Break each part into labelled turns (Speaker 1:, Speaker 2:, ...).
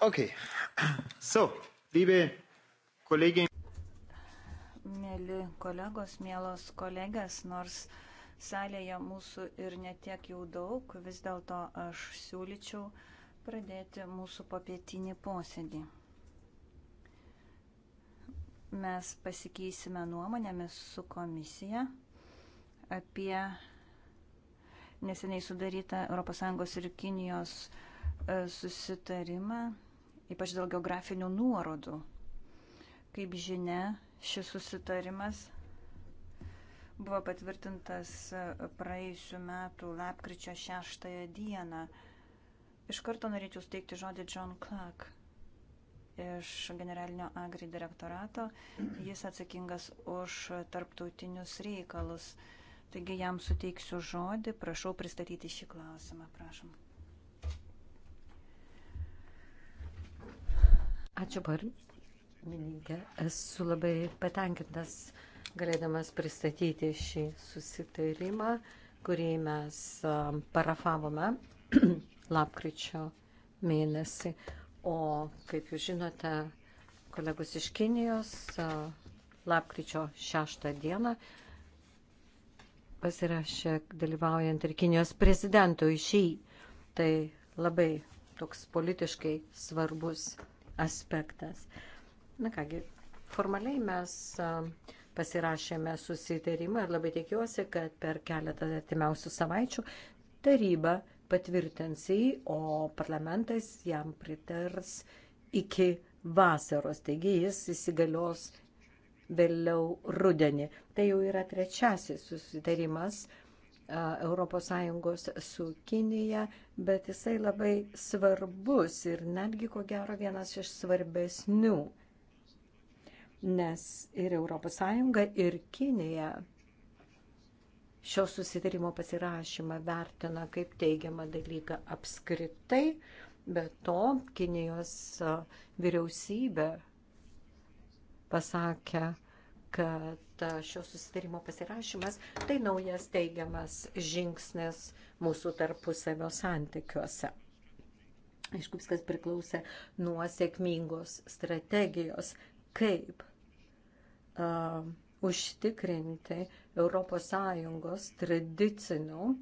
Speaker 1: Okay. So, liebe Kollegin.
Speaker 2: Mėly kolegos, mielos kolegės, nors salėje mūsų ir netiek jau daug, vis dėlto aš siūlyčiau pradėti mūsų papietinį posėdį. Mes pasikeisime nuomonėmis su komisija apie neseniai sudarytą ES ir Kinijos e, susitarimą ypač dėl geografinių nuorodų. Kaip žinia, šis susitarimas buvo patvirtintas e, praėjusiu metu lapkričio 6 dieną. Iš karto norėčiau steigti žodį John Clark iš generalinio agri direktorato. Jis atsakingas už tarptautinius reikalus. Taigi jam suteiksiu žodį, prašau pristatyti šį klausimą, prašom.
Speaker 3: Ačiū, pirmininkė. Esu labai patenkintas galėdamas pristatyti šį susitarimą, kurį mes parafavome lapkričio mėnesį. O kaip jūs žinote, kolegos iš Kinijos lapkričio 6 dieną pasirašė dalyvaujant ir Kinijos prezidentui šį. Tai labai toks politiškai svarbus aspektas. Na kągi, formaliai mes pasirašėme susitarimą ir labai tikiuosi, kad per keletą artimiausių savaičių taryba patvirtins jį, o parlamentas jam pritars iki vasaros, taigi jis įsigalios vėliau rudenį. Tai jau yra trečiasis susitarimas ES su Kinija, bet jisai labai svarbus ir netgi ko gero vienas iš svarbesnių, nes ir ES ir Kinija šio susitarimo pasirašymą vertina kaip teigiamą dalyką apskritai, bet to Kinijos vyriausybė pasakė, kad šio susitarimo pasirašymas tai naujas teigiamas žingsnis mūsų tarpusavio santykiuose. Aišku, viskas priklausė nuo sėkmingos strategijos, kaip uh, užtikrinti ES tradicinių uh,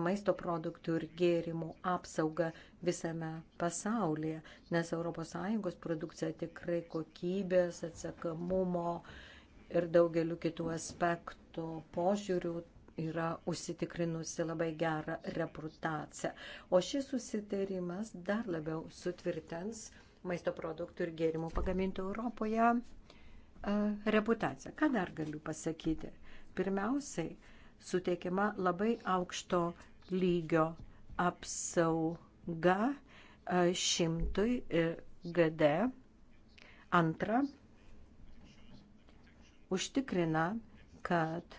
Speaker 3: maisto produktų ir gėrimų apsaugą visame pasaulyje, nes ES produkcija tikrai kokybės, atsakamumo ir daugeliu kitų aspektų požiūrių yra užsitikrinusi labai gerą reputaciją. O šis susitarimas dar labiau sutvirtins maisto produktų ir gėrimų pagamintų Europoje e, reputaciją. Ką dar galiu pasakyti? Pirmiausiai, suteikiama labai aukšto lygio apsauga e, šimtui e, GD. Antra, užtikrina, kad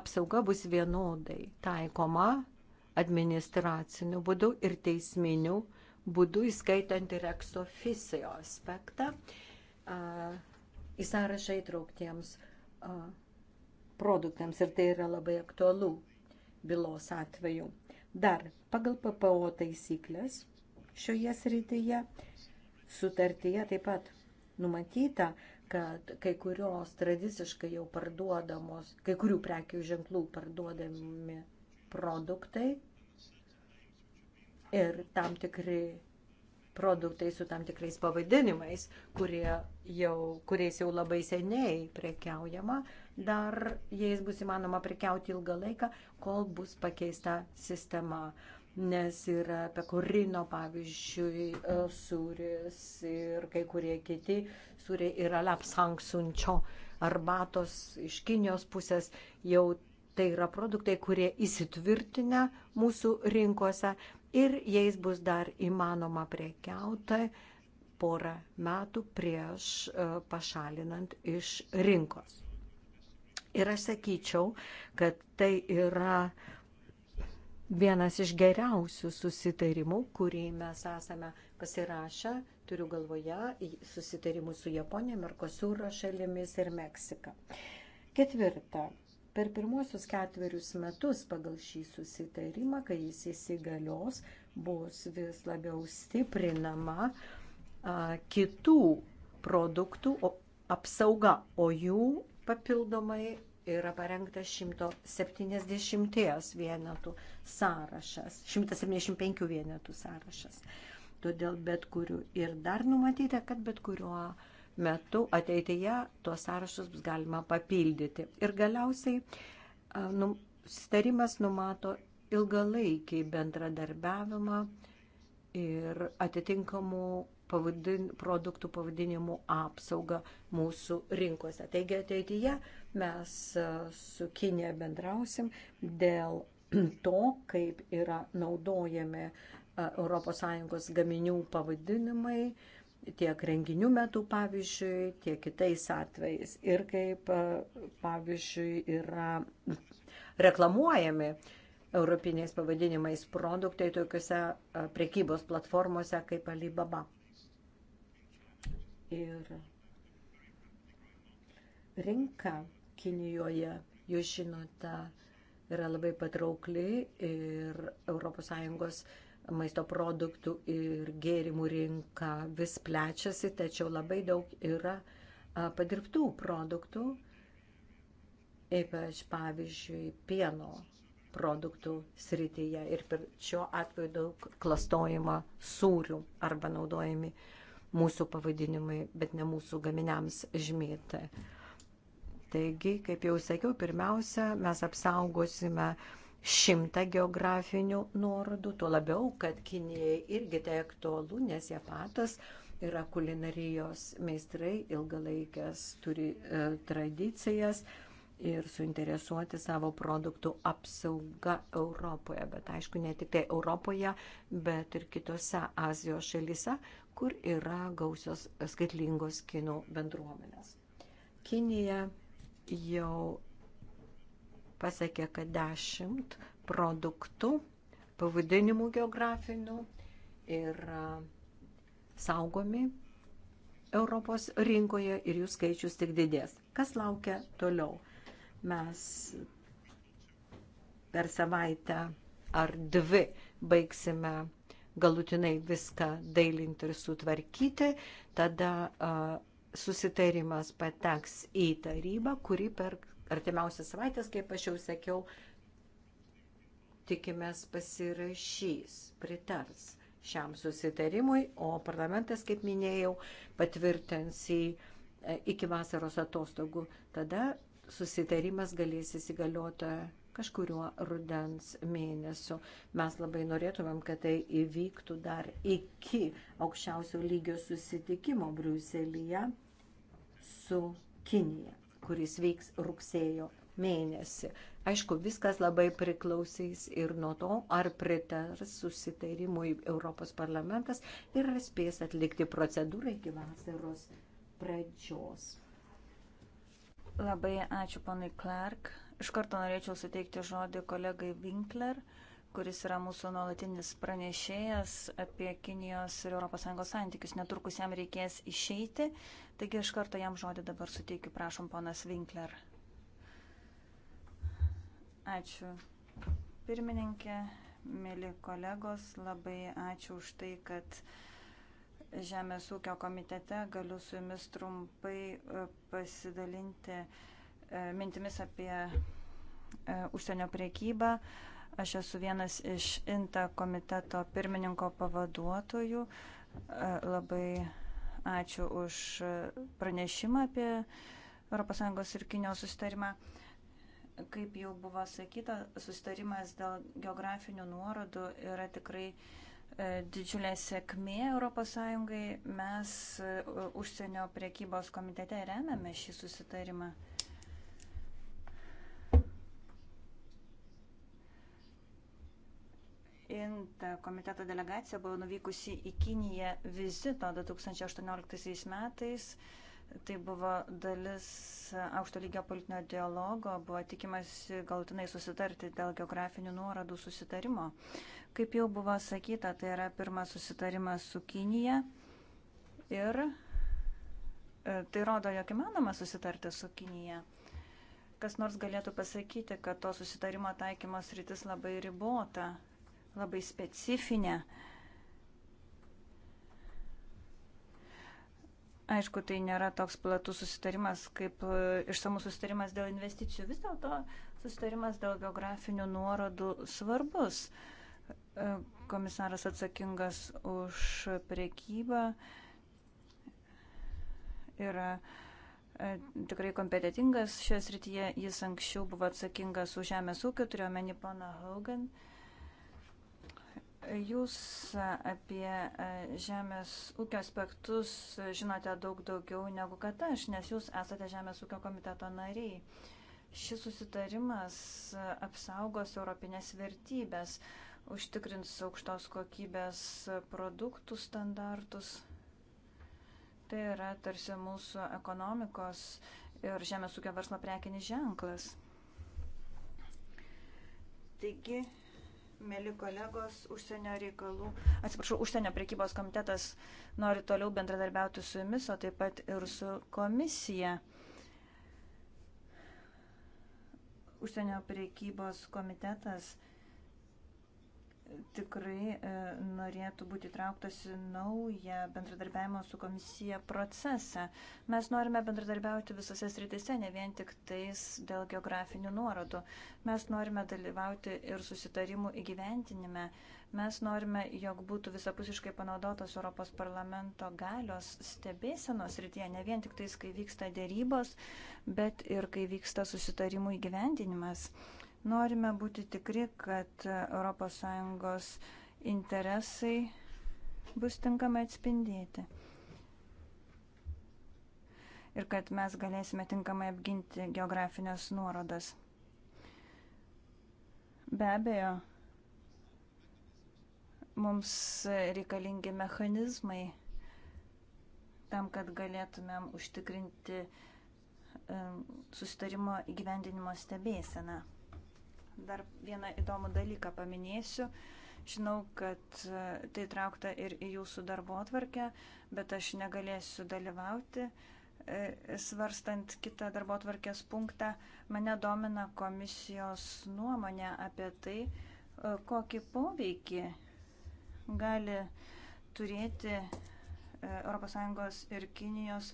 Speaker 3: apsauga bus vienodai taikoma administraciniu būdu ir teisminiu būdu, įskaitant ir eksofisijo aspektą, į sąrašą įtrauktiems produktams ir tai yra labai aktualu bylos atveju. Dar pagal PPO taisyklės šioje srityje sutartyje taip pat numatyta, kad kai kurios tradiciškai jau parduodamos, kai kurių prekių ženklų parduodami produktai ir tam tikri produktai su tam tikrais pavadinimais, jau, kuriais jau labai seniai prekiaujama, dar jais bus įmanoma prekiauti ilgą laiką, kol bus pakeista sistema. Nes yra pekorino, pavyzdžiui, e, sūris ir kai kurie kiti sūriai yra lapsang sunčio arbatos iš Kinijos pusės jau tai yra produktai, kurie įsitvirtinę mūsų rinkose ir jais bus dar įmanoma prekiauti porą metų prieš e, pašalinant iš rinkos. Ir aš sakyčiau, kad tai yra vienas iš geriausių susitarimų, kurį mes esame pasirašę, turiu galvoje, susitarimų su Japonija, Merkosūro šalimis ir Meksika. Ketvirta. Per pirmosius ketverius metus pagal šį susitarimą, kai jis įsigalios, bus vis labiau stiprinama a, kitų produktų apsauga, o jų papildomai yra parengtas 170 vienetų sąrašas, 175 vienetų sąrašas. Todėl bet kurių ir dar numatyta, kad bet kuriuo metu ateityje tuos sąrašus bus galima papildyti. Ir galiausiai nu, starimas numato ilgalaikį bendradarbiavimą ir atitinkamų pavadin, produktų pavadinimų apsaugą mūsų rinkose. Taigi ateityje mes e, su Kinė bendrausim dėl to, kaip yra naudojami e, ES gaminių pavadinimai tiek renginių metu, pavyzdžiui, tiek kitais atvejais. Ir kaip, e, pavyzdžiui, yra reklamuojami europiniais pavadinimais produktai tokiuose prekybos platformose kaip Alibaba. Ir rinka Kinijoje, jūs žinote, yra labai patraukli ir ES maisto produktų ir gėrimų rinka vis plečiasi, tačiau labai daug yra padirbtų produktų, ypač pavyzdžiui pieno produktų srityje ir per šio atveju daug klastojama sūrių arba naudojami uh, mūsų pavadinimai, bet ne mūsų gaminiams žymėti. Taigi, kaip jau sakiau, pirmiausia, mes apsaugosime šimtą geografinių nuorodų, tuo labiau, kad Kinijai irgi tai aktualu, nes jie patas yra kulinarijos meistrai, ilgalaikės turi e, tradicijas. E, ir suinteresuoti savo produktų apsaugą Europoje. Bet aišku, ne tik tai Europoje, bet ir kitose Azijos šalyse, kur yra gausios skaitlingos kinų bendruomenės. Kinija jau pasakė, kad 10 produktų pavadinimų geografinių yra saugomi Europos rinkoje ir jų skaičius tik didės. Kas laukia toliau? mes per savaitę ar dvi baigsime galutinai viską dailinti ir sutvarkyti, tada susitarimas pateks į tarybą, kuri per artimiausias savaitės, kaip aš jau sakiau, tikimės pasirašys, pritars šiam susitarimui, o parlamentas, kaip minėjau, patvirtins į e, iki vasaros atostogų. Tada susitarimas galės įsigalioti kažkuriuo rudens mėnesiu. Mes labai norėtumėm, kad tai įvyktų dar iki aukščiausio lygio susitikimo Briuselyje su Kinija, kuris vyks rugsėjo mėnesį. Aišku, viskas labai priklausys ir nuo to, ar pritars susitarimui Europos parlamentas ir ar spės atlikti procedūrą iki vasaros pradžios.
Speaker 2: Labai ačiū ponai Clark. Iš karto norėčiau suteikti žodį kolegai Winkler, kuris yra mūsų nuolatinis pranešėjas apie Kinijos ir ES santykius. Netrukus jam reikės išeiti, taigi iš karto jam žodį dabar suteikiu. Prašom, ponas Winkler. Ačiū. Pirmininkė, mėly kolegos, labai ačiū už tai, kad uh, Žemės ūkio komitete galiu su jumis trumpai e, pasidalinti e, mintimis apie e, užsienio priekybą. Aš esu vienas iš INTA komiteto pirmininko pavaduotojų. Labai ačiū už pranešimą apie ES ir Kinijos susitarimą. Kaip jau buvo sakyta, susitarimas dėl geografinių nuorodų yra tikrai uh, E, didžiulė sėkmė ES. Mes e, užsienio priekybos komitete remiame šį susitarimą. INTA komiteto delegacija buvo nuvykusi į Kiniją vizito 2018 metais. Tai buvo dalis aukšto lygio politinio dialogo, buvo tikimasi galutinai susitarti dėl geografinių nuorodų susitarimo. Uh, Kaip jau buvo sakyta, tai yra pirmas susitarimas su Kinija ir e, tai rodo, jog įmanoma susitarti su Kinija. Kas nors galėtų pasakyti, kad to susitarimo taikymos rytis labai ribota, labai specifinė. Aišku, tai nėra toks platus susitarimas kaip e, išsamus susitarimas dėl investicijų. Vis dėlto susitarimas dėl geografinių nuorodų svarbus. Uh, komisaras atsakingas už priekybą yra e, tikrai kompetitingas šioje srityje. Jis anksčiau buvo atsakingas už žemės ūkio, turėjo meni pana Hogan. Jūs apie e, žemės ūkio aspektus žinote daug daugiau negu kad aš, nes jūs esate žemės ūkio komiteto nariai. Šis susitarimas apsaugos europinės vertybės. Uh, užtikrins aukštos kokybės produktų standartus. Tai yra tarsi mūsų ekonomikos ir žemės ūkio verslo prekinis ženklas. Taigi, mėly kolegos, užsienio reikalų, atsiprašau, užsienio prekybos komitetas nori toliau bendradarbiauti su jumis, o taip pat ir su komisija. Užsienio prekybos komitetas tikrai e, norėtų būti įtrauktas į naują bendradarbiavimo su komisija procesą. Mes norime bendradarbiauti visose sritise, ne vien tik tais dėl geografinių nuorodų. Mes norime dalyvauti ir susitarimų įgyventinime. Mes norime, jog būtų visapusiškai panaudotos Europos parlamento galios stebėsenos srityje, ne vien tik tais, kai vyksta dėrybos, bet ir kai vyksta susitarimų įgyvendinimas. Norime būti tikri, kad ES interesai bus tinkamai atspindėti. Ir kad mes galėsime tinkamai apginti geografinės nuorodas. Be abejo, mums reikalingi mechanizmai tam, kad galėtumėm užtikrinti susitarimo įgyvendinimo stebėseną dar vieną įdomų dalyką paminėsiu. Žinau, kad e, tai traukta ir į jūsų darbo atvarkę, bet aš negalėsiu dalyvauti. E, svarstant kitą darbo atvarkės punktą, mane domina komisijos nuomonė apie tai, e, kokį poveikį gali turėti ES ir Kinijos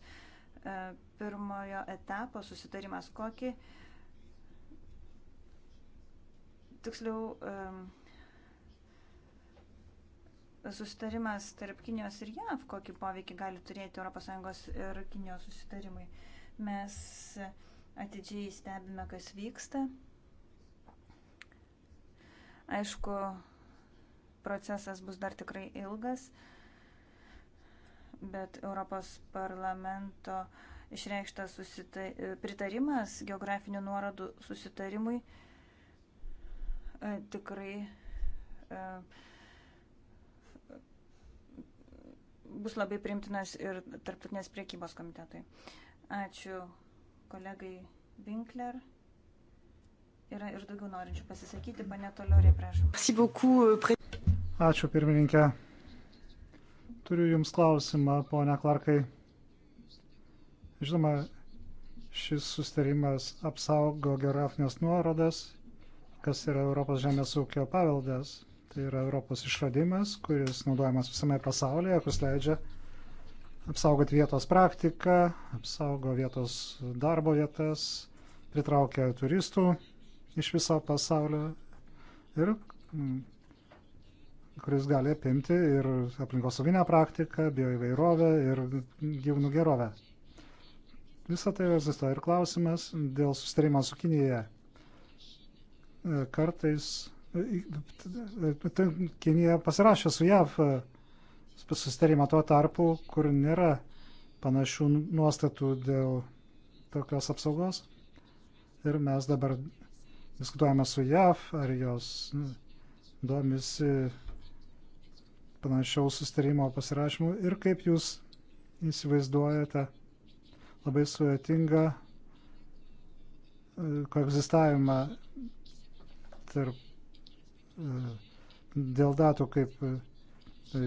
Speaker 2: pirmojo etapo susitarimas, kokį poveikį tiksliau, susitarimas tarp Kinijos ir JAV, kokį poveikį gali turėti ES ir Kinijos susitarimai. Mes atidžiai stebime, kas vyksta. Aišku, procesas bus dar tikrai ilgas, bet Europos parlamento išreikštas pritarimas geografinių nuorodų susitarimui uh, tikrai bus labai primtinas ir tarptautinės priekybos komitetui. Ačiū kolegai Winkler. Yra ir daugiau norinčių pasisakyti, pane Toliorė, prašom.
Speaker 1: Euh, Ačiū pirmininkė. Turiu Jums klausimą, ponia Klarkai. Žinoma, šis sustarimas apsaugo geografinės nuorodas kas yra Europos žemės ūkio paveldas. Tai yra Europos išradimas, kuris naudojamas visame pasaulyje, kuris leidžia apsaugoti vietos praktiką, apsaugo vietos darbo vietas, pritraukia turistų iš viso pasaulio ir mm, kuris gali apimti ir aplinkosauginę praktiką, bioįvairovę ir gyvūnų gerovę. Visą tai egzistuoja ir klausimas dėl sustarimo su Kinija. E, kartais e, Kinija pasirašė su JAV e, susitarimą tuo tarpu, kur nėra panašių nuostatų dėl tokios apsaugos. Ir mes dabar diskutuojame su JAV, ar jos domisi panašaus sustarimo pasirašymu ir kaip jūs įsivaizduojate labai sujetingą koegzistavimą ir e, dėl datų, kaip e, e,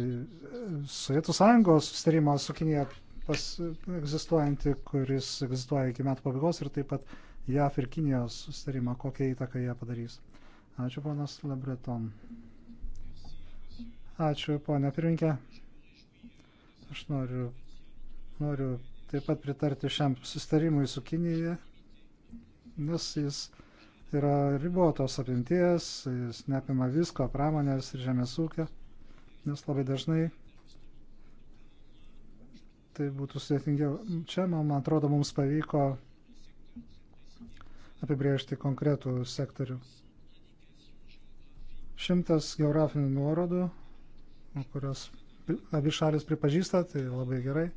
Speaker 1: Sovietų sąjungos sustarimo su Kinija pas, egzistuojanti, kuris egzistuoja iki metų pabaigos ir taip pat JAF ir Kinijos sustarimą, kokią įtaką jie padarys. Ačiū, ponas Lebreton. Ačiū, ponė pirminkė. Aš noriu, noriu taip pat pritarti šiam sustarimui su Kinija, nes jis uh, yra ribotos apimties, jis neapima visko, pramonės ir žemės ūkio, nes labai dažnai tai būtų sudėtingiau. Čia, man atrodo, mums pavyko apibriežti konkretų sektorių. Šimtas geografinių nuorodų, kurios abi šalis pripažįsta, tai labai gerai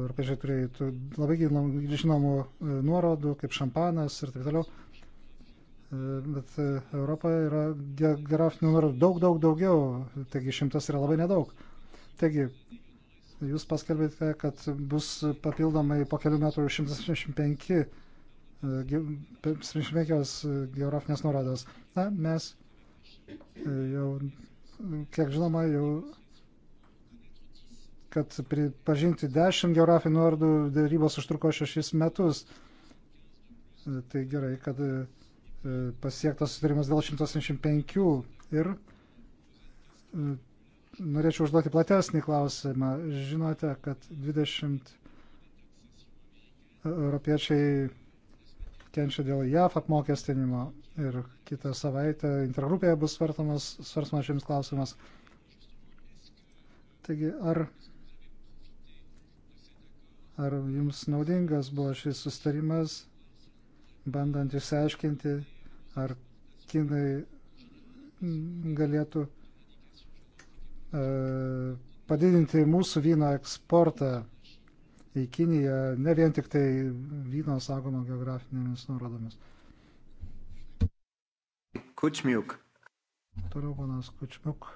Speaker 1: europiečiai turėjo labai žinomų e, nuorodų, kaip šampanas ir taip toliau. E, bet e, Europoje yra geografinių nuorodų daug, daug daugiau, taigi šimtas yra labai nedaug. Taigi, jūs paskelbėte, kad bus papildomai po kelių metrų 175 75 geografinės nuorodos. Na, mes jau, kiek žinoma, jau kad pripažinti 10 geografinių nuorodų darybos užtruko 6 metus. Tai gerai, kad e, pasiektas sutarimas dėl 175 ir e, norėčiau užduoti platesnį klausimą. Žinote, kad 20 europiečiai kenčia dėl JAF apmokestinimo ir kitą savaitę intergrupėje bus svarstamas šiems klausimas. Taigi, ar Ar jums naudingas buvo šis sustarimas, bandant išsiaiškinti, ar kinai galėtų e, padidinti mūsų vyno eksportą į Kiniją, ne vien tik tai vyno sakoma geografinėmis nuorodomis. Kučmiuk. Toliau panas Kučmiuk.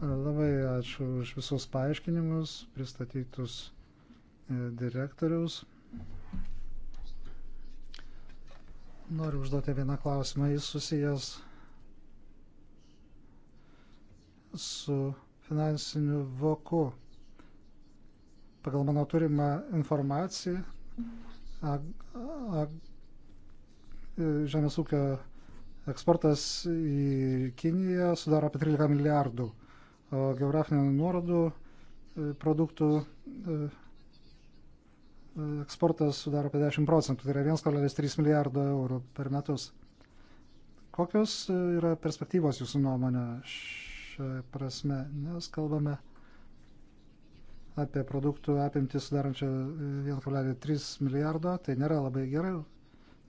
Speaker 1: Labai ačiū už visus paaiškinimus, pristatytus e, direktoriaus. Noriu užduoti vieną klausimą. Jis susijęs su finansiniu voku. Pagal mano turimą informaciją, ag, ag, e, žemės ūkio eksportas į Kiniją sudaro apie 13 milijardų O geografinių nuorodų e, produktų e, e, eksportas sudaro apie 10 procentų, tai yra 1,3 milijardo eurų per metus. Kokios yra perspektyvos jūsų nuomonė šią prasme? Nes kalbame apie produktų apimtį sudarančią 1,3 milijardo, tai nėra labai gerai,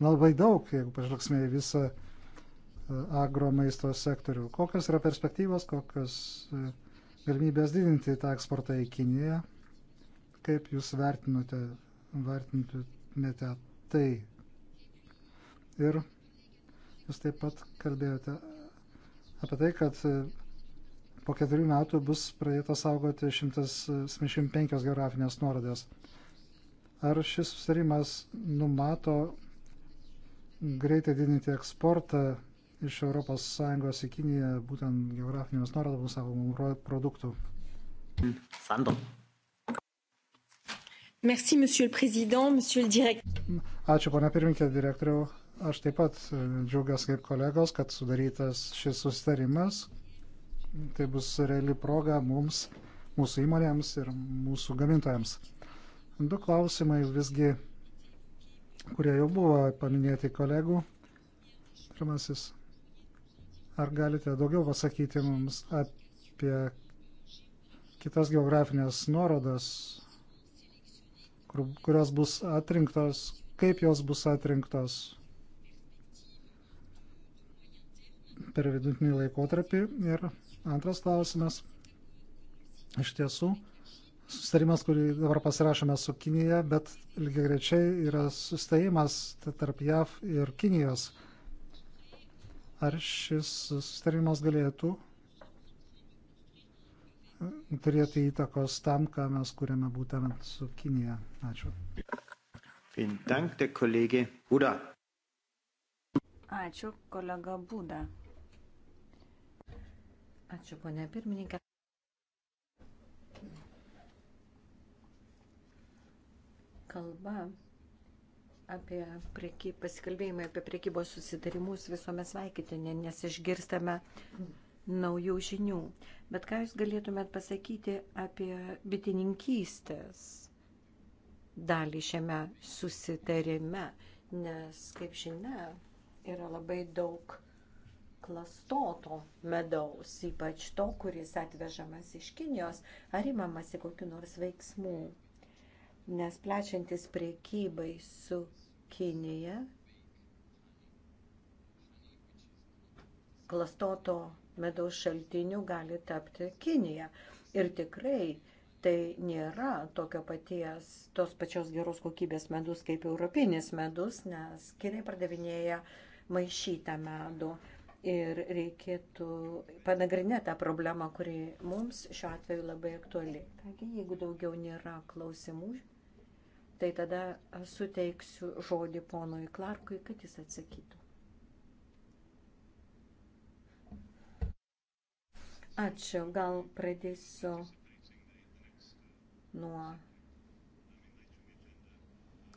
Speaker 1: labai daug, jeigu pažvelgsime į visą agro maisto sektorių. Kokios yra perspektyvos, kokios e, galimybės didinti tą eksportą į Kiniją? Kaip jūs vertinote, vertintumėte tai? Ir jūs taip pat kalbėjote apie tai, kad e, po keturių metų bus pradėtas saugoti 175 e, geografinės nuorodės. Ar šis susitarimas numato greitai didinti eksportą iš ES į Kiniją būtent geografinėmis nuorodomis savo produktų. Sando. Merci, monsieur le président, monsieur le
Speaker 2: directeur.
Speaker 1: Ačiū, ponia pirminkė, direktoriau. Aš taip pat e, džiaugiuosi kaip kolegos, kad sudarytas šis sustarimas. Tai bus reali proga mums, mūsų įmonėms ir mūsų gamintojams. Du klausimai visgi, kurie jau buvo paminėti kolegų pirmasis Ar galite daugiau pasakyti mums apie kitas geografinės nuorodas, kur, kurios bus atrinktos, kaip jos bus atrinktos per vidutinį laikotarpį. Ir antras klausimas. Iš tiesų, sustarimas, kurį dabar pasirašome su Kinija, bet lygiai grečiai yra sustarimas tarp JAV ir Kinijos. Ar šis sustarimas galėtų e, turėti įtakos tam, ką mes kūrėme būtent su Kinija? Ačiū.
Speaker 4: Dank, kolegė Buda.
Speaker 1: Ačiū,
Speaker 3: kolega Būda. Ačiū, ponė pirmininkė. Kalba apie prieky, pasikalbėjimai apie priekybos susitarimus visuomet sveikitinė, nes išgirstame naujų žinių. Bet ką Jūs galėtumėt pasakyti apie bitininkystės dalį šiame susitarime, nes, kaip žinia, yra labai daug klastoto medaus, ypač to, kuris atvežamas iš Kinijos, ar imamasi kokiu nors veiksmu. Nes plečiantis priekybai su Kinija klastoto medaus šaltinių gali tapti Kinija. Ir tikrai tai nėra tokio paties, tos pačios geros kokybės medus kaip europinis medus, nes Kinai pardavinėja maišytą medų. Ir reikėtų panagrinėti tą problemą, kuri mums šiuo atveju labai aktuali. Taigi, jeigu daugiau nėra klausimų, Tai tada suteiksiu žodį ponui Klarkui, kad jis atsakytų. Ačiū, gal pradėsiu nuo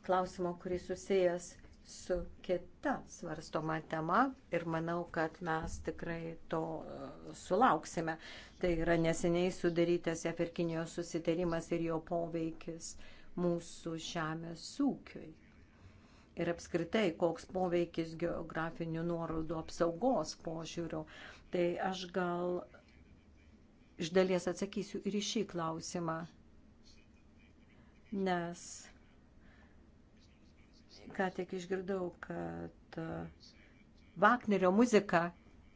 Speaker 3: klausimo, kuris susijęs su kita svarstoma tema ir manau, kad mes tikrai to e, sulauksime. Tai yra neseniai sudarytas jav ir Kinijos susitarimas ir jo poveikis mūsų žemės ūkiui. Ir apskritai, koks poveikis geografinių nuorodų apsaugos požiūrių. Tai aš gal iš dalies atsakysiu ir į šį klausimą, nes ką tik išgirdau, kad Vagnerio e, muzika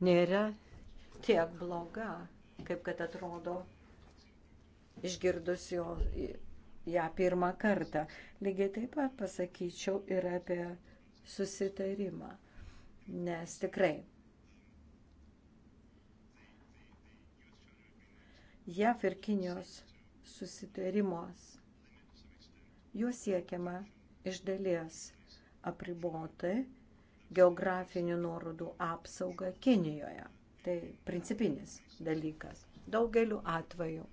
Speaker 3: nėra tiek bloga, kaip kad atrodo išgirdus jo ją pirmą kartą. Lygiai taip pat pasakyčiau ir apie susitarimą, nes tikrai JAF ir Kinijos susitarimos juos siekiama iš dalies apriboti geografinių nuorodų apsaugą Kinijoje. Tai principinis dalykas. Daugeliu atveju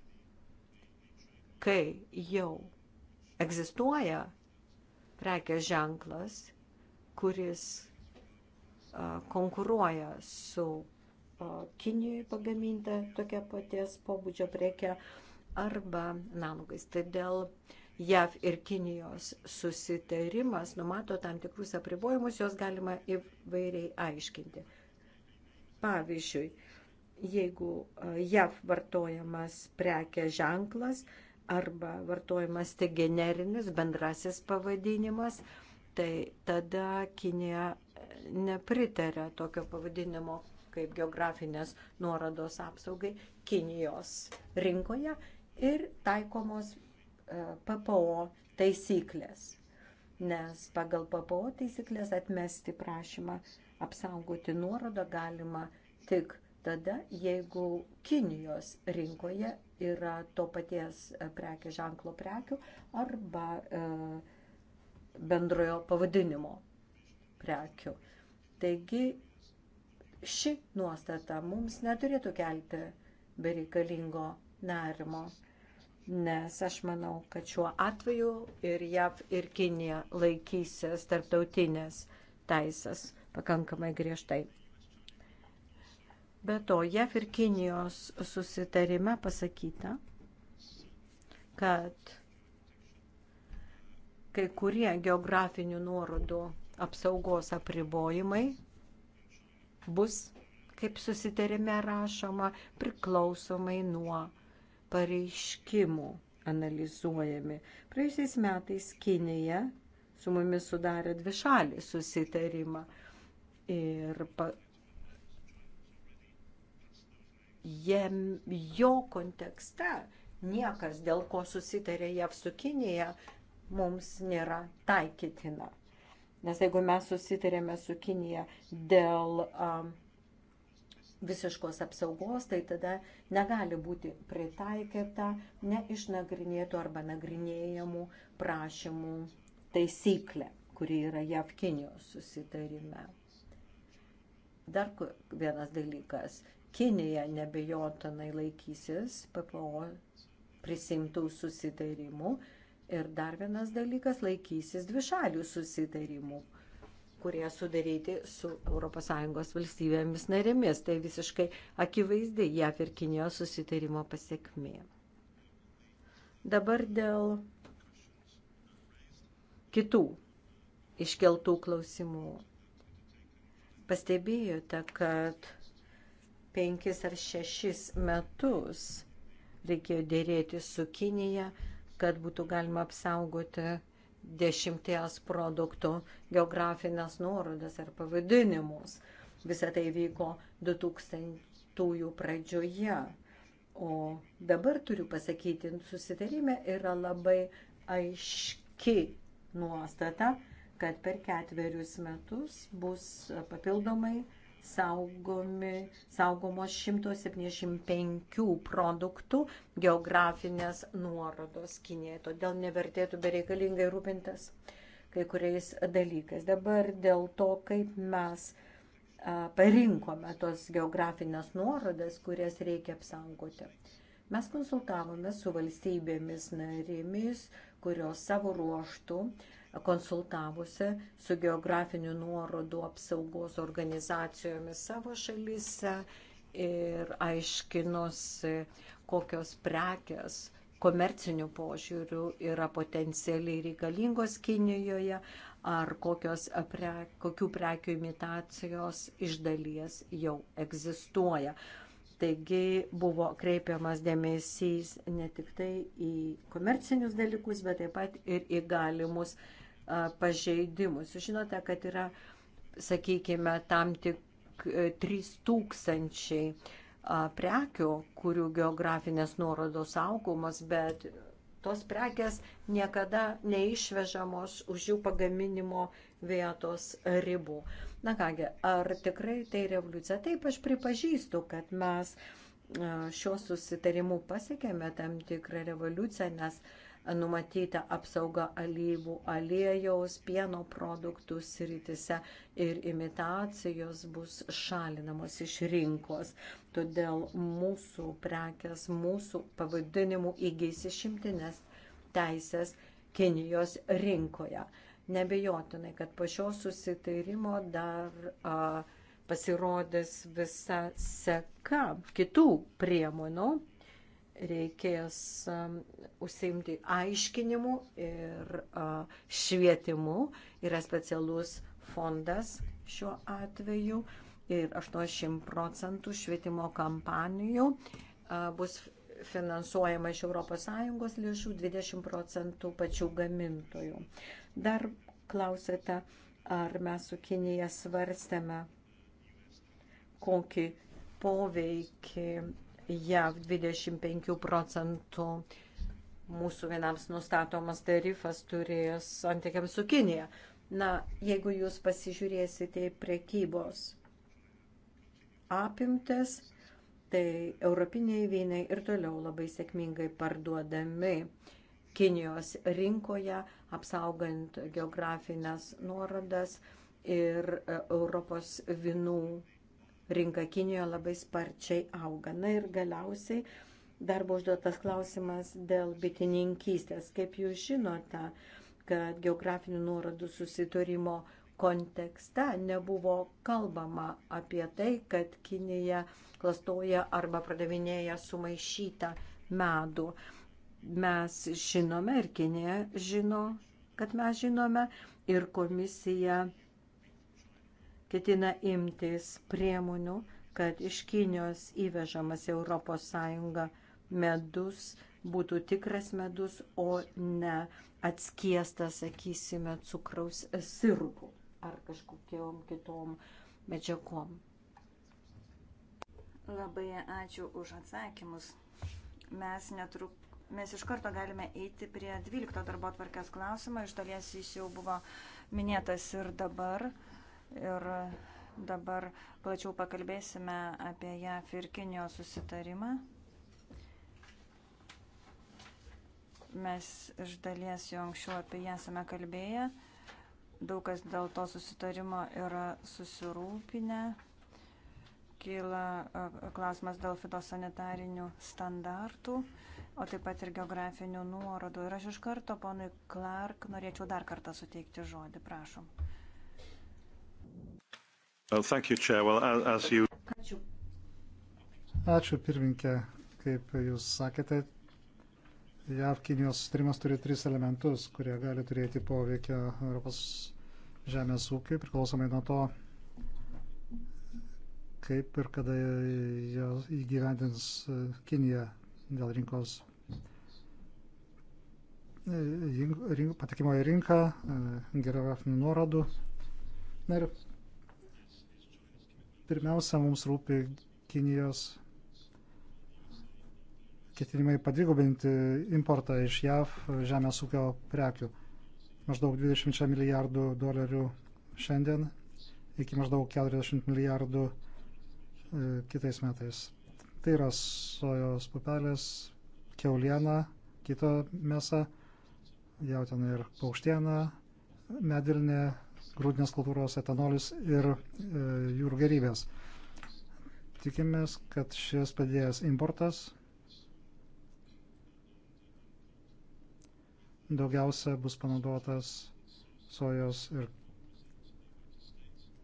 Speaker 3: kai jau egzistuoja prekės ženklas, kuris konkuruoja su Kinijoje pagaminta tokia paties pobūdžio prekia arba analogais. Todėl tai JAV ir Kinijos susitarimas numato tam tikrus apribojimus, juos galima įvairiai aiškinti. Pavyzdžiui, jeigu JAV vartojamas prekė ženklas, arba vartojamas tik generinis bendrasis pavadinimas, tai tada Kinija nepritarė tokio pavadinimo kaip geografinės nuorodos apsaugai Kinijos rinkoje ir taikomos e, PPO taisyklės. Nes pagal PPO taisyklės atmesti prašymą apsaugoti nuorodą galima tik tada, jeigu Kinijos rinkoje yra to paties e, prekė ženklo prekių arba e, bendrojo pavadinimo prekių. Taigi ši nuostata mums neturėtų kelti bereikalingo nerimo, nes aš manau, kad šiuo atveju ir JAV, ir Kinija laikysis tarptautinės teisės pakankamai griežtai. Be to, JAF ir Kinijos susitarime pasakyta, kad kai kurie geografinių nuorodų apsaugos apribojimai bus, kaip susitarime rašoma, priklausomai nuo pareiškimų analizuojami. Praėjusiais metais Kinija su mumis sudarė dvišalį susitarimą ir jiem, jo kontekste niekas, dėl ko susitarė JAV su Kinėje, mums nėra taikytina. Nes jeigu mes susitarėme su Kinėje dėl um, visiškos apsaugos, tai tada negali būti pritaikyta neišnagrinėtų arba nagrinėjamų prašymų taisyklė, kuri yra JAV Kinijos susitarime. Dar vienas dalykas Kinija nebejotinai laikysis PPO prisimtų susitarimų ir dar vienas dalykas laikysis dvišalių susitarimų kurie sudaryti su ES valstybėmis narėmis. Tai visiškai akivaizdai JAF ir Kinijos susitarimo pasiekmė. Dabar dėl kitų iškeltų klausimų. Pastebėjote, kad penkis ar šešis metus reikėjo dėrėti su Kinija, kad būtų galima apsaugoti dešimties produktų geografinės nuorodas ar pavadinimus. Visą tai vyko 2000-ųjų pradžioje. O dabar turiu pasakyti, susitarime yra labai aiški nuostata, kad per ketverius metus bus papildomai saugomi, saugomos 175 produktų geografinės nuorodos Kinėje. Todėl nevertėtų bereikalingai rūpintas kai kuriais dalykais. Dabar dėl to, kaip mes parinkome tos geografinės nuorodas, kurias reikia apsaugoti. Mes konsultavome su valstybėmis narėmis, kurios savo ruoštų konsultavusi su geografinių nuorodų apsaugos organizacijomis savo šalyse ir aiškinosi, kokios prekes komercinių požiūrių yra potencialiai reikalingos Kinijoje ar kokios, pre, kokių prekių imitacijos iš dalies jau egzistuoja. Taigi buvo kreipiamas dėmesys ne tik tai į komercinius dalykus, bet taip pat ir į galimus pažeidimus. Jūs žinote, kad yra, sakykime, tam tik 3000 e, prekių, kurių geografinės nuorodos saugomos, bet tos prekes niekada neišvežamos už jų pagaminimo vietos ribų. Na kągi, ar tikrai tai revoliucija? Taip, aš pripažįstu, kad mes šiuo susitarimu pasiekėme tam tikrą revoliuciją, nes uh, numatyta apsauga alyvų aliejaus, pieno produktų sritise ir imitacijos bus šalinamos iš rinkos. Todėl mūsų prekes, mūsų pavadinimų įgys išimtinės teisės Kinijos rinkoje. Nebejotinai, kad po šio susitarimo dar a, pasirodys visa seka kitų priemonų, reikės um, užsiimti aiškinimu ir švietimu. Yra specialus fondas šiuo atveju ir 80 procentų švietimo kampanijų bus finansuojama iš ES lėšų, 20 procentų pačių gamintojų. Dar klausėte, ar mes su Kinija svarstėme, kokį poveikį JAV 25 procentų mūsų vienams nustatomas tarifas turės santykiams su Kinija. Na, jeigu jūs pasižiūrėsite į prekybos apimtis, tai europiniai vynai ir toliau labai sėkmingai parduodami Kinijos rinkoje, apsaugant geografinės nuorodas ir e, Europos vinų rinka Kinijoje labai sparčiai auga. Na ir galiausiai dar buvo užduotas klausimas dėl bitininkystės. Kaip jūs žinote, kad geografinių nuorodų susitarimo kontekste nebuvo kalbama apie tai, kad Kinija klastoja arba pradavinėja sumaišytą medų. Mes žinome ir Kinija žino, kad mes žinome ir komisija ketina imtis priemonių, kad iš Kinijos įvežamas ES medus būtų tikras medus, o ne atskiestas, sakysime, cukraus sirupų ar kažkokiom kitom medžiagom.
Speaker 2: Labai ačiū už atsakymus. Mes, netruk, mes iš karto galime eiti prie 12 darbo tvarkės klausimą. Iš dalies jis jau buvo minėtas ir dabar. Uh, Ir dabar plačiau pakalbėsime apie JAF ir Kinijos susitarimą. Mes iš dalies jau anksčiau apie ją esame kalbėję. Daug kas dėl to susitarimo yra susirūpinę kyla e, klausimas dėl fitosanitarinių standartų, o taip pat ir geografinių nuorodų. Ir aš iš karto ponui Clark norėčiau dar kartą suteikti žodį, prašom.
Speaker 5: Well, oh, thank you, Chair. Well, as you... Ačiū.
Speaker 1: Ačiū, pirminkė. Kaip jūs sakėte, JAV-Kinijos sutarimas turi tris elementus, kurie gali turėti poveikio Europos žemės ūkiui, priklausomai nuo to, kaip ir kada ją įgyvendins Kinija dėl rinkos rink, patekimo į rinką, geografinių nuorodų. Na ir Pirmiausia, mums rūpi Kinijos ketinimai padvigubinti importą iš JAV žemės ūkio prekių. Maždaug 20 milijardų dolerių šiandien iki maždaug 40 milijardų e, kitais metais. Tai yra sojos pupelės, keuliena, kito mėsa, jautiena ir paukštiena, medilnė, grūdinės kultūros, etanolis ir e, jūrų gerybės. Tikimės, kad šis padėjęs importas daugiausia bus panaudotas sojos ir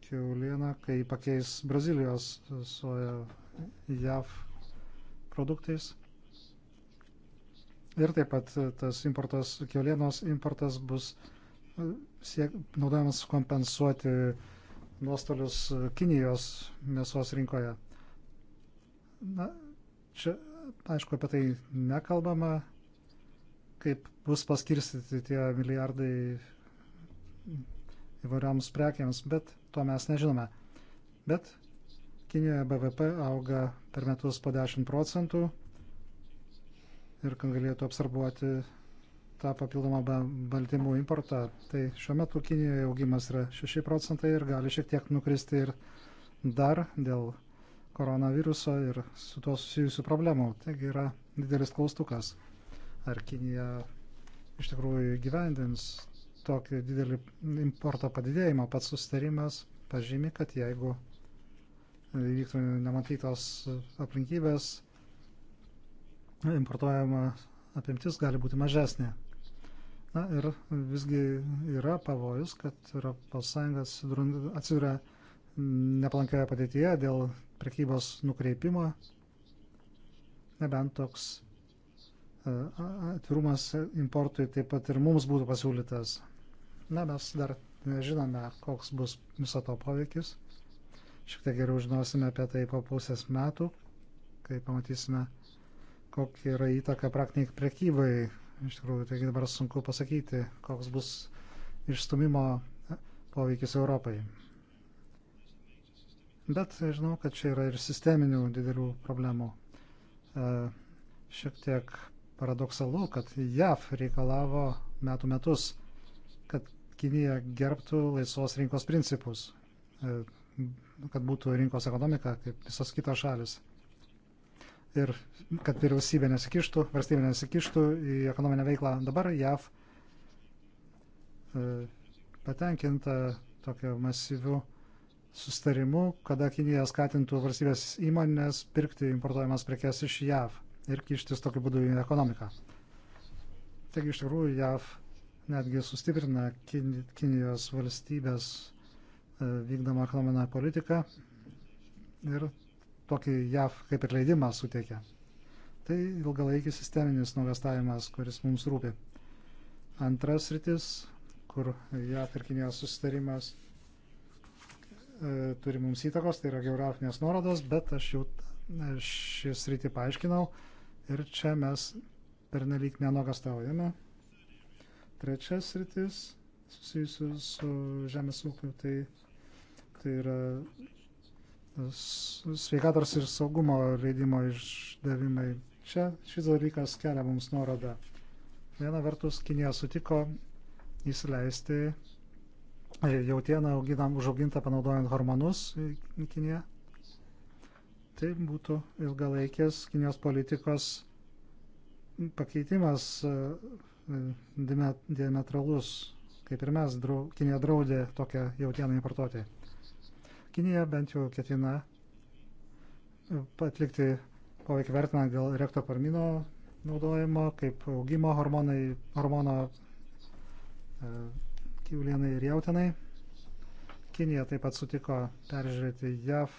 Speaker 1: kiauliena, kai pakeis Brazilijos soja JAV produktais. Ir taip pat tas importas, kiaulienos importas bus uh, siek, naudojamas kompensuoti nuostolius Kinijos mėsos rinkoje. Na, čia, aišku, apie tai nekalbama, kaip bus paskirstyti tie milijardai įvairioms prekiams, bet to mes nežinome. Bet Kinijoje BVP auga per metus po 10 procentų ir kad galėtų apsarbuoti tą papildomą baltymų importą. Tai šiuo metu Kinijoje augimas yra 6 procentai ir gali šiek tiek nukristi ir dar dėl koronaviruso ir su tuo susijusių problemų. Taigi yra didelis klaustukas, ar Kinija iš tikrųjų gyvendins tokį didelį importo padidėjimą. Pats susitarimas pažymi, kad jeigu įvyktų nematytos aplinkybės, importuojama apimtis gali būti mažesnė. Na ir visgi yra pavojus, kad ES atsiduria nepalankioje padėtyje dėl prekybos nukreipimo, nebent toks e, atvirumas importui taip pat ir mums būtų pasiūlytas. Na, mes dar nežinome, koks bus viso to poveikis. Šiek tiek geriau žinosime apie tai po pusės metų, kai pamatysime, kokia yra įtaka praktiniai prekybai Iš tikrųjų, taigi dabar sunku pasakyti, koks bus išstumimo poveikis Europai. Bet žinau, kad čia yra ir sisteminių didelių problemų. E, šiek tiek paradoksalu, kad JAV reikalavo metų metus, kad Kinija gerbtų laisvos rinkos principus, e, kad būtų rinkos ekonomika, kaip visos kitos šalis ir kad vyriausybė nesikištų, valstybė nesikištų į ekonominę veiklą. Dabar JAV e, patenkinta tokio masyviu sustarimu, kada Kinija skatintų valstybės įmonės pirkti importuojamas prekes iš JAV ir kištis tokiu būdu į ekonomiką. Taigi iš tikrųjų JAV netgi sustiprina Kinijos valstybės e, vykdomą ekonominę politiką ir tokį JAV kaip ir leidimą suteikia. Tai ilgalaikis sisteminis nuogastavimas, kuris mums rūpi. Antras rytis, kur JAV ir Kinijos susitarimas e, turi mums įtakos, tai yra geografinės nuorodos, bet aš jau e, šis rytį paaiškinau ir čia mes pernelyg nenogastaujame. Trečias rytis susijusius su žemės ūkiu, tai, tai yra sveikatos ir saugumo leidimo išdavimai. Čia šis dalykas kelia mums nuorodą. Viena vertus, Kinija sutiko įsileisti e, jautieną auginam, užaugintą panaudojant hormonus į Kiniją. Tai būtų ilgalaikės Kinijos politikos pakeitimas e, diametralus, kaip ir mes, Kinija draudė tokią jautieną importuoti. Kinija bent jau ketina e, atlikti poveikį vertinant dėl rektoparmino naudojimo kaip augimo hormonai, hormono kiaulienai e, ir jautinai. Kinija taip pat sutiko peržiūrėti JAV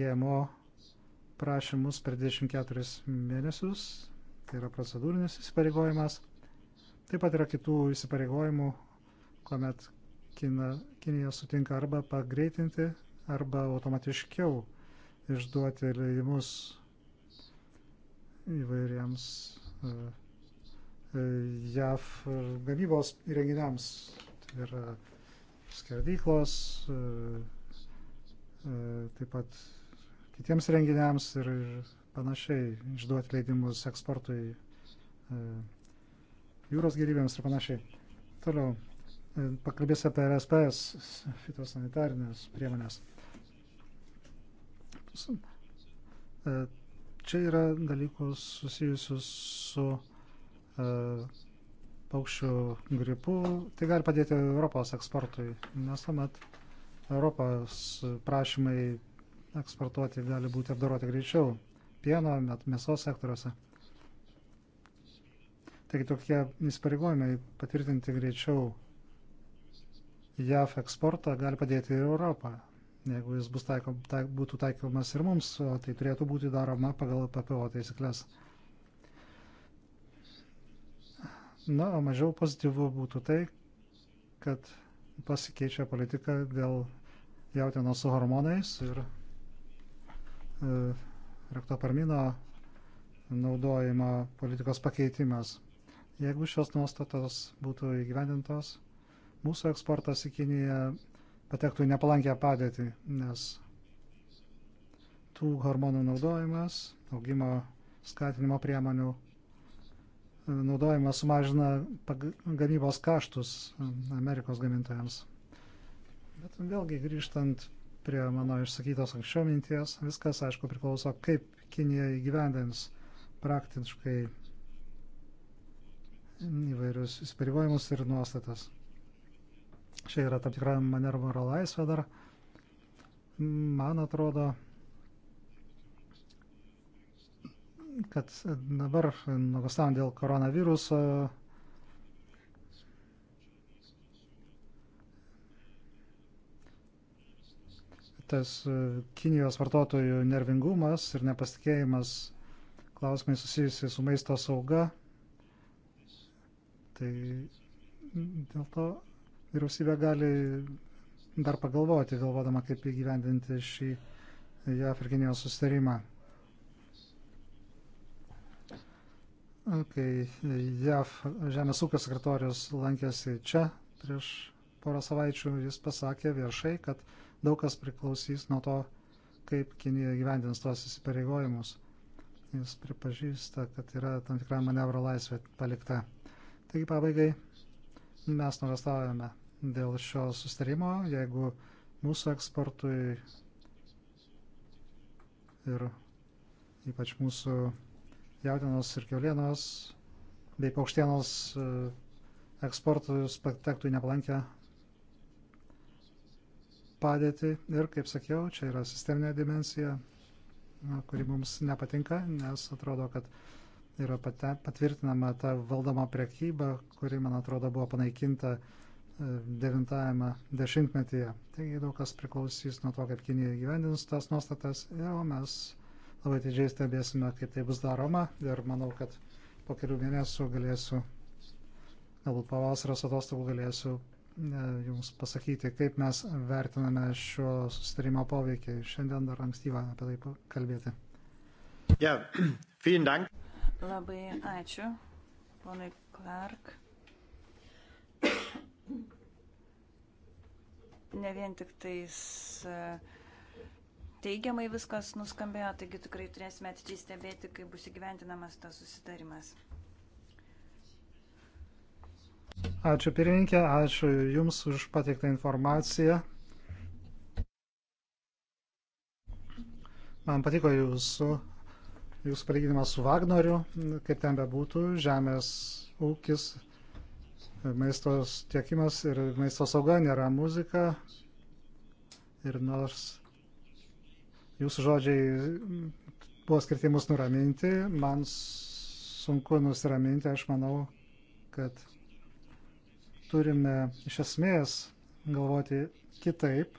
Speaker 1: GMO prašymus per 24 mėnesius, tai yra procedūrinis įsipareigojimas. Taip pat yra kitų įsipareigojimų, kuomet Kina, Kinija sutinka arba pagreitinti, arba automatiškiau išduoti leidimus įvairiems uh, JAV gamybos įrenginiams. Tai yra skerdyklos, uh, uh, taip pat kitiems renginiams ir panašiai išduoti leidimus eksportui jūros gyvybėms ir panašiai. Toliau pakalbės apie RSPS, fitosanitarinės priemonės. E, čia yra dalykus susijusius su e, paukščių gripu. Tai gali padėti Europos eksportui, nes tuomet Europos prašymai eksportuoti gali būti apdoroti greičiau pieno, mėsos sektoriuose. Taigi tokie įsipareigojimai patvirtinti greičiau JAF eksportą gali padėti ir Europą. Jeigu jis bus taiko, ta, būtų taikomas ir mums, tai turėtų būti daroma pagal PPO taisyklės. Na, o mažiau pozityvu būtų tai, kad pasikeičia politika dėl jautienos su hormonais ir e, rektoparmino naudojimo politikos pakeitimas. Jeigu šios nuostatos būtų įgyvendintos, mūsų eksportas į Kiniją patektų į nepalankę padėtį, nes tų hormonų naudojimas, augimo skatinimo priemonių e, naudojimas sumažina gamybos kaštus e, Amerikos gamintojams. Bet vėlgi grįžtant prie mano išsakytos anksčiau minties, viskas aišku priklauso, kaip Kinija įgyvendins praktiškai įvairius įsipareigojimus ir nuostatas. Čia yra tam tikra manervaro laisvė dar. Man atrodo, kad dabar nuogastavom dėl koronaviruso. Tas Kinijos vartotojų nervingumas ir nepasitikėjimas klausimai susijusi su maisto sauga. Tai dėl to Vyriausybė gali dar pagalvoti, galvodama, kaip įgyvendinti šį JAF ir Kinijos susitarimą. Kai JAF žemės ūkio sekretorius lankėsi čia prieš porą savaičių, jis pasakė viešai, kad daug kas priklausys nuo to, kaip Kinija gyvendins tuos įsipareigojimus. Jis pripažįsta, kad yra tam tikra manevro laisvė palikta. Taigi pabaigai mes nuvestavome dėl šio sustarimo, jeigu mūsų eksportui ir ypač mūsų jautinos ir kiaulienos bei paukštienos e, eksportus patektų į nepalankę padėtį. Ir, kaip sakiau, čia yra sisteminė dimensija, kuri mums nepatinka, nes atrodo, kad yra pate, patvirtinama ta valdoma priekyba, kuri, man atrodo, buvo panaikinta 90-ame e, dešimtmetyje. Taigi daug kas priklausys nuo to, kaip Kinija gyvendins tas nuostatas, o mes labai didžiai stebėsime, kaip tai bus daroma ir manau, kad po kelių mėnesių galėsiu, galbūt pavasaros atostogų galėsiu e, Jums pasakyti, kaip mes vertiname šio sustarimo poveikį. Šiandien dar ankstyva apie tai kalbėti. Ja, vielen Dank.
Speaker 2: Labai ačiū, ponai Clark. Ne vien tik tais e, teigiamai viskas nuskambėjo, taigi tikrai turėsime atidžiai stebėti, kaip bus įgyventinamas tas susitarimas.
Speaker 1: Ačiū pirmininkė, ačiū Jums už pateiktą informaciją. Man patiko Jūsų jūsų palyginimas su Wagneriu, kaip ten bebūtų, žemės ūkis, maisto tiekimas ir maisto sauga nėra muzika. Ir nors jūsų žodžiai buvo skirti mus nuraminti, man sunku nusiraminti, aš manau, kad turime iš esmės galvoti kitaip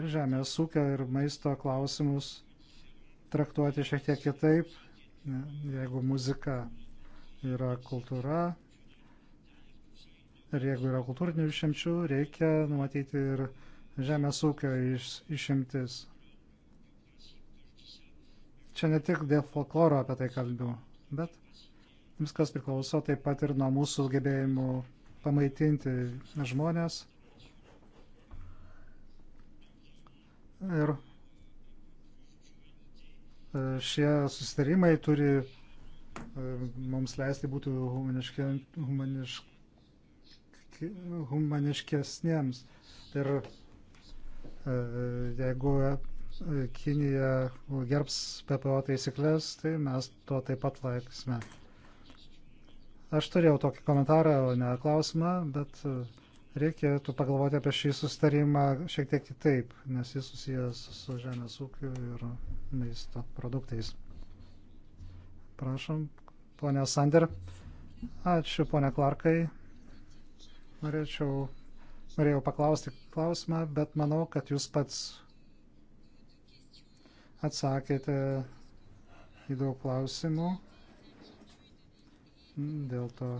Speaker 1: ir žemės ūkio ir maisto klausimus traktuoti šiek tiek kitaip, jeigu muzika yra kultūra. Ir jeigu yra kultūrinių išimčių, reikia numatyti ir žemės ūkio iš, išimtis. Čia ne tik dėl folkloro apie tai kalbu, bet viskas priklauso taip pat ir nuo mūsų gebėjimų pamaitinti žmonės. Ir E, šie susitarimai turi e, mums leisti būti humaniškia, humanišk, humaniškesniems. Ir e, jeigu Kinija gerbs PPO taisyklės, tai mes to taip pat laiksime. Aš turėjau tokį komentarą, o ne klausimą, bet uh, reikėtų pagalvoti apie šį sustarimą šiek tiek kitaip, nes jis susijęs su žemės ūkiu ir maisto produktais. Prašom, ponė Sander. Ačiū, ponė Klarkai. Norėčiau, norėjau paklausti klausimą, bet manau, kad jūs pats atsakėte į daug klausimų dėl to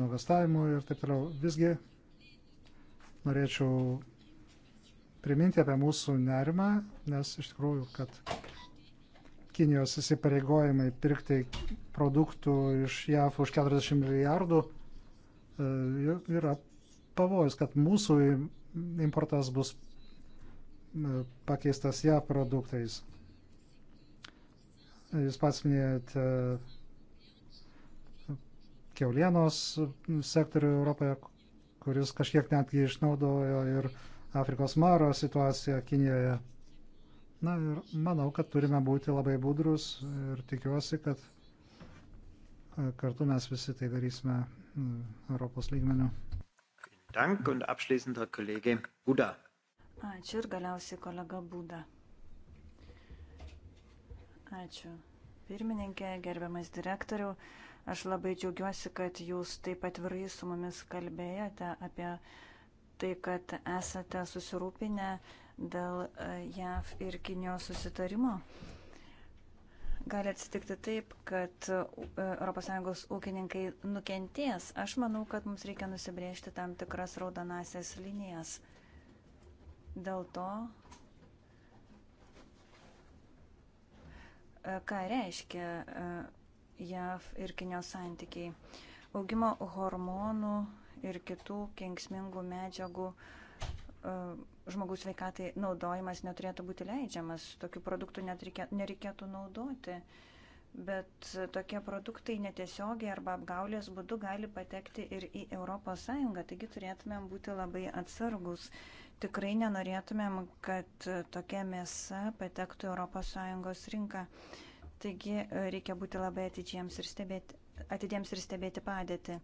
Speaker 1: nuogastavimų ir taip toliau. Visgi norėčiau priminti apie mūsų nerimą, nes iš tikrųjų, kad Kinijos įsipareigojimai pirkti produktų iš JAF už 40 milijardų e, yra pavojus, kad mūsų importas bus e, pakeistas JAF produktais. Jūs pats minėjote keulienos sektorių Europoje, kuris kažkiek netgi išnaudojo ir Afrikos maro situaciją Kinijoje. Na ir manau, kad turime būti labai budrus ir tikiuosi, kad e, kartu mes visi tai darysime mm, Europos lygmeniu.
Speaker 4: Dank und abschließend der Kollege Buda.
Speaker 2: Ačiū ir galiausiai kolega Buda. Ačiū. Pirmininkė, gerbiamas direktoriau. Aš labai džiaugiuosi, kad jūs taip atvirai su mumis kalbėjote apie tai, kad esate susirūpinę dėl e, JAV ir Kinijos susitarimo. Gali atsitikti taip, kad ES ūkininkai nukentės. Aš manau, kad mums reikia nusibriežti tam tikras raudonasias linijas. Dėl to, e, ką reiškia e, JAV ir Kinijos santykiai. Augimo hormonų ir kitų kenksmingų medžiagų e, žmogus veikatai naudojimas neturėtų būti leidžiamas, tokių produktų nereikia, nereikėtų naudoti, bet tokie produktai netiesiogiai arba apgaulės būdu gali patekti ir į ES, taigi turėtumėm būti labai atsargus. Tikrai nenorėtumėm, kad tokia mėsa patektų ES rinką. Taigi e, reikia būti labai atidiems ir stebėti, atidiems ir stebėti padėtį.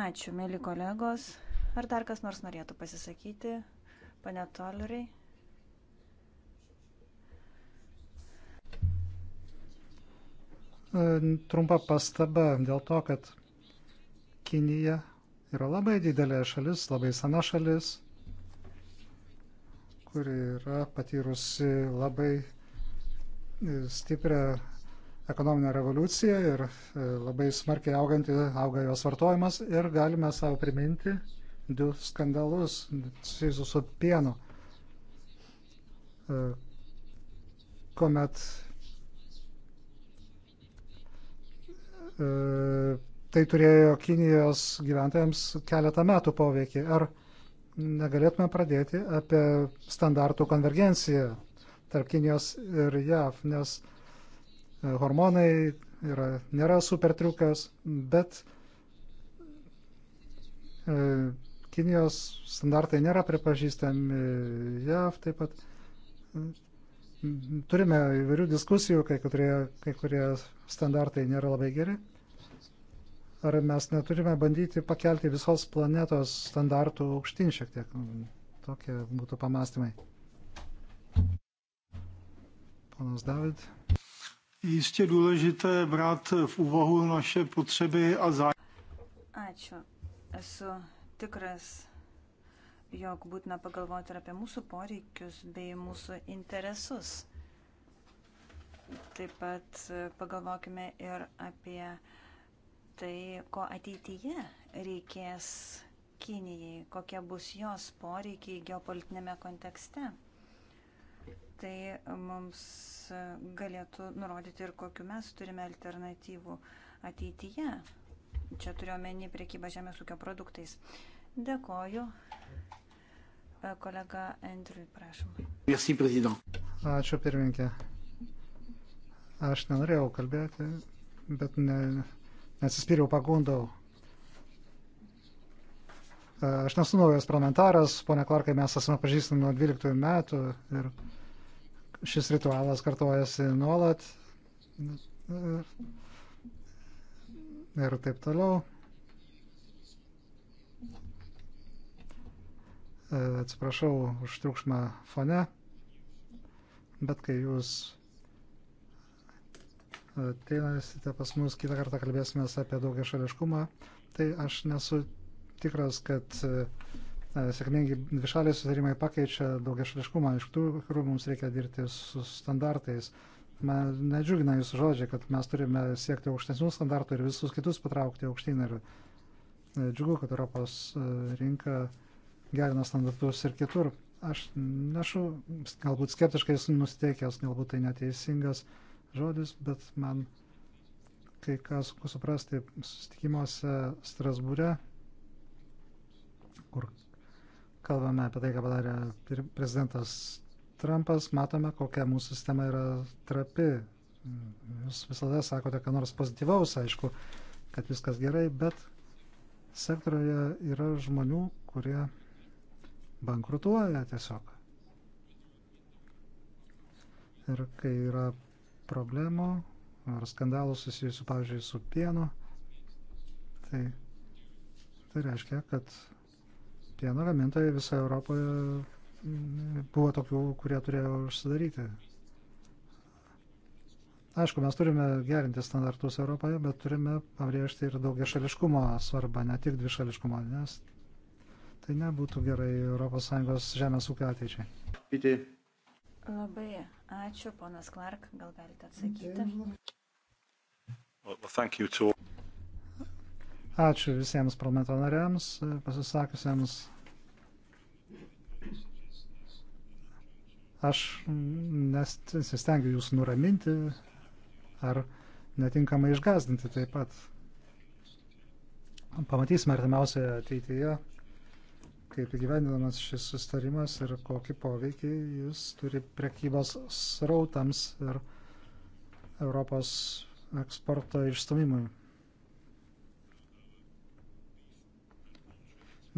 Speaker 2: Ačiū, mėly kolegos. Ar dar kas nors norėtų pasisakyti? Pane Toleriai.
Speaker 1: E, trumpa pastaba dėl to, kad Kinija yra labai didelė šalis, labai sena šalis, kuri yra patyrusi labai stiprią ekonominę revoliuciją ir e, labai smarkiai augantį auga jos vartojimas ir galime savo priminti du skandalus susijusius su pienu, e, kuomet e, tai turėjo Kinijos gyventojams keletą metų poveikį. Ar negalėtume pradėti apie standartų konvergenciją tarp Kinijos ir JAV, nes e, hormonai yra, nėra super triukas, bet e, Kinijos standartai nėra pripažįstami JAV taip pat. Turime įvairių diskusijų, kai kurie, kai kurie standartai nėra labai geri. Ar mes neturime bandyti pakelti visos planetos standartų aukštyn šiek tiek? Tokie būtų pamastymai. Ponas David. Jistě důležité brát v úvahu naše potřeby a zájmy.
Speaker 2: Ačiū. Esu tikras, jog būtina pagalvoti ir apie mūsų poreikius bei mūsų interesus. Taip pat e, pagalvokime ir apie tai, ko ateityje reikės Kinijai, kokie bus jos poreikiai geopolitinėme kontekste tai mums galėtų nurodyti ir kokiu mes turime alternatyvų ateityje. Čia turiuomenį priekybą žemės ūkio produktais. Dėkoju. E, kolega Andriui, prašom.
Speaker 1: Merci, prezident. Ačiū, pirmininkė. Aš nenorėjau kalbėti, bet ne, nesispyriau pagundau. E, aš nesu naujas parlamentaras, ponia Klarkai, mes esame pažįstami nuo 12 metų ir Šis ritualas kartojasi nuolat ir taip toliau. Atsiprašau už triukšmą fone, bet kai jūs ateinasite pas mus, kitą kartą kalbėsime apie daugia šališkumą, tai aš nesu tikras, kad sėkmingi dvišaliai susitarimai pakeičia daugiašališkumą. Iš tikrųjų, mums reikia dirbti su standartais. Man nedžiugina jūsų žodžiai, kad mes turime siekti aukštesnių standartų ir visus kitus patraukti aukštyn. Ir e, džiugu, kad Europos e, rinka gerina standartus ir kitur. Aš nešu, galbūt skeptiškai nusiteikęs, galbūt tai neteisingas žodis, bet man kai ką sunku suprasti susitikimuose Strasbūre, kur kalbame apie tai, ką padarė prezidentas Trumpas, matome, kokia mūsų sistema yra trapi. Jūs visada sakote, ką nors pozityvaus, aišku, kad viskas gerai, bet sektorioje yra žmonių, kurie bankrutuoja tiesiog. Ir kai yra problemų ar skandalų susijusių, pavyzdžiui, su pienu, tai, tai reiškia, kad pieno gamintojai visoje Europoje mm, buvo tokių, kurie turėjo užsidaryti. Aišku, mes turime gerinti standartus Europoje, bet turime pabrėžti ir daugia šališkumo svarbą, ne tik dvišališkumo, nes tai nebūtų gerai ES žemės ūkio ateičiai. Piti.
Speaker 2: Labai ačiū, ponas Clark, gal galite atsakyti.
Speaker 5: Well, thank you to...
Speaker 1: Ačiū visiems parlamento nariams, pasisakusiems. Aš nesistengiu jūs nuraminti ar netinkamai išgazdinti taip pat. Pamatysime artimiausioje ateityje, kaip įgyvendinamas šis sustarimas ir kokį poveikį jis turi prekybos srautams ir Europos eksporto išstumimui.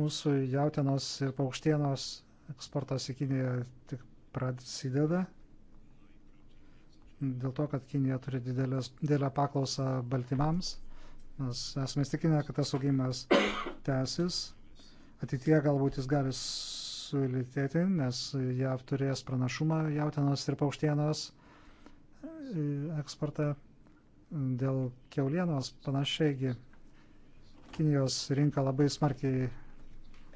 Speaker 1: Mūsų jautienos ir paukštienos eksportas į Kiniją tik prasideda dėl to, kad Kinija turi didelės, didelę paklausą baltymams. Mes esame įstikinę, kad tas augimas tęsis. Ateityje galbūt jis gali sulėtėti, nes JAV turės pranašumą jautienos ir paukštienos e, eksportą. Dėl keulienos panašiaigi Kinijos rinka labai smarkiai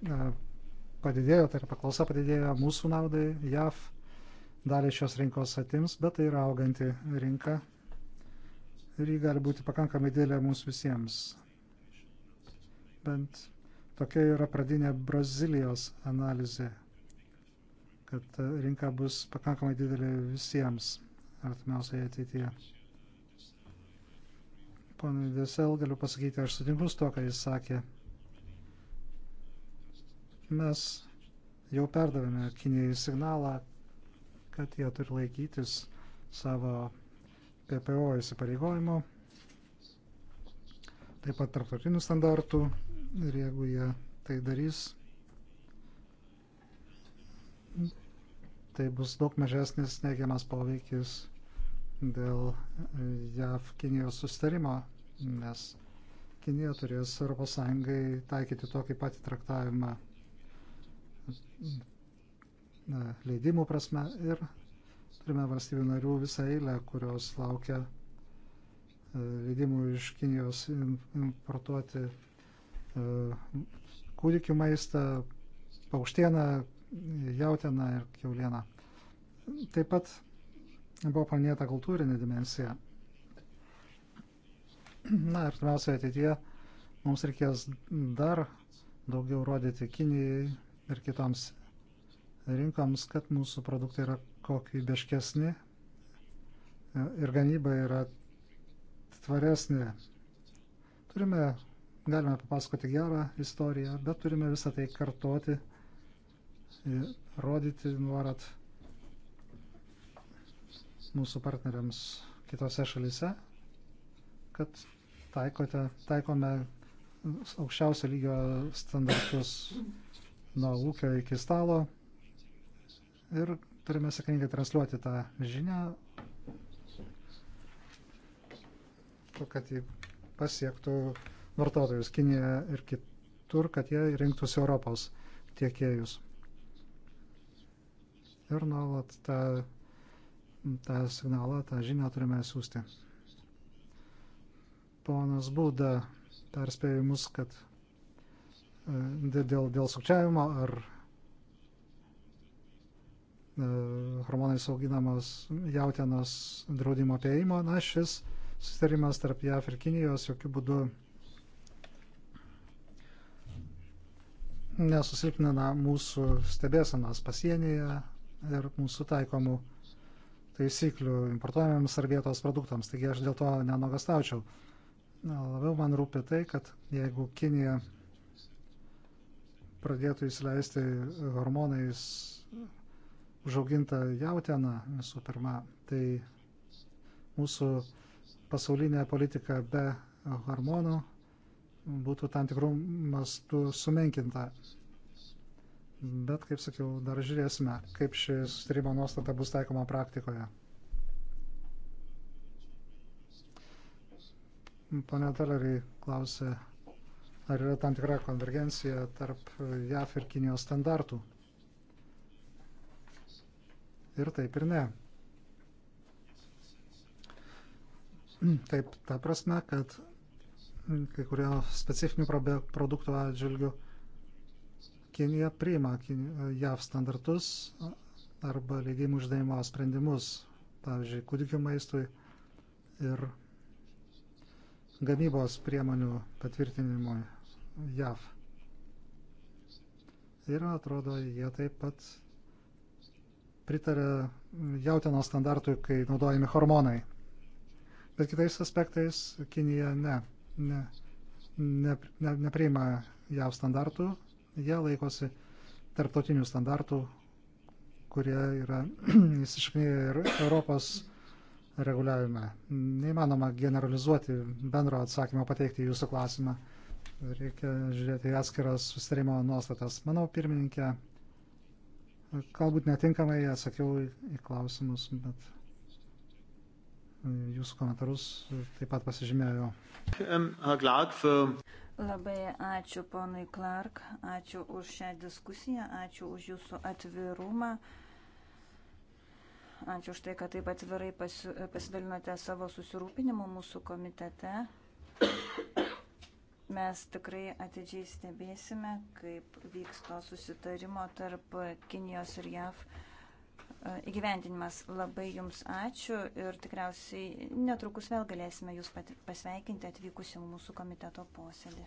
Speaker 1: padidėjo, tai yra paklausa padidėjo mūsų naudai, JAV dalį šios rinkos atims, bet tai yra auganti rinka ir ji gali būti pakankamai didelė mums visiems. Bent tokia yra pradinė Brazilijos analizė, kad rinka bus pakankamai didelė visiems artimiausioje ateityje. Pone Desel, galiu pasakyti, aš sutinku su to, ką jis sakė. Mes jau perdavėme Kinijai signalą, kad jie turi laikytis savo PPO įsipareigojimo, taip pat tarptautinių standartų ir jeigu jie tai darys, tai bus daug mažesnis neigiamas poveikis dėl JAV-Kinijos sustarimo, nes Kinija turės ES taikyti tokį patį traktavimą leidimų prasme ir turime valstybių narių visą eilę, kurios laukia e, leidimų iš Kinijos importuoti e, kūdikių maistą, paukštieną, jautieną ir keulieną. Taip pat buvo paminėta kultūrinė dimensija. Na ir pirmiausia, ateityje mums reikės dar daugiau rodyti Kinijai ir kitoms rinkoms, kad mūsų produktai yra kokybiškesni e, ir gamyba yra tvaresnė. Turime, galime papasakoti gerą istoriją, bet turime visą tai kartoti, e, rodyti nuorat mūsų partneriams kitose šalise, kad taikote, taikome aukščiausio lygio standartus nuo ūkio iki stalo ir turime sėkmingai transliuoti tą žinią, kad jį pasiektų vartotojus Kinėje ir kitur, kad jie rinktųsi Europos tiekėjus. Ir nuolat tą, tą signalą, tą žinią turime siūsti. Ponas Būda perspėjimus, kad dėl, dėl sukčiavimo ar e, hormonais auginamos jautienos draudimo apėjimo. Na, šis susitarimas tarp JAF ir Kinijos jokių būdų nesusilpnina mūsų stebėsenas pasienyje ir mūsų taikomų taisyklių importuojamiems ar vietos produktams. Taigi aš dėl to nenogastaučiau. Labiau man rūpi tai, kad jeigu Kinija pradėtų įsileisti hormonais užaugintą jautieną visų pirma, tai mūsų pasaulinė politika be hormonų būtų tam tikrų mastų sumenkinta. Bet, kaip sakiau, dar žiūrėsime, kaip ši sustarimo nuostata bus taikoma praktikoje. Pane Teleriai klausė ar yra tam tikra konvergencija tarp JAF ir Kinijos standartų. Ir taip ir ne. Taip, ta prasme, kad kai kurio specifinių produktų atžvilgių Kinija priima JAV standartus arba leidimų išdavimo sprendimus, pavyzdžiui, kūdikių maistui ir gamybos priemonių patvirtinimui JAV. Ir atrodo, jie taip pat pritarė jautienos standartui, kai naudojami hormonai. Bet kitais aspektais Kinija ne, ne, ne, ne, nepriima JAV standartų, jie laikosi tarptautinių standartų, kurie yra įsišaknyje ir Europos reguliavime. Neįmanoma generalizuoti bendro atsakymo pateikti jūsų klausimą. Reikia žiūrėti į atskiras susitarimo nuostatas. Manau, pirmininkė, galbūt netinkamai atsakiau į klausimus, bet jūsų komentarus taip pat pasižymėjau.
Speaker 2: Labai ačiū ponui Clark, ačiū už šią diskusiją, ačiū už jūsų atvirumą, ačiū už tai, kad taip atvirai pasidalinote savo susirūpinimu mūsų komitete. Mes tikrai atidžiai stebėsime, kaip vyksta susitarimo tarp Kinijos ir JAV e, įgyvendinimas. Labai Jums ačiū ir tikriausiai netrukus vėl galėsime Jūs pasveikinti atvykusiu mūsų komiteto posėdį.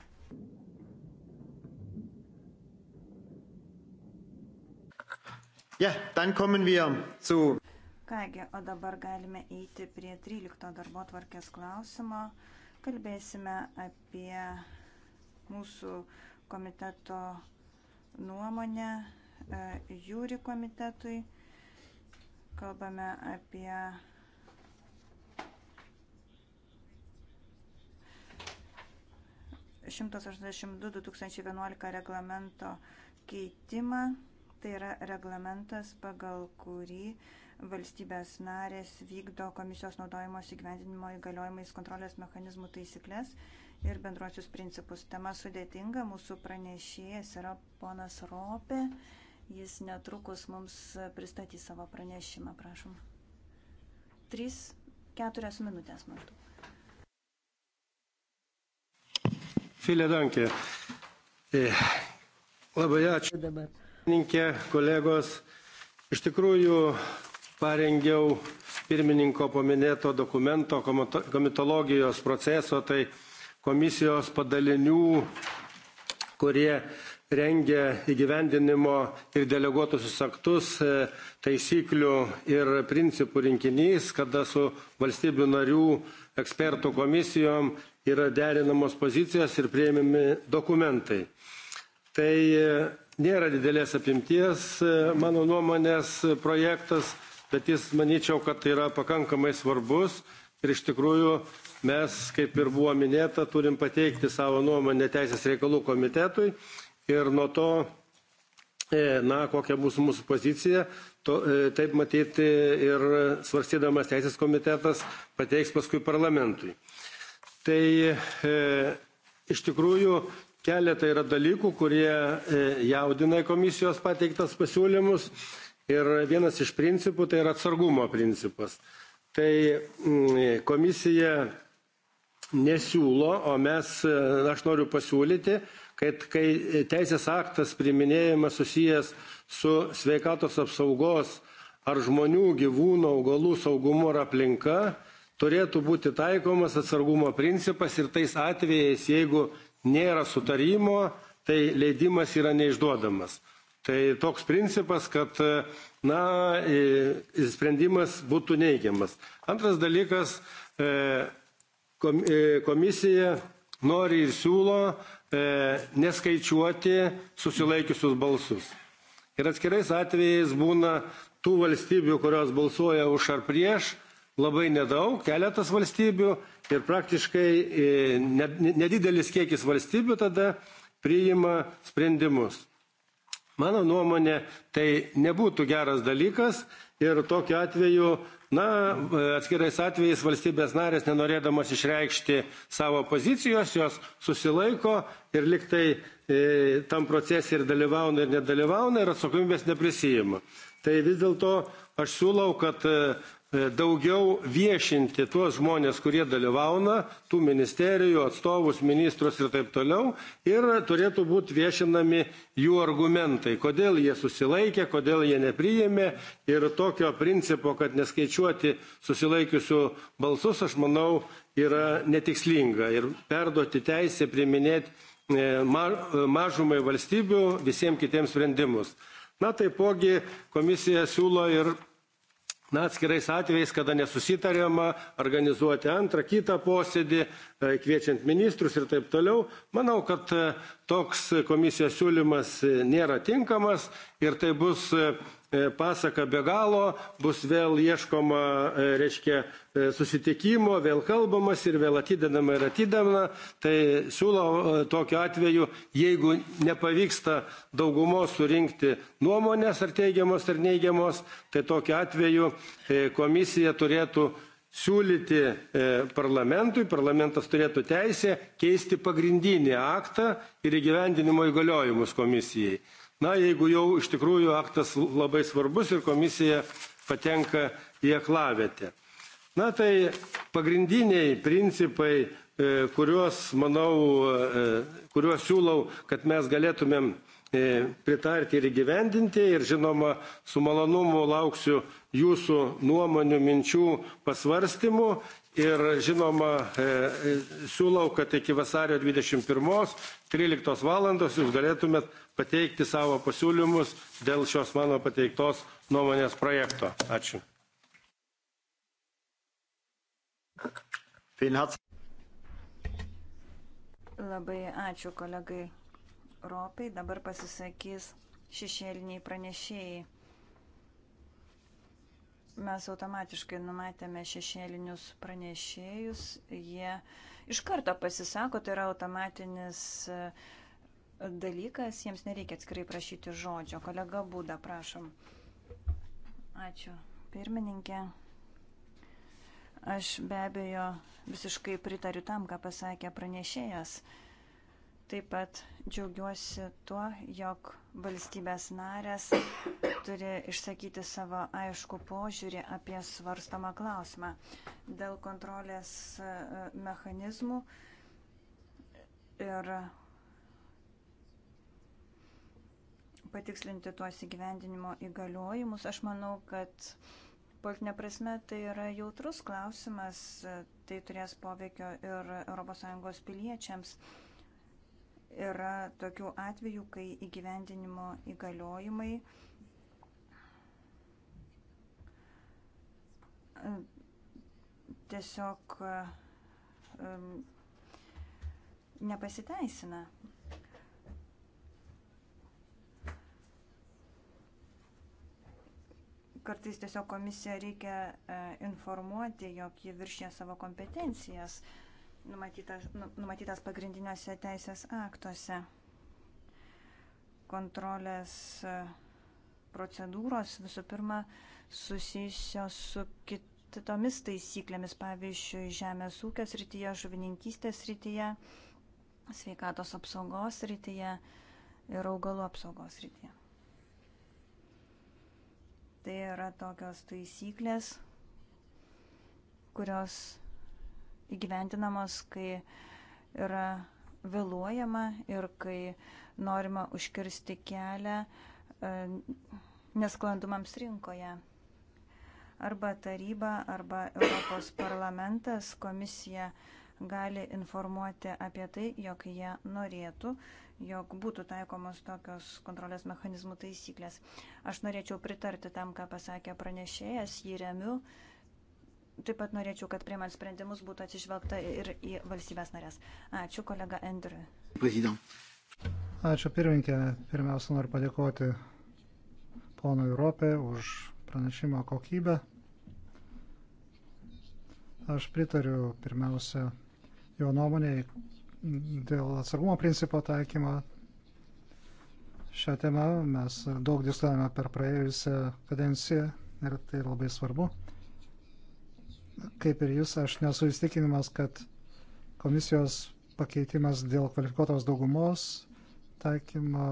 Speaker 1: Ja, dann kommen wir zu.
Speaker 2: Kągi, o dabar galime eiti prie 13 darbo tvarkės klausimo. Kalbėsime apie mūsų komiteto nuomonę e, jūri komitetui. Kalbame apie šimtas aštuoniasdešimt du du tūkstančiai vienuolika reglamento keitimą. Tai yra reglamentas, pagal kurį uh, valstybės narės vykdo komisijos naudojimos įgyvendinimo įgaliojimais kontrolės mechanizmų taisyklės ir bendruosius principus. Tema sudėtinga, mūsų pranešėjas yra ponas Ropė, jis netrukus mums pristatys savo pranešimą, prašom. 3-4 minutės maždaug.
Speaker 6: Filė Dankė. E, labai ačiū. Dabar. Kolegos, iš tikrųjų parengiau pirmininko paminėto dokumento komitologijos proceso, tai komisijos padalinių, kurie rengia įgyvendinimo ir deleguotusius aktus e, taisyklių ir principų rinkinys, kada su valstybių narių ekspertų komisijom yra derinamos pozicijos ir prieimimi dokumentai. Tai e, nėra didelės apimties, e, mano nuomonės, projektas bet jis manyčiau kad tai yra pakankamai svarbus ir iš tikrųjų mes kaip ir buvo minėta turim pateikti savo nuomonę teisės reikalų komitetui ir nuo to e, na kokia bus mūsų pozicija to, e, taip matyti ir svarstydamas teisės komitetas pateiks paskui parlamentui. Tai e, iš tikrųjų keletą yra dalykų, kurie e, jaudina komisijos pateiktas pasiūlymus ir vienas iš principų tai yra atsargumo principas. Tai mm, komisija nesiūlo, o mes, e, aš noriu pasiūlyti, kad kai teisės aktas priminėjimas susijęs su sveikatos apsaugos ar žmonių, gyvūnų, augalų saugumu ar aplinka, turėtų būti taikomas atsargumo principas ir tais atvejais, jeigu nėra sutarimo, tai leidimas yra neišduodamas. Tai toks principas, kad na, sprendimas būtų neigiamas. Antras dalykas, e, e, komisija nori ir siūlo e, neskaičiuoti susilaikiusius balsus. Ir atskirais atvejais būna tų valstybių, kurios balsuoja už ar prieš, labai nedaug, keletas valstybių ir praktiškai nedidelis kiekis valstybių tada priima sprendimus. Mano nuomonė, tai nebūtų geras dalykas ir tokiu atveju Na, atskirais atvejais valstybės narės, nenorėdamas išreikšti savo pozicijos, jos susilaiko ir liktai e, tam procese ir dalyvauna, ir nedalyvauna, ir atsakomybės neprisijima. Tai vis dėlto aš siūlau, kad e, E, daugiau viešinti tuos žmonės, kurie dalyvauna, tų ministerijų, atstovus, ministrus ir taip toliau. Ir turėtų būti viešinami jų argumentai, kodėl jie susilaikė, kodėl jie nepriėmė. Ir tokio principo, kad neskaičiuoti susilaikiusių balsus, aš manau, yra netikslinga. Ir perduoti teisę priminėti e, mažumai valstybių visiems kitiems sprendimus. Na taipogi komisija siūlo ir na atskirais atvejais kada nesusitariama organizuoti antrą kitą posėdį e, kviečiant ministrus ir taip toliau manau kad e, toks komisijos siūlymas e, nėra tinkamas ir tai bus E, pasaką be galo, bus vėl ieškoma, e, reiškia, e, susitikimo, vėl kalbamas ir vėl atidedama ir atidedama. Tai siūlau tokiu atveju, jeigu nepavyksta daugumos surinkti nuomonės ar teigiamos ar neigiamos, tai tokiu atveju komisija turėtų siūlyti parlamentui, parlamentas turėtų teisę keisti pagrindinį aktą ir įgyvendinimo įgaliojimus komisijai. Na, jeigu jau iš tikrųjų aktas labai svarbus ir komisija patenka į aklavietę. Na, tai pagrindiniai principai, e, kuriuos, manau, e, kuriuos siūlau, kad mes galėtumėm e, pritarti ir įgyvendinti. Ir žinoma, su malonumu lauksiu jūsų nuomonių, minčių, pasvarstymų ir žinoma e, e, siūlau, kad iki vasario 21.13 valandos jūs galėtumėt pateikti savo pasiūlymus dėl šios mano pateiktos nuomonės projekto. Ačiū.
Speaker 2: Labai ačiū kolegai Ropai. Dabar pasisakys šešėliniai pranešėjai mes automatiškai numatėme šešėlinius pranešėjus, jie iš karto pasisako, tai yra automatinis e, dalykas, jiems nereikia atskirai prašyti žodžio. Kolega Būda, prašom. Ačiū. Pirmininkė, aš be abejo visiškai pritariu tam, ką pasakė pranešėjas. Uh, Taip pat džiaugiuosi tuo, jog valstybės narės turi išsakyti savo aišku požiūrį apie svarstamą klausimą. Dėl kontrolės e, mechanizmų ir patikslinti tuos įgyvendinimo įgaliojimus, aš manau, kad politinė prasme tai yra jautrus klausimas, tai turės poveikio ir ES piliečiams. Yra tokių atvejų, kai įgyvendinimo įgaliojimai tiesiog nepasiteisina. Kartais tiesiog komisiją reikia e, informuoti, jog ji viršė savo kompetencijas. Uh, numatytas, nu, numatytas pagrindiniuose teisės aktuose. Kontrolės e, procedūros visų pirma susijusios su kitomis taisyklėmis, pavyzdžiui, žemės ūkio srityje, žuvininkystės srityje, sveikatos apsaugos srityje ir augalų apsaugos srityje. Tai yra tokios taisyklės, kurios įgyvendinamos, kai yra vėluojama ir kai norima užkirsti kelią e, nesklandumams rinkoje. Arba taryba, arba Europos parlamentas, komisija gali informuoti apie tai, jog jie norėtų, jog būtų taikomos tokios kontrolės mechanizmų taisyklės. Aš norėčiau pritarti tam, ką pasakė pranešėjas, jį remiu. Uh, Taip pat norėčiau, kad priimant sprendimus būtų atsižvelgta ir į valstybės narės. Ačiū, kolega Andriu.
Speaker 1: Prezident. Ačiū pirminkė. Pirmiausia, noriu padėkoti ponui Europė už pranešimo kokybę. Aš pritariu pirmiausia jo nuomonėje dėl atsargumo principo taikymo. Šią temą mes daug diskutavome per praėjusią kadenciją ir tai labai svarbu. Kaip ir jūs, aš nesu įstikinimas, kad komisijos pakeitimas dėl kvalifikuotos daugumos taikymo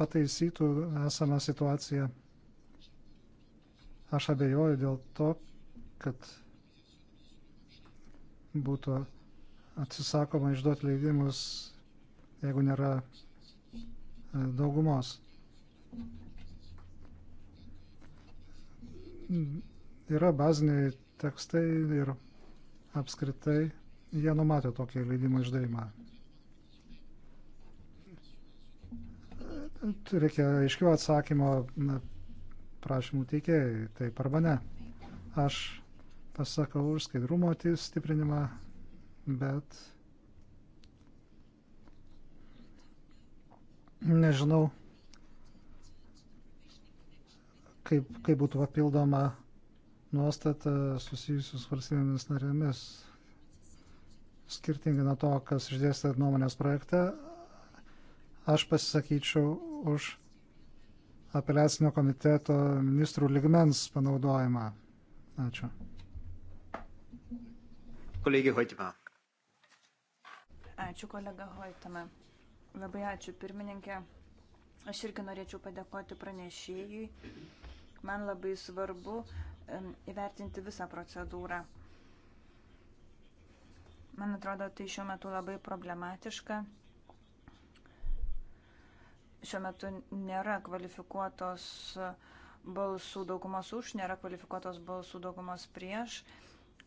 Speaker 1: pataisytų esamą situaciją. Aš abejoju dėl to, kad būtų atsisakoma išduoti leidimus, jeigu nėra e, daugumos. Yra baziniai tekstai ir apskritai jie numatė tokį leidimą išdavimą. Reikia aiškių atsakymo na, prašymų teikėjai, taip arba ne. Aš pasakau už skaidrumo stiprinimą, bet nežinau, kaip, kaip būtų papildoma nuostatą susijusius valstybėmis narėmis. Skirtingai nuo to, kas išdėstė nuomonės projekte, aš pasisakyčiau už apeliacinio komiteto ministrų ligmens panaudojimą. Ačiū.
Speaker 6: Kolegė Hoitima.
Speaker 2: Ačiū kolega Hoitama. Labai ačiū pirmininkė. Aš irgi norėčiau padėkoti pranešėjui. Man labai svarbu uh, įvertinti visą procedūrą. Man atrodo, tai šiuo metu labai problematiška. Šiuo metu nėra kvalifikuotos balsų daugumos už, nėra kvalifikuotos balsų daugumos prieš.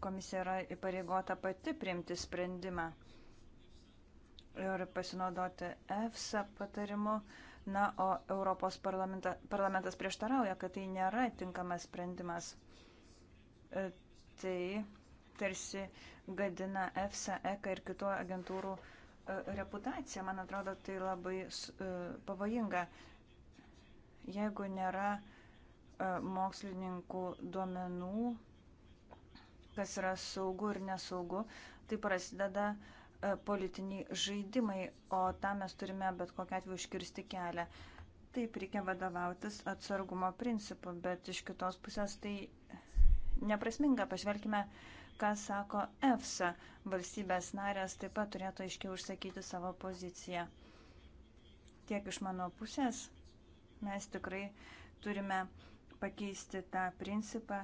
Speaker 2: Komisija yra įpareigota pati priimti sprendimą ir pasinaudoti EFSA patarimu. Na, o Europos parlamenta, parlamentas prieštarauja, kad tai nėra tinkamas sprendimas tai tarsi gadina EFSA, ECA ir kitų agentūrų e, reputaciją. Man atrodo, tai labai e, pavojinga. Jeigu nėra e, mokslininkų duomenų, kas yra saugu ir nesaugu, tai prasideda politiniai žaidimai, o tam mes turime bet kokią atveju užkirsti kelią. Taip reikia vadovautis atsargumo principu, bet iš kitos pusės tai neprasminga. Pažvelkime, ką sako EFSA. Valstybės narės taip pat turėtų aiškiai užsakyti savo poziciją. Tiek iš mano pusės mes tikrai turime pakeisti tą principą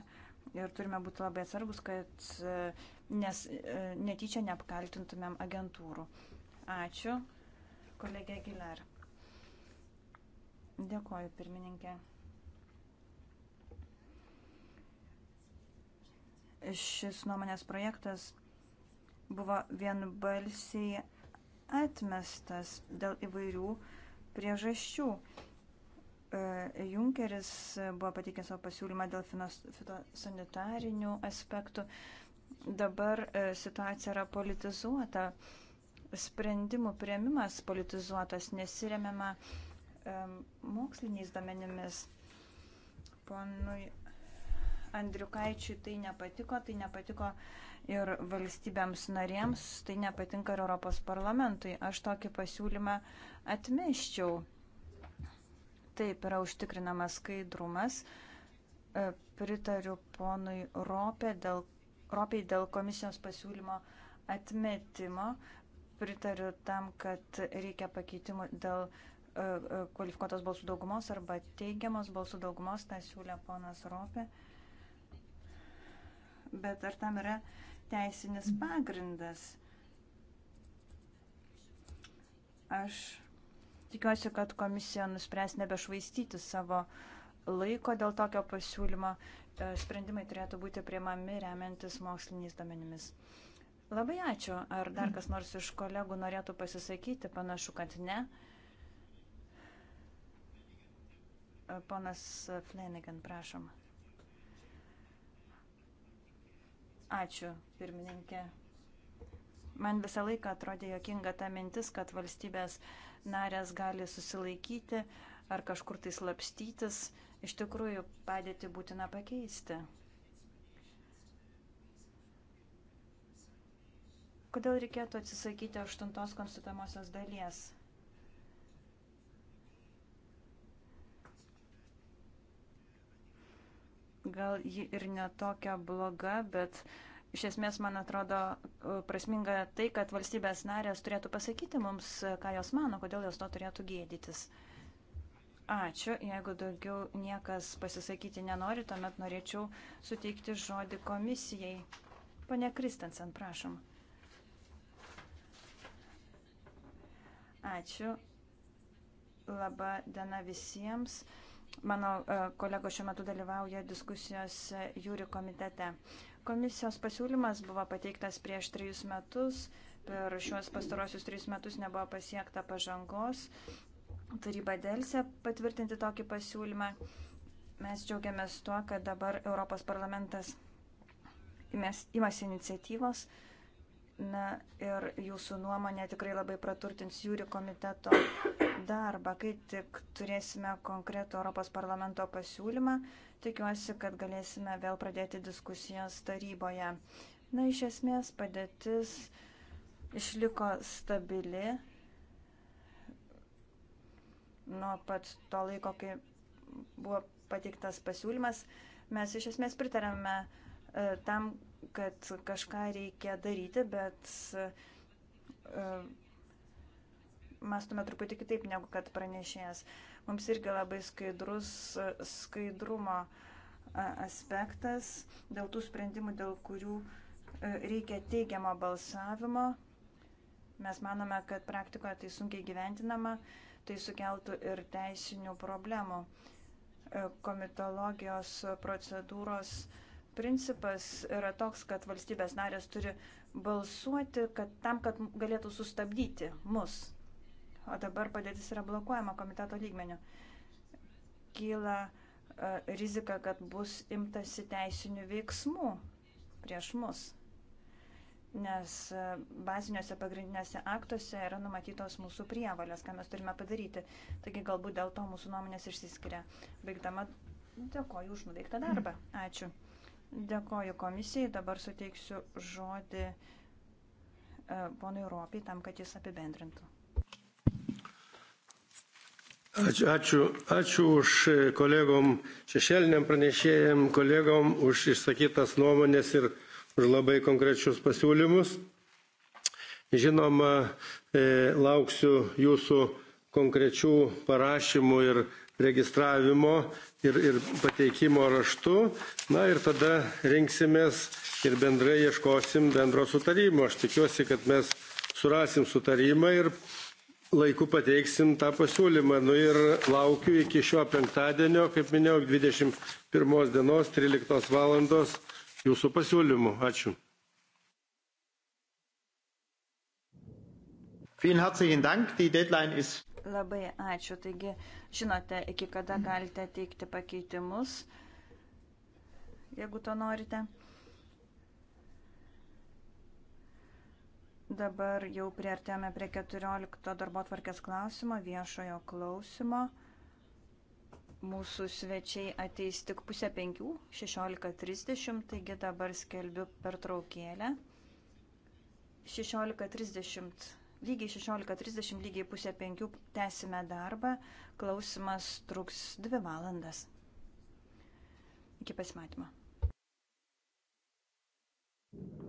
Speaker 2: ir turime būti labai atsargus, kad e, nes, e, netyčia neapkaltintumėm agentūrų. Ačiū, kolegė Giler. Dėkoju, pirmininkė. šis nuomonės projektas buvo vienbalsiai atmestas dėl įvairių priežasčių. E, Junkeris buvo pateikęs savo pasiūlymą dėl fitosanitarinių aspektų. Dabar e, situacija yra politizuota, sprendimų prieimimas politizuotas, nesiremiama e, moksliniais domenimis. Ponui Andriukaičiui tai nepatiko, tai nepatiko ir valstybėms narėms, tai nepatinka ir Europos parlamentui. Aš tokį pasiūlymą atmeščiau. Taip yra užtikrinamas skaidrumas. E, pritariu ponui Ropė dėl, Ropiai dėl komisijos pasiūlymo atmetimo. Pritariu tam, kad reikia pakeitimų dėl e, e, kvalifikuotos balsų daugumos arba teigiamos balsų daugumos, tą siūlė ponas Ropė bet ar tam yra teisinis pagrindas? Aš tikiuosi, kad komisija nuspręs nebešvaistyti savo laiko dėl tokio pasiūlymo. E, sprendimai turėtų būti priimami remiantis moksliniais domenimis. Labai ačiū. Ar dar kas nors iš kolegų norėtų pasisakyti? Panašu, kad ne. E, ponas Flanagan, prašom. Ačiū, pirmininkė. Man visą laiką atrodė jokinga ta mintis, kad valstybės narės gali susilaikyti ar kažkur tai slapstytis. Iš tikrųjų, padėti būtina pakeisti. Kodėl reikėtų atsisakyti aštuntos konstitucijos dalies? Gal ji ir netokia bloga, bet iš esmės man atrodo e, prasminga tai, kad valstybės narės turėtų pasakyti mums, e, ką jos mano, kodėl jos to turėtų gėdytis. Ačiū. Jeigu daugiau niekas pasisakyti nenori, tuomet norėčiau suteikti žodį komisijai. Pane Kristensen, prašom. Ačiū. Labą dieną visiems. Mano e, kolego šiuo metu dalyvauja diskusijos jūri komitete. Komisijos pasiūlymas buvo pateiktas prieš trejus metus. Per šiuos pastarosius trejus metus nebuvo pasiekta pažangos. Taryba dėlse patvirtinti tokį pasiūlymą. Mes džiaugiamės tuo, kad dabar Europos parlamentas imasi iniciatyvos. Uh, Na ir jūsų nuomonė tikrai labai praturtins jūrių komiteto darbą. Kai tik turėsime konkretų Europos parlamento pasiūlymą, tikiuosi, kad galėsime vėl pradėti diskusijas taryboje. Na, iš esmės padėtis išliko stabili nuo pat to laiko, kai buvo pateiktas pasiūlymas. Mes iš esmės pritarėme e, tam, kad kažką reikia daryti, bet e, mąstume truputį kitaip negu kad pranešėjas. Mums irgi labai skaidrus skaidrumo e, aspektas dėl tų sprendimų, dėl kurių e, reikia teigiamo balsavimo. Mes manome, kad praktikoje tai sunkiai gyventinama, tai sukeltų ir teisinių problemų. Komitologijos procedūros uh, Principas yra toks, kad valstybės narės turi balsuoti kad, tam, kad galėtų sustabdyti mus. O dabar padėtis yra blokuojama komiteto lygmenio. Kyla uh, rizika, kad bus imtasi teisinių veiksmų prieš mus nes e, baziniuose pagrindinėse aktuose yra numatytos mūsų prievalės, ką mes turime padaryti. Taigi galbūt dėl to mūsų nuomonės išsiskiria. Baigdama, dėkoju už nuveiktą darbą. Ačiū. Dėkoju komisijai, dabar suteiksiu žodį e, ponui Europiai tam, kad jis apibendrintų.
Speaker 6: Ačiū, ačiū, ačiū už e, kolegom šešėliniam pranešėjim, kolegom už išsakytas nuomonės ir už labai konkrečius pasiūlymus. Žinoma, e, lauksiu jūsų konkrečių parašymų ir registravimo ir, ir pateikimo raštu. Na ir tada rinksimės ir bendrai ieškosim bendro sutarimo. Aš tikiuosi, kad mes surasim sutarimą ir laiku pateiksim tą pasiūlymą. Nu ir laukiu iki šio penktadienio, kaip minėjau, 21 dienos 13 valandos jūsų pasiūlymų. Ačiū.
Speaker 1: Vielen herzlichen Dank. Die Deadline ist
Speaker 2: Labai ačiū. Taigi, žinote, iki kada galite teikti pakeitimus, jeigu to norite. Dabar jau priartėme prie 14 darbo tvarkės klausimo, viešojo klausimo. Mūsų svečiai ateis tik pusę penkių, 16.30, taigi dabar skelbiu pertraukėlę. 16.30 Lygiai 16.30, lygiai pusė penkių tęsime darbą. Klausimas truks dvi valandas. Iki pasimatymo. Thank you.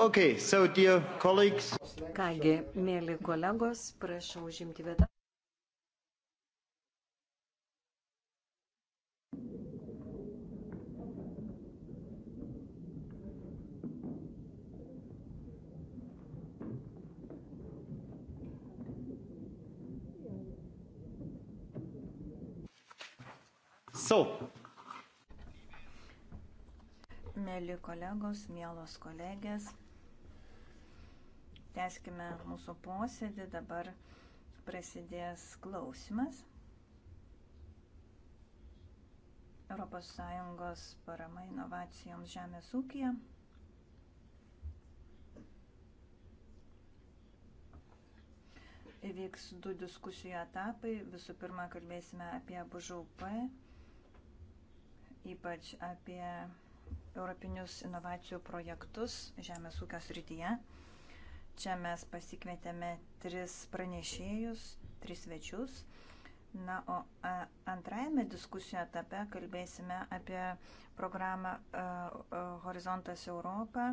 Speaker 4: Okay, so dear colleagues. Kągi,
Speaker 3: mėly kolegos, prašau užimti vietą.
Speaker 1: So.
Speaker 2: Mėly kolegos, mielos kolegės, Teskime mūsų posėdį, dabar prasidės klausimas. ES parama inovacijoms žemės ūkija. Įvyks du diskusijų etapai. Visų pirma, kalbėsime apie BŽUP, ypač apie europinius inovacijų projektus žemės ūkio srityje. Čia mes pasikvietėme tris pranešėjus, tris svečius. Na, o antrajame diskusijų etape kalbėsime apie programą Horizontas Europą,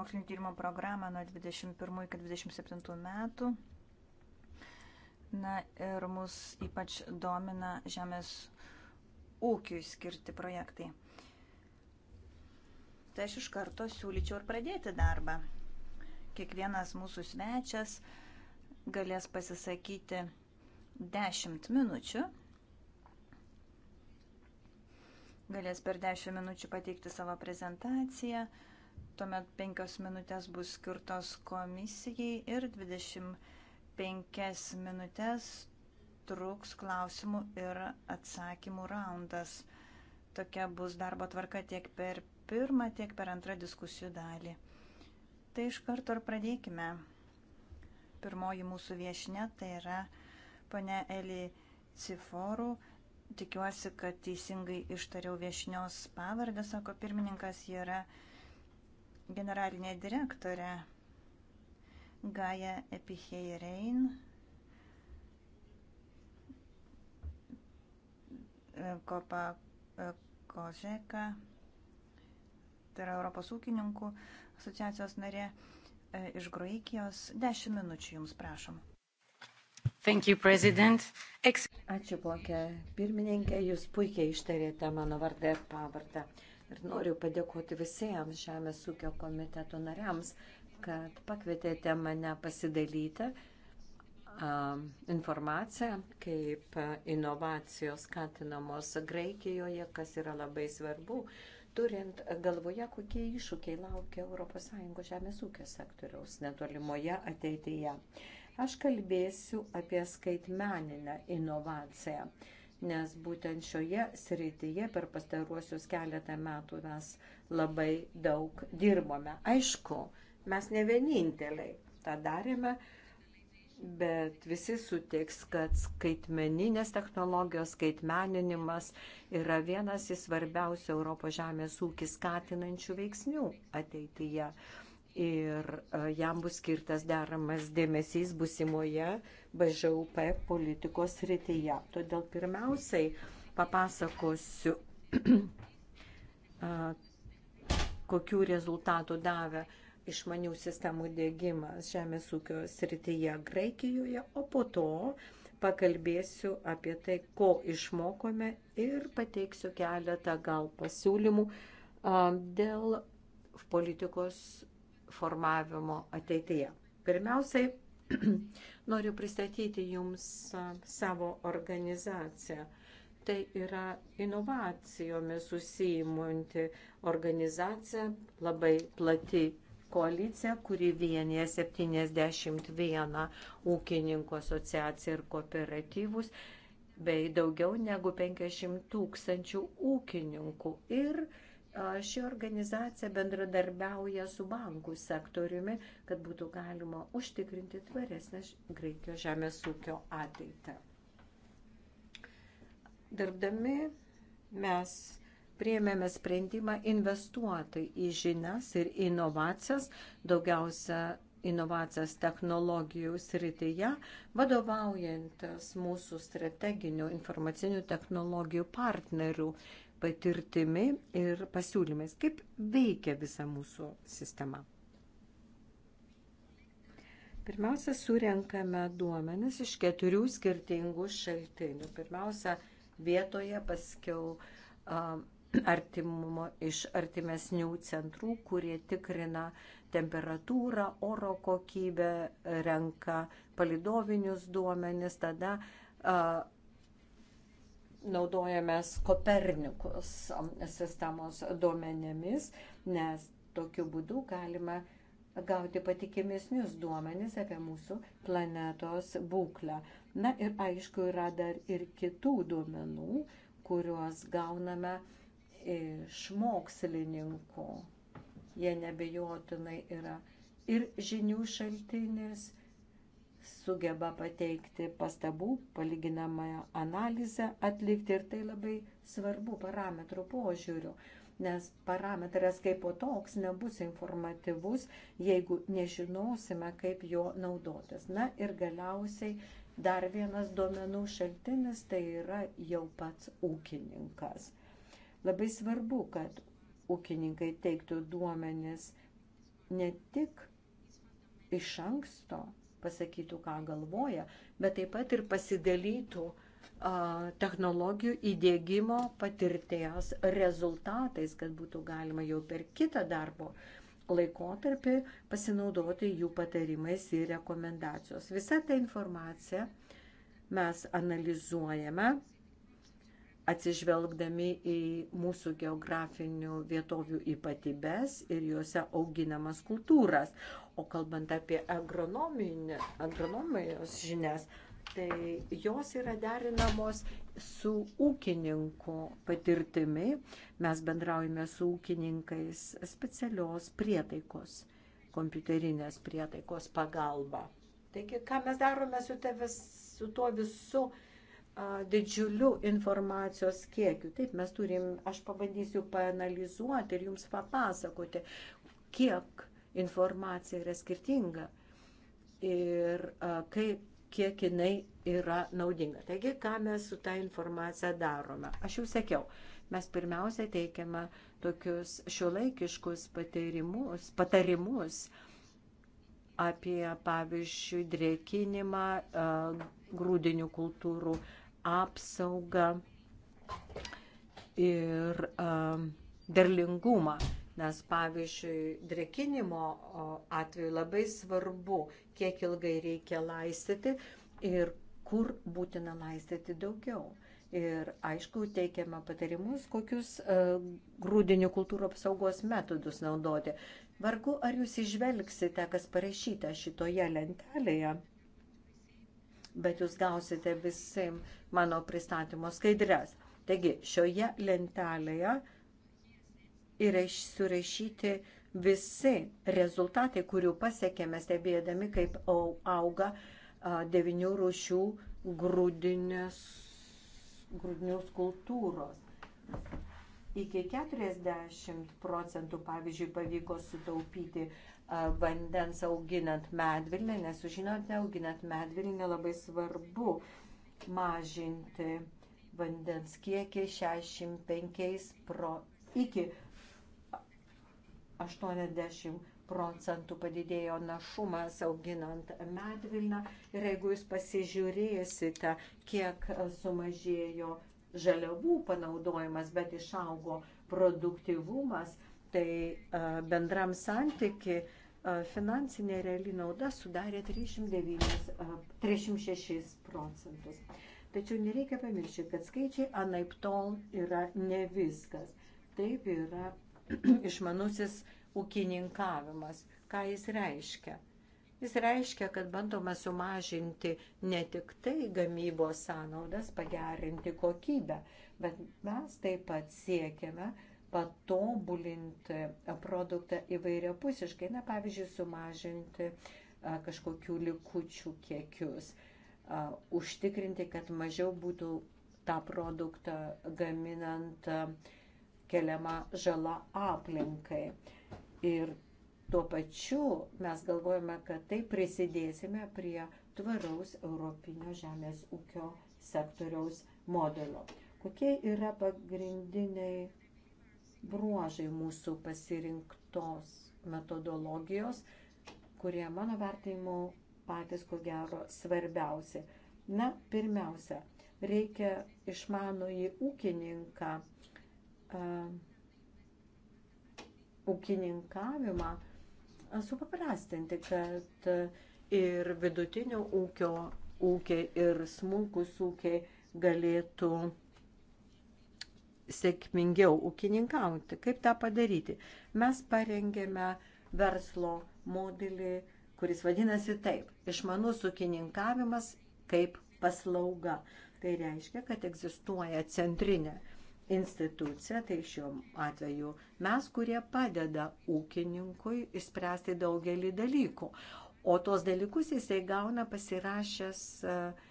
Speaker 2: mokslinio tyrimo programą nuo 21 iki 27 metų. Na ir mus ypač domina žemės ūkiui skirti projektai tai aš iš karto siūlyčiau ir pradėti darbą. Kiekvienas mūsų svečias galės pasisakyti 10 minučių. Galės per 10 minučių pateikti savo prezentaciją, tuomet 5 minutės bus skirtos komisijai ir 25 minutės truks klausimų ir atsakymų raundas. Tokia bus darbo tvarka tiek per pirmą, tiek per antrą diskusijų dalį. Tai iš karto ir pradėkime. Pirmoji mūsų viešinė tai yra pane Eli Ciforų. Tikiuosi, kad teisingai ištariau viešinios pavardę, sako pirmininkas, ji yra generalinė direktorė Gaja Epiheirein. Kopa e, Kožeka tai yra Europos ūkininkų asociacijos narė e, iš Graikijos. Dešimt minučių jums prašom.
Speaker 5: Thank you, President. Ex
Speaker 3: Ačiū, plokė pirmininkė, jūs puikiai ištarėte mano vardą ir pavardę. Ir noriu padėkoti visiems Žemės ūkio komiteto nariams, kad pakvietėte mane pasidalyti informaciją, kaip inovacijos skatinamos Graikijoje, kas yra labai svarbu, turint galvoje, kokie iššūkiai laukia ES žemės ūkio sektoriaus netolimoje ateityje. Aš kalbėsiu apie skaitmeninę inovaciją, nes būtent šioje srityje per pastaruosius keletą metų mes labai daug dirbome. Aišku, mes ne vieninteliai tą darėme, bet visi sutiks, kad skaitmeninės technologijos, skaitmeninimas yra vienas iš svarbiausių Europos žemės ūkį skatinančių veiksnių ateityje. Ir e, jam bus skirtas deramas dėmesys busimoje BŽUP politikos rytyje. Todėl pirmiausiai papasakosiu, kokių rezultatų davė išmanių sistemų dėgymas žemės ūkio srityje Graikijoje, o po to pakalbėsiu apie tai, ko išmokome ir pateiksiu keletą gal pasiūlymų dėl politikos formavimo ateityje. Pirmiausiai, noriu pristatyti Jums savo organizaciją. Tai yra inovacijomis susijimunti organizacija, labai plati koalicija, kuri vienyje 71 ūkininkų asociaciją ir kooperatyvus, bei daugiau negu 50 tūkstančių ūkininkų. Ir ši organizacija bendradarbiauja su bankų sektoriumi, kad būtų galima užtikrinti tvaresnę Graikijos žemės ūkio ateitį. Darbdami mes priėmėme sprendimą investuoti į žinias ir inovacijas, daugiausia inovacijas technologijų srityje, vadovaujantis mūsų strateginių informacinių technologijų partnerių patirtimi ir pasiūlymais. Kaip veikia visa mūsų sistema? Pirmiausia, surenkame duomenis iš keturių skirtingų šaltinių. Pirmiausia, vietoje, paskiau uh, artimumo iš artimesnių centrų, kurie tikrina temperatūrą, oro kokybę, renka palidovinius duomenis, tada a, naudojamės Kopernikus sistemos duomenėmis, nes tokiu būdu galima gauti patikimesnius duomenis apie mūsų planetos būklę. Na ir aišku, yra dar ir kitų duomenų, kuriuos gauname uh, iš mokslininkų. Jie nebejotinai yra ir žinių šaltinis, sugeba pateikti pastabų, palyginamąją analizę atlikti ir tai labai svarbu parametrų požiūrių, nes parametras kaip po toks nebus informatyvus, jeigu nežinosime, kaip jo naudotis. Na ir galiausiai dar vienas duomenų šaltinis tai yra jau pats ūkininkas. Labai svarbu, kad ūkininkai teiktų duomenis ne tik iš anksto pasakytų, ką galvoja, bet taip pat ir pasidalytų a, technologijų įdėgymo patirties rezultatais, kad būtų galima jau per kitą darbo laikotarpį pasinaudoti jų patarimais ir rekomendacijos. Visą tą informaciją mes analizuojame atsižvelgdami į mūsų geografinių vietovių ypatybės ir juose auginamas kultūras. O kalbant apie agronomijos žinias, tai jos yra derinamos su ūkininku patirtimi. Mes bendraujame su ūkininkais specialios prietaikos, kompiuterinės prietaikos pagalba. Taigi, ką mes darome su, tevis, su tuo visu? didžiuliu informacijos kiekiu. Taip, mes turim, aš pabandysiu panalizuoti ir jums papasakoti, kiek informacija yra skirtinga ir kaip, kiek jinai yra naudinga. Taigi, ką mes su tą informacija darome? Aš jau sakiau, mes pirmiausia teikiame tokius šiuolaikiškus patarimus, patarimus apie, pavyzdžiui, drėkinimą, grūdinių kultūrų apsaugą ir um, derlingumą. Nes pavyzdžiui, drekinimo atveju labai svarbu, kiek ilgai reikia laistyti ir kur būtina laistyti daugiau. Ir aišku, teikiame patarimus, kokius e, grūdinių kultūrų apsaugos metodus naudoti. Vargu, ar jūs išvelgsite, kas parašyta šitoje lentelėje bet jūs gausite visi mano pristatymo skaidrės. Taigi, šioje lentelėje yra surašyti visi rezultatai, kurių pasiekėme stebėdami, kaip auga devinių rūšių grūdinės, grūdinius kultūros. Iki 40 procentų, pavyzdžiui, pavyko sutaupyti vandens auginant medvilnę, nes žinote, auginant medvilnę labai svarbu mažinti vandens kiekį 65 pro, iki 80 procentų padidėjo našumas auginant medvilną. Ir jeigu jūs pasižiūrėsite, kiek sumažėjo žaliavų panaudojimas, bet išaugo produktivumas, tai bendram santyki finansinė reali nauda sudarė 309, 306 procentus. Tačiau nereikia pamiršti, kad skaičiai anaip tol yra ne viskas. Taip yra išmanusis ūkininkavimas. Ką jis reiškia? Jis reiškia, kad bandoma sumažinti ne tik tai gamybos sąnaudas, pagerinti kokybę, bet mes taip pat siekiame, patobulinti produktą įvairiapusiškai, na pavyzdžiui, sumažinti kažkokių likučių kiekius, užtikrinti, kad mažiau būtų tą produktą gaminant keliama žala aplinkai. Ir tuo pačiu mes galvojame, kad tai prisidėsime prie tvaraus Europinio žemės ūkio sektoriaus modelio. Kokie yra pagrindiniai bruožai mūsų pasirinktos metodologijos, kurie mano vertinimu patys ko gero svarbiausi. Na, pirmiausia, reikia išmanųjį ūkininką, uh, ūkininkavimą supaprastinti, kad ir vidutinio ūkio ūkiai, ir smulkus ūkiai galėtų uh, sėkmingiau ūkininkauti. Kaip tą padaryti? Mes parengėme verslo modelį, kuris vadinasi taip - išmanus ūkininkavimas kaip paslauga. Tai reiškia, kad egzistuoja centrinė institucija, tai šiuo atveju mes, kurie padeda ūkininkui išspręsti daugelį dalykų. O tos dalykus jisai gauna pasirašęs uh,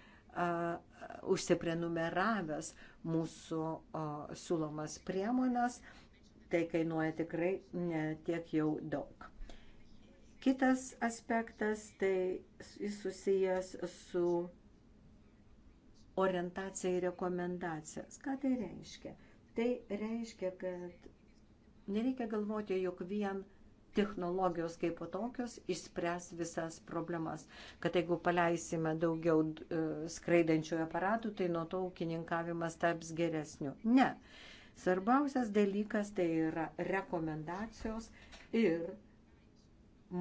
Speaker 3: užsiprenumeravęs mūsų a, siūlomas priemonės, tai kainuoja tikrai ne tiek jau daug. Kitas aspektas, tai jis susijęs su orientacija į rekomendacijas. Ką tai reiškia? Tai reiškia, kad nereikia galvoti, jog vien uh, technologijos kaip tokios išspręs visas problemas. Kad jeigu paleisime daugiau e, skraidančių aparatų, tai nuo to ūkininkavimas taps geresniu. Ne. Svarbiausias dalykas tai yra rekomendacijos ir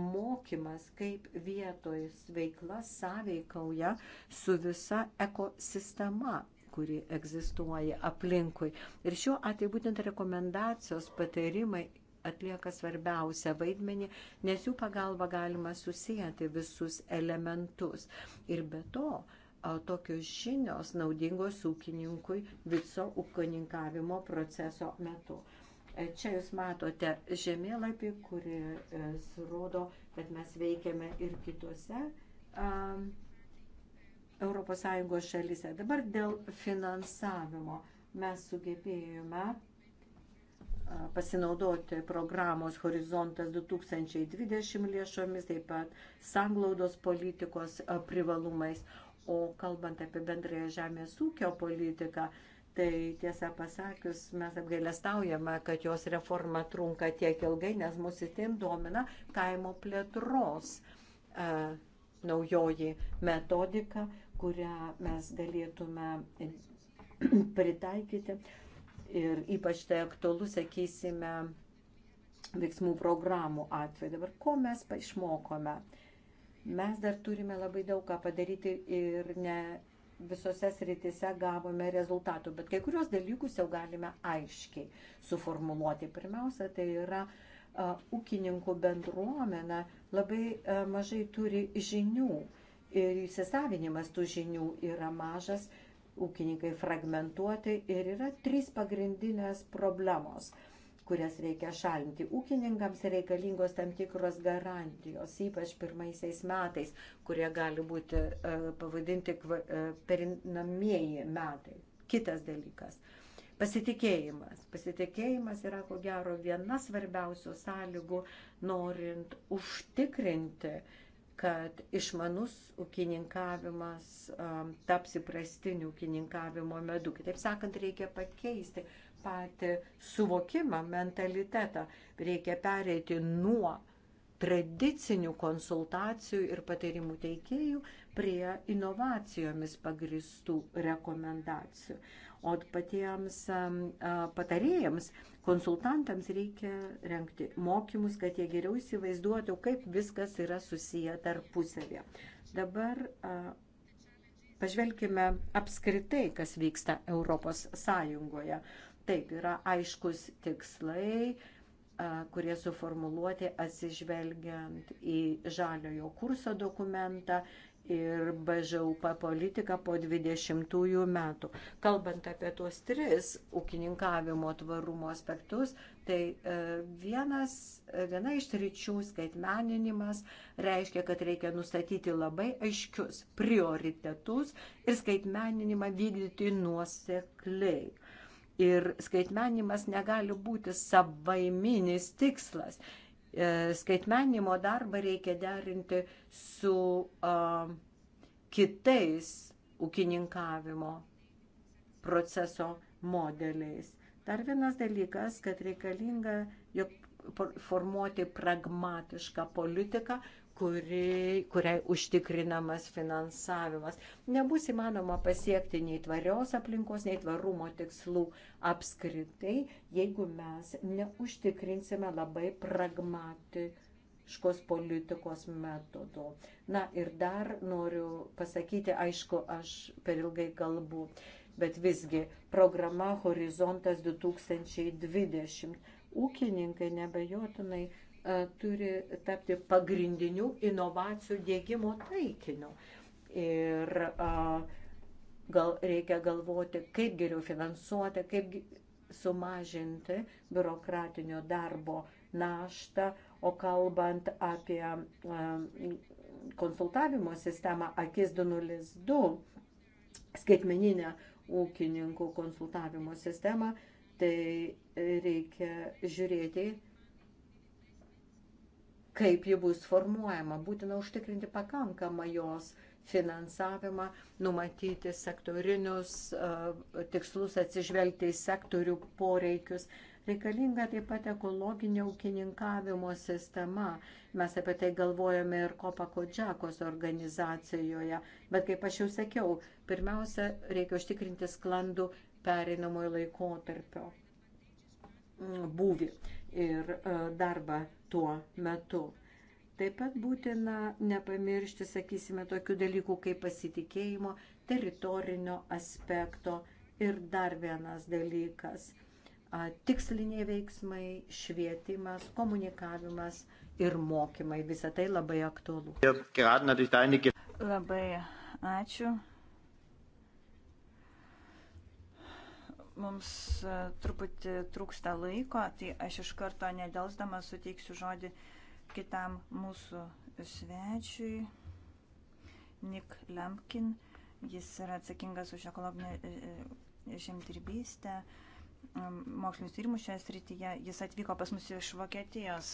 Speaker 3: mokymas, kaip vietoj veikla sąveikauja su visa ekosistema kuri egzistuoja aplinkui. Ir šiuo atveju būtent rekomendacijos, patarimai atlieka svarbiausią vaidmenį, nes jų pagalba galima susijęti visus elementus. Ir be to, tokios žinios naudingos ūkininkui viso ūkininkavimo proceso metu. E, čia jūs matote žemėlapį, kuris e, rodo, kad mes veikiame ir kitose um, ES šalyse. Dabar dėl finansavimo mes sugebėjome pasinaudoti programos Horizontas 2020 lėšomis, taip pat sanglaudos politikos privalumais. O kalbant apie bendrąją žemės ūkio politiką, tai tiesą pasakius, mes apgailestaujame, kad jos reforma trunka tiek ilgai, nes mūsų tiem domina kaimo plėtros uh, naujoji metodika, kurią mes galėtume pritaikyti Ir ypač tai aktualu, sakysime, veiksmų programų atveju. Dabar ko mes išmokome? Mes dar turime labai daug ką padaryti ir ne visose sritise gavome rezultatų, bet kai kurios dalykus jau galime aiškiai suformuluoti. Pirmiausia, tai yra uh, ūkininkų bendruomenė labai uh, mažai turi žinių ir įsisavinimas tų žinių yra mažas ūkininkai fragmentuoti ir yra trys pagrindinės problemos kurias reikia šalinti. Ūkininkams reikalingos tam tikros garantijos, ypač pirmaisiais metais, kurie gali būti uh, pavadinti uh, perinamieji metai. Kitas dalykas - pasitikėjimas. Pasitikėjimas yra ko gero viena svarbiausių sąlygų, norint užtikrinti uh, kad išmanus ūkininkavimas um, taps įprastiniu ūkininkavimo medu. Kitaip sakant, reikia pakeisti patį suvokimą, mentalitetą. Reikia pereiti nuo tradicinių konsultacijų ir patarimų teikėjų prie inovacijomis pagristų rekomendacijų. O patiems patarėjams, konsultantams reikia renkti mokymus, kad jie geriau įsivaizduotų, kaip viskas yra susiję tarpusavėje. Dabar pažvelkime apskritai, kas vyksta Europos Sąjungoje. Taip, yra aiškus tikslai, kurie suformuluoti atsižvelgiant į žaliojo kurso dokumentą, ir BŽUP politiką po 20 metų. Kalbant apie tuos tris ūkininkavimo tvarumo aspektus, tai e, vienas, viena iš ryčių skaitmeninimas reiškia, kad reikia nustatyti labai aiškius prioritetus ir skaitmeninimą vykdyti nuosekliai. Ir skaitmenimas negali būti savaiminis tikslas. E, skaitmenimo darbą reikia derinti su uh, kitais ūkininkavimo proceso modeliais. Dar vienas dalykas, kad reikalinga, jog formuoti pragmatišką politiką, kuri, kuriai užtikrinamas finansavimas. Nebus įmanoma pasiekti nei tvarios aplinkos, nei tvarumo tikslų apskritai, jeigu mes neužtikrinsime labai pragmatiškos politikos metodų. Na ir dar noriu pasakyti, aišku, aš per ilgai kalbu, bet visgi programa Horizontas 2020 ūkininkai nebejotinai E, turi tapti pagrindiniu inovacijų dėgymo taikiniu. Ir e, gal reikia galvoti, kaip geriau finansuoti, kaip sumažinti biurokratinio darbo naštą, o kalbant apie e, konsultavimo sistemą Akis 202, skaitmeninę ūkininkų konsultavimo sistemą, tai reikia žiūrėti, kaip ji bus formuojama. Būtina užtikrinti pakankamą jos finansavimą, numatyti sektorinius e, tikslus, atsižvelgti į sektorių poreikius. Reikalinga taip pat ekologinė ūkininkavimo sistema. Mes apie tai galvojame ir Kopa Kodžiakos organizacijoje. Bet kaip aš jau sakiau, pirmiausia, reikia užtikrinti sklandų pereinamojo laikotarpio būvį ir e, darbą tuo metu. Taip pat būtina nepamiršti, sakysime, tokių dalykų kaip pasitikėjimo, teritorinio aspekto ir dar vienas dalykas - tiksliniai veiksmai, švietimas, komunikavimas ir mokymai. Visą tai labai aktualu.
Speaker 2: Labai ačiū. mums e, truputį trūksta laiko, tai aš iš karto nedelsdama suteiksiu žodį kitam mūsų svečiui, Nik Lemkin. Jis yra atsakingas už ekologinę e, e, žemdirbystę, mokslinius tyrimus šioje srityje. Jis atvyko pas mus iš Vokietijos.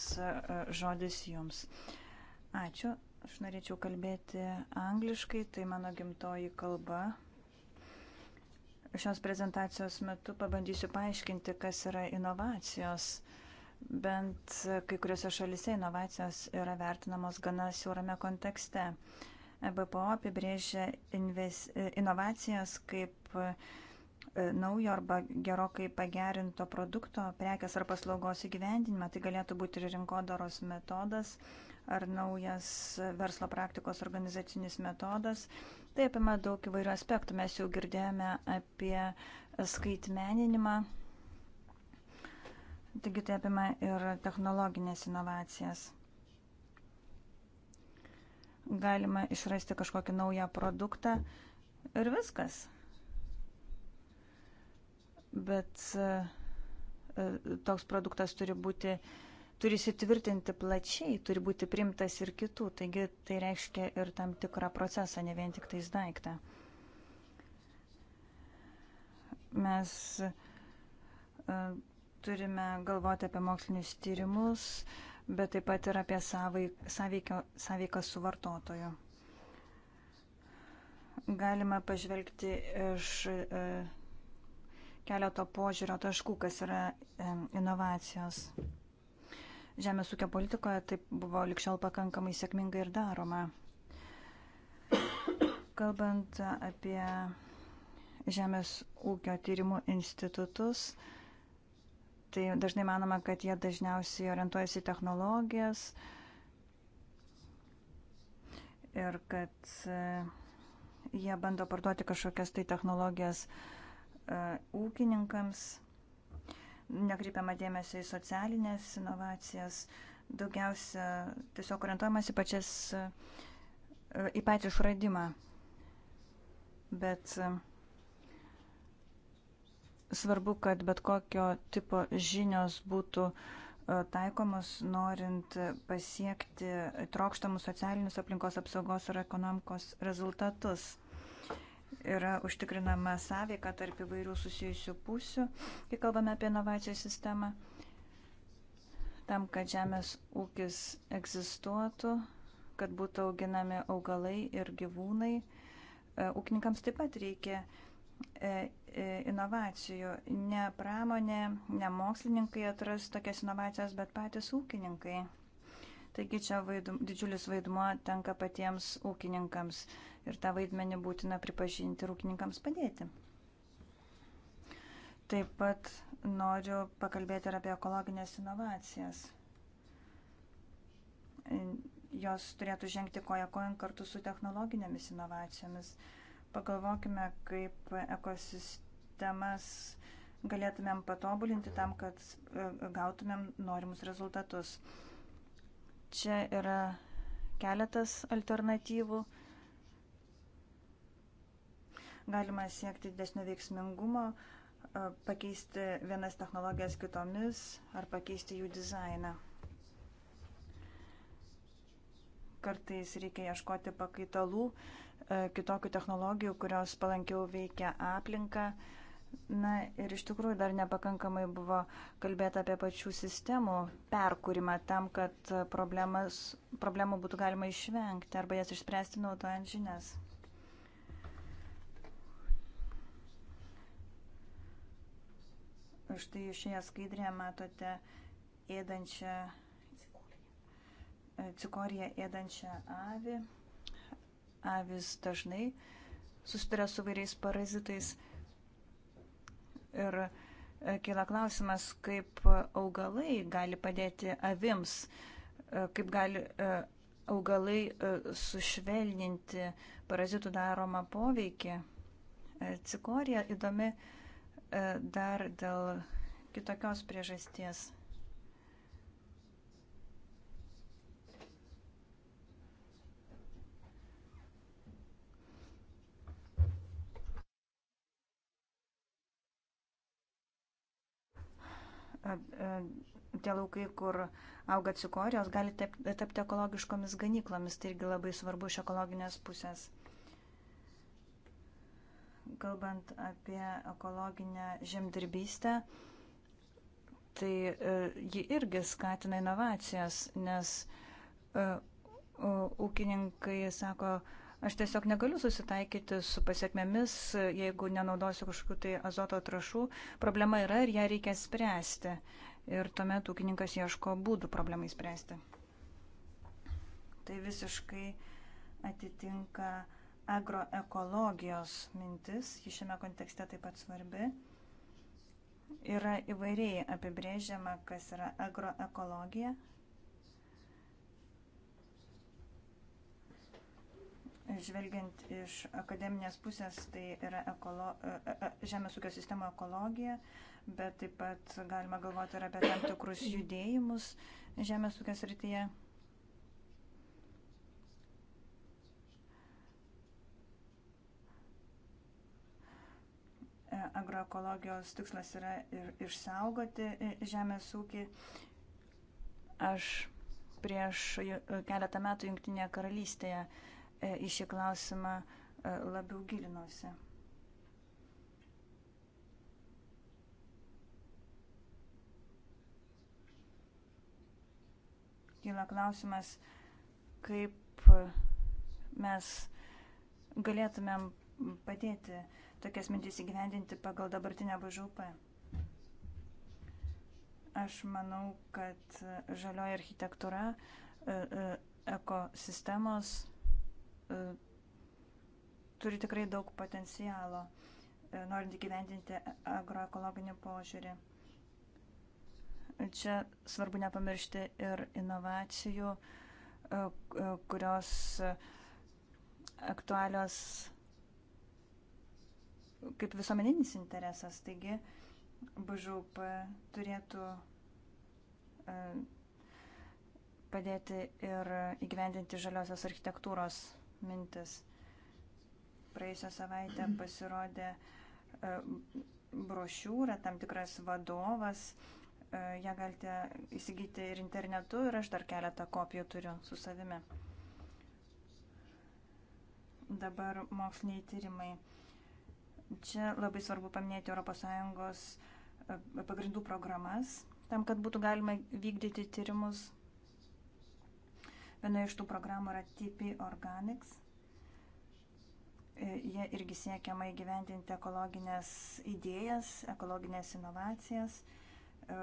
Speaker 2: Žodis jums. Ačiū. Aš norėčiau kalbėti angliškai, tai mano gimtoji kalba, Šios prezentacijos metu pabandysiu paaiškinti, kas yra inovacijos. Bent kai kuriuose šalise inovacijos yra vertinamos gana siūrame kontekste. E BPO apibrėžia inovacijas kaip e, naujo arba gerokai pagerinto produkto, prekės ar paslaugos įgyvendinimą. Tai galėtų būti ir rinkodaros metodas ar naujas verslo praktikos organizacinis metodas. Tai apima daug įvairių aspektų. Mes jau girdėjome apie skaitmeninimą. Taigi tai apima ir technologinės inovacijas. Galima išrasti kažkokį naują produktą ir viskas. Bet e, toks produktas turi būti uh, turi įsitvirtinti plačiai, turi būti primtas ir kitų, taigi tai reiškia ir tam tikrą procesą, ne vien tik tais daiktą. Mes e, turime galvoti apie mokslinius tyrimus, bet taip pat ir apie sąveiką su vartotoju. Galima pažvelgti iš e, keleto požiūrio taškų, kas yra e, inovacijos. Žemės ūkio politikoje taip buvo likščiau pakankamai sėkmingai ir daroma. Kalbant apie Žemės ūkio tyrimų institutus, tai dažnai manoma, kad jie dažniausiai orientuojasi į technologijas ir kad e, jie bando parduoti kažkokias tai technologijas e, ūkininkams nekreipiama dėmesio į socialinės inovacijas, daugiausia tiesiog orientuojamas į pačias, į patį išradimą. Bet svarbu, kad bet kokio tipo žinios būtų e, taikomos, norint pasiekti trokštamus socialinius aplinkos apsaugos ir ekonomikos rezultatus yra užtikrinama sąveika tarp įvairių susijusių pusių, kai kalbame apie inovacijų sistemą. Tam, kad žemės ūkis egzistuotų, kad būtų auginami augalai ir gyvūnai, e, ūkininkams taip pat reikia e, e, inovacijų. Ne pramonė, ne mokslininkai atras tokias inovacijas, bet patys ūkininkai. Taigi čia vaidum, didžiulis vaidmuo tenka patiems ūkininkams ir tą vaidmenį būtina pripažinti ir ūkininkams padėti. Taip pat noriu pakalbėti ir apie ekologinės inovacijas. Jos turėtų žengti koja kojant kartu su technologinėmis inovacijomis. Pagalvokime, kaip ekosistemas galėtumėm patobulinti tam, kad e, gautumėm norimus rezultatus. Čia yra keletas alternatyvų. Galima siekti didesnio veiksmingumo, e, pakeisti vienas technologijas kitomis ar pakeisti jų dizainą. Kartais reikia ieškoti pakaitalų, e, kitokių technologijų, kurios palankiau veikia aplinką, Na ir iš tikrųjų dar nepakankamai buvo kalbėta apie pačių sistemų perkūrimą tam, kad problemų būtų galima išvengti arba jas išspręsti naudojant žinias. Štai šioje skaidrėje matote ėdančią cikoriją ėdančią avį. Avis dažnai susiduria su vairiais parazitais. Ir e, kyla klausimas, kaip augalai gali padėti avims, e, kaip gali e, augalai sušvelninti parazitų daromą poveikį. Cikorija įdomi dar dėl kitokios priežasties. tie laukai, kur auga cikorijos, gali tapti ekologiškomis ganyklomis, tai irgi labai svarbu iš ekologinės pusės. Kalbant apie ekologinę žemdirbystę, tai e, ji irgi skatina inovacijas, nes e, ūkininkai sako, uh, Aš tiesiog negaliu susitaikyti su pasiekmėmis, jeigu nenaudosiu kažkokių tai azoto trašų. Problema yra ir ją reikia spręsti. Ir tuomet ūkininkas ieško būdų problemai spręsti. Tai visiškai atitinka agroekologijos mintis, ji šiame kontekste taip pat svarbi. Yra įvairiai apibrėžiama, kas yra agroekologija, žvelgiant iš akademinės pusės, tai yra ekolo, e, e, e, žemės ūkio sistema ekologija, bet taip pat galima galvoti ir apie tam tikrus judėjimus žemės ūkio srityje. Agroekologijos tikslas yra ir išsaugoti žemės ūkį. Aš prieš keletą metų Junktinėje karalystėje uh, E, į šį klausimą e, labiau gilinausi. Kyla klausimas, kaip mes galėtumėm padėti tokias mintis įgyvendinti pagal dabartinę BŽP. Aš manau, kad žalioji architektūra e, ekosistemos E, turi tikrai daug potencialo, e, norint įgyvendinti agroekologinį požiūrį. Čia svarbu nepamiršti ir inovacijų, e, kurios aktualios kaip visuomeninis interesas. Taigi, BŽUP turėtų padėti ir įgyvendinti žaliosios architektūros mintis. Praėjusią savaitę pasirodė e, brošiūra, tam tikras vadovas. E, ja galite įsigyti ir internetu ir aš dar keletą kopijų turiu su savimi. Dabar moksliniai tyrimai. Čia labai svarbu paminėti ES e, pagrindų programas, tam, kad būtų galima vykdyti tyrimus Viena iš tų programų yra TP Organics. E, jie irgi siekiama įgyvendinti ekologinės idėjas, ekologinės inovacijas, e,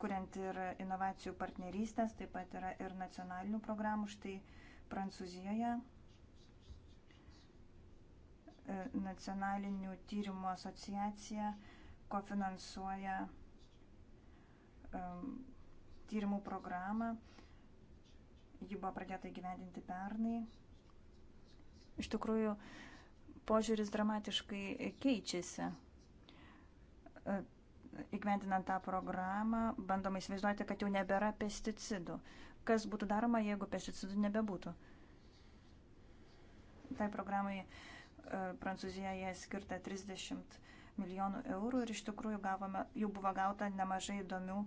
Speaker 2: kuriant ir inovacijų partnerystės, taip pat yra ir nacionalinių programų, štai Prancūzijoje e, nacionalinių tyrimų asociacija kofinansuoja um, tyrimų programą ji buvo pradėta įgyvendinti pernai. Iš tikrųjų, požiūris dramatiškai keičiasi. E, įgyvendinant tą programą, bandoma įsivaizduoti, kad jau nebėra pesticidų. Kas būtų daroma, jeigu pesticidų nebebūtų? Tai programai e, Prancūzijoje skirta 30 milijonų eurų ir iš tikrųjų gavome, jau buvo gauta nemažai įdomių,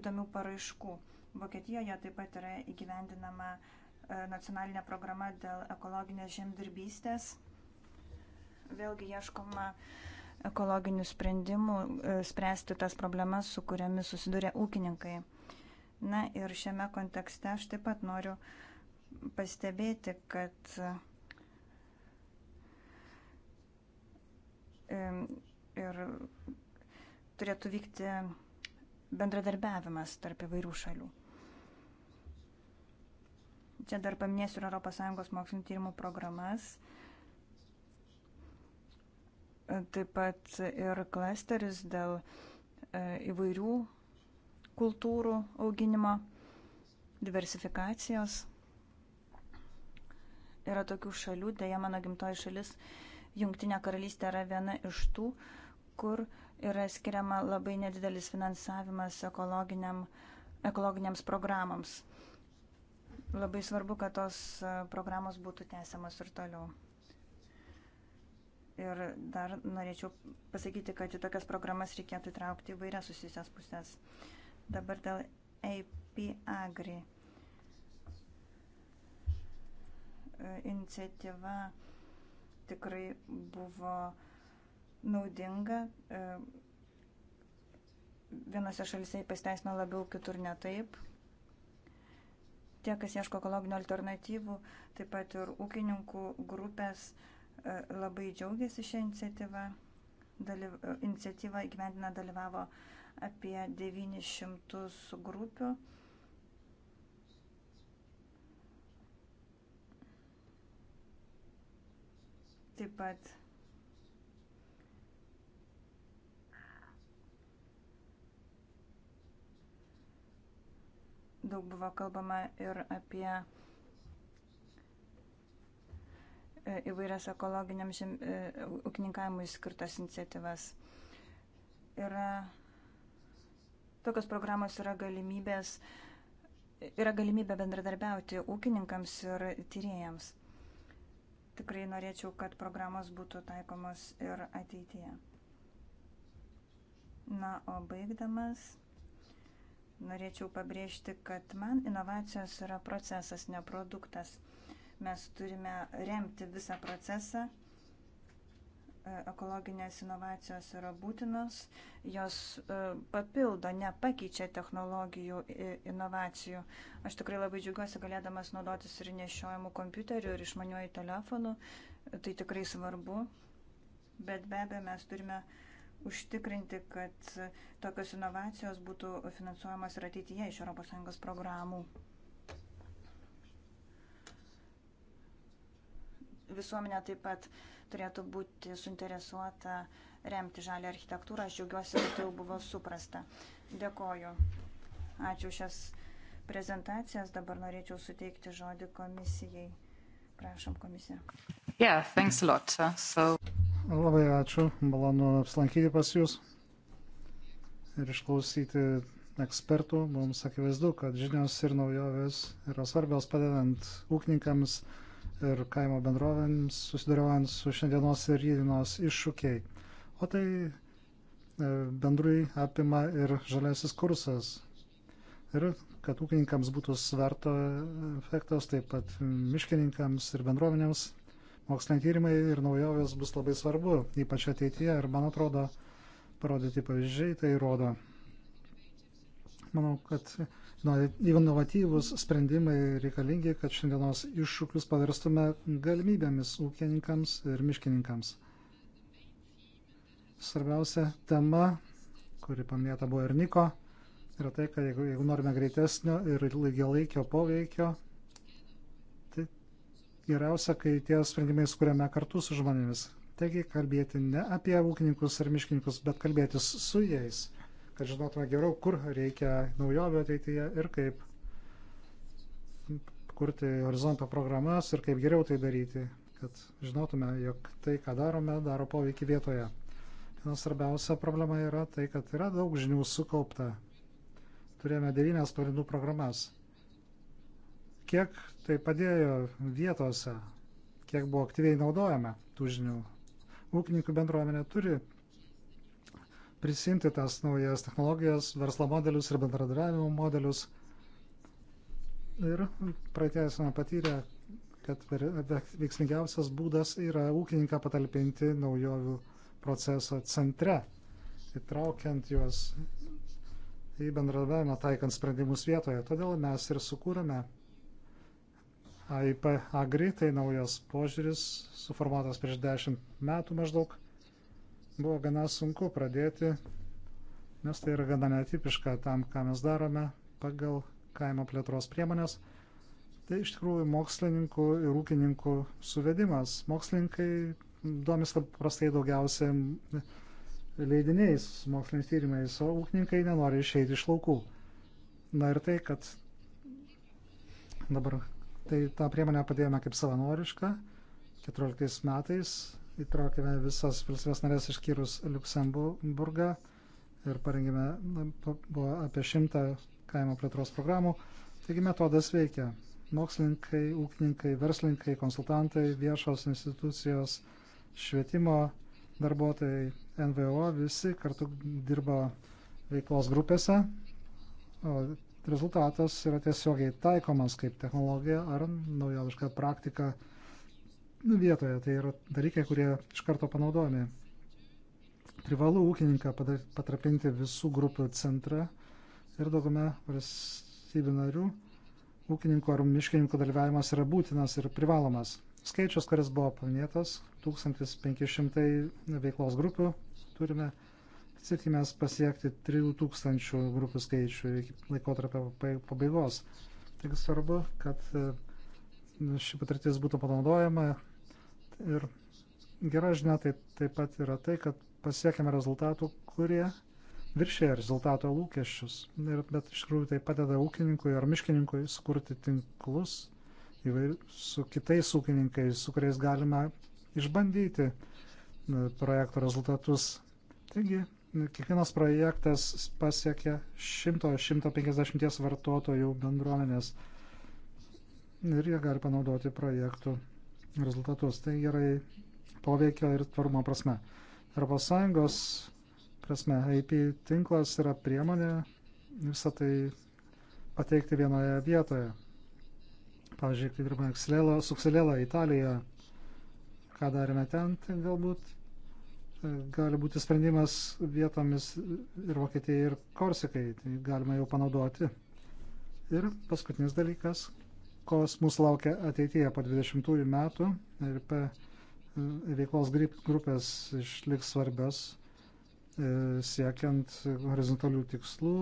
Speaker 2: įdomių paraiškų. Vokietijoje taip pat yra įgyvendinama e, nacionalinė programa dėl ekologinės žemdirbystės. Vėlgi ieškoma ekologinių sprendimų, e, spręsti tas problemas, su kuriamis susiduria ūkininkai. Na ir šiame kontekste aš taip pat noriu pastebėti, kad e, ir turėtų vykti bendradarbiavimas tarp įvairių šalių. Čia dar paminėsiu ir ES mokslinio tyrimų programas. E, taip pat ir klasteris dėl e, įvairių kultūrų auginimo, diversifikacijos. Yra tokių šalių, dėja mano gimtoji šalis, Jungtinė karalystė yra viena iš tų, kur yra skiriama labai nedidelis finansavimas ekologiniam, ekologiniams programams. Labai svarbu, kad tos e, programos būtų tęsiamas ir toliau. Ir dar norėčiau pasakyti, kad į tokias programas reikėtų įtraukti įvairias susijusias pusės. Dabar dėl AP Agri. E, iniciatyva tikrai buvo naudinga. E, vienose šalise pasteisino labiau, kitur ne taip tie, kas ieško ekologinių alternatyvų, taip pat ir ūkininkų grupės e, labai džiaugiasi šią iniciatyvą. Dalyv... E, iniciatyvą įgyvendina dalyvavo apie 900 grupių. Taip pat Daug buvo kalbama ir apie e, įvairias ekologiniam žem, e, ūkininkavimui skirtas iniciatyvas. Yra, tokios programos yra galimybės, yra galimybė bendradarbiauti ūkininkams ir tyrėjams. Tikrai norėčiau, kad programos būtų taikomos ir ateityje. Na, o baigdamas Norėčiau pabrėžti, kad man inovacijos yra procesas, ne produktas. Mes turime remti visą procesą. E, ekologinės inovacijos yra būtinos, jos e, papildo, nepakeičia technologijų inovacijų. Aš tikrai labai džiugiuosi galėdamas naudotis ir nešiojimų kompiuteriu, ir išmaniuoju telefonu. Tai tikrai svarbu, bet be abejo mes turime uh, užtikrinti, kad tokios inovacijos būtų finansuojamas ir ateityje iš ES programų. Visuomenė taip pat turėtų būti suinteresuota remti žalį architektūrą. Aš džiaugiuosi, kad tai jau buvo suprasta. Dėkoju. Ačiū šias prezentacijas. Dabar norėčiau suteikti žodį komisijai. Prašom komisiją.
Speaker 1: Yeah, thanks a lot. So... Labai ačiū, malonu apsilankyti pas Jūs ir išklausyti ekspertų. Mums akivaizdu, kad žinios ir naujovės yra svarbios padedant ūkininkams ir kaimo bendrovėms susidariojant su šiandienos ir rydienos iššūkiai. O tai e, bendrui apima ir žaliasis kursas. Ir kad ūkininkams būtų sverto efektas, taip pat miškininkams ir bendruomenėms Moksliniai tyrimai ir naujovės bus labai svarbu, ypač ateityje. Ir man atrodo, parodyti pavyzdžiai tai rodo. Manau, kad inovatyvus sprendimai reikalingi, kad šiandienos iššūkius paverstume galimybėmis ūkininkams ir miškininkams. Svarbiausia tema, kuri paminėta buvo ir Niko, yra tai, kad jeigu, jeigu norime greitesnio ir ilgialaikio poveikio, geriausia, kai tie sprendimai skūrėme kartu su žmonėmis. Taigi kalbėti ne apie ūkininkus ar miškininkus, bet kalbėtis su jais, kad žinotume geriau, kur reikia naujovių ateityje ir kaip kurti horizonto programas ir kaip geriau tai daryti, kad žinotume, jog tai, ką darome, daro poveikį vietoje. Viena svarbiausia problema yra tai, kad yra daug žinių sukaupta. Turėjome devynias pagrindų programas kiek tai padėjo vietose, kiek buvo aktyviai naudojama tų žinių. Ūkininkų bendruomenė turi prisimti tas naujas technologijas, verslo modelius ir bendradarbiavimo modelius. Ir praeitie esame patyrę, kad veiksmingiausias būdas yra ūkininką patalpinti naujovių proceso centre, įtraukiant juos į bendradavimą, taikant sprendimus vietoje. Todėl mes ir sukūrėme AIP Agri, tai naujas požiūris, suformuotas prieš dešimt metų maždaug, buvo gana sunku pradėti, nes tai yra gana netipiška tam, ką mes darome pagal kaimo plėtros priemonės. Tai iš tikrųjų mokslininkų ir ūkininkų suvedimas. Mokslininkai domis paprastai daugiausia leidiniais, moksliniais tyrimais, o ūkininkai nenori išeiti iš laukų. Na ir tai, kad dabar Tai tą priemonę padėjome kaip savanorišką. 14 metais įtraukėme visas valstybės narės išskyrus Luksemburgą ir parengėme buvo apie šimtą kaimo plėtros programų. Taigi metodas veikia. Mokslininkai, ūkininkai, verslininkai, konsultantai, viešos institucijos, švietimo darbuotojai, NVO visi kartu dirbo veiklos grupėse, o rezultatas yra tiesiogiai taikomas kaip technologija ar naujoviška praktika nu, vietoje. Tai yra dalykai, kurie iš karto panaudojami. Privalu ūkininką patrapinti visų grupių centrą ir daugume valstybių narių ūkininkų ar miškininkų dalyvavimas yra būtinas ir privalomas. Skaičius, kuris buvo paminėtas, 1500 veiklos grupių turime siekimės pasiekti 3000 grupių skaičių iki laikotarpio pabaigos. Taigi svarbu, kad e, ši patirtis būtų panaudojama ir gera žinia tai taip pat yra tai, kad pasiekėme rezultatų, kurie viršėja rezultato lūkesčius. Ir, bet iš tikrųjų tai padeda ūkininkui ar miškininkui sukurti tinklus įvair, su kitais ūkininkais, su kuriais galima išbandyti e, projekto rezultatus. Taigi kiekvienas projektas pasiekia 100-150 vartotojų bendruomenės ir jie gali panaudoti projektų rezultatus. Tai gerai poveikio ir tvarumo prasme. ES prasme IP tinklas yra priemonė visą tai pateikti vienoje vietoje. Pavyzdžiui, kai dirbame su Xelelo Italijoje, ką darėme ten, tai galbūt gali būti sprendimas vietomis ir Vokietijai, ir Korsikai. Tai galima jau panaudoti. Ir paskutinis dalykas, kos mūsų laukia ateityje po 20 metų ir pe veiklos grupės išliks svarbios e, siekiant horizontalių tikslų,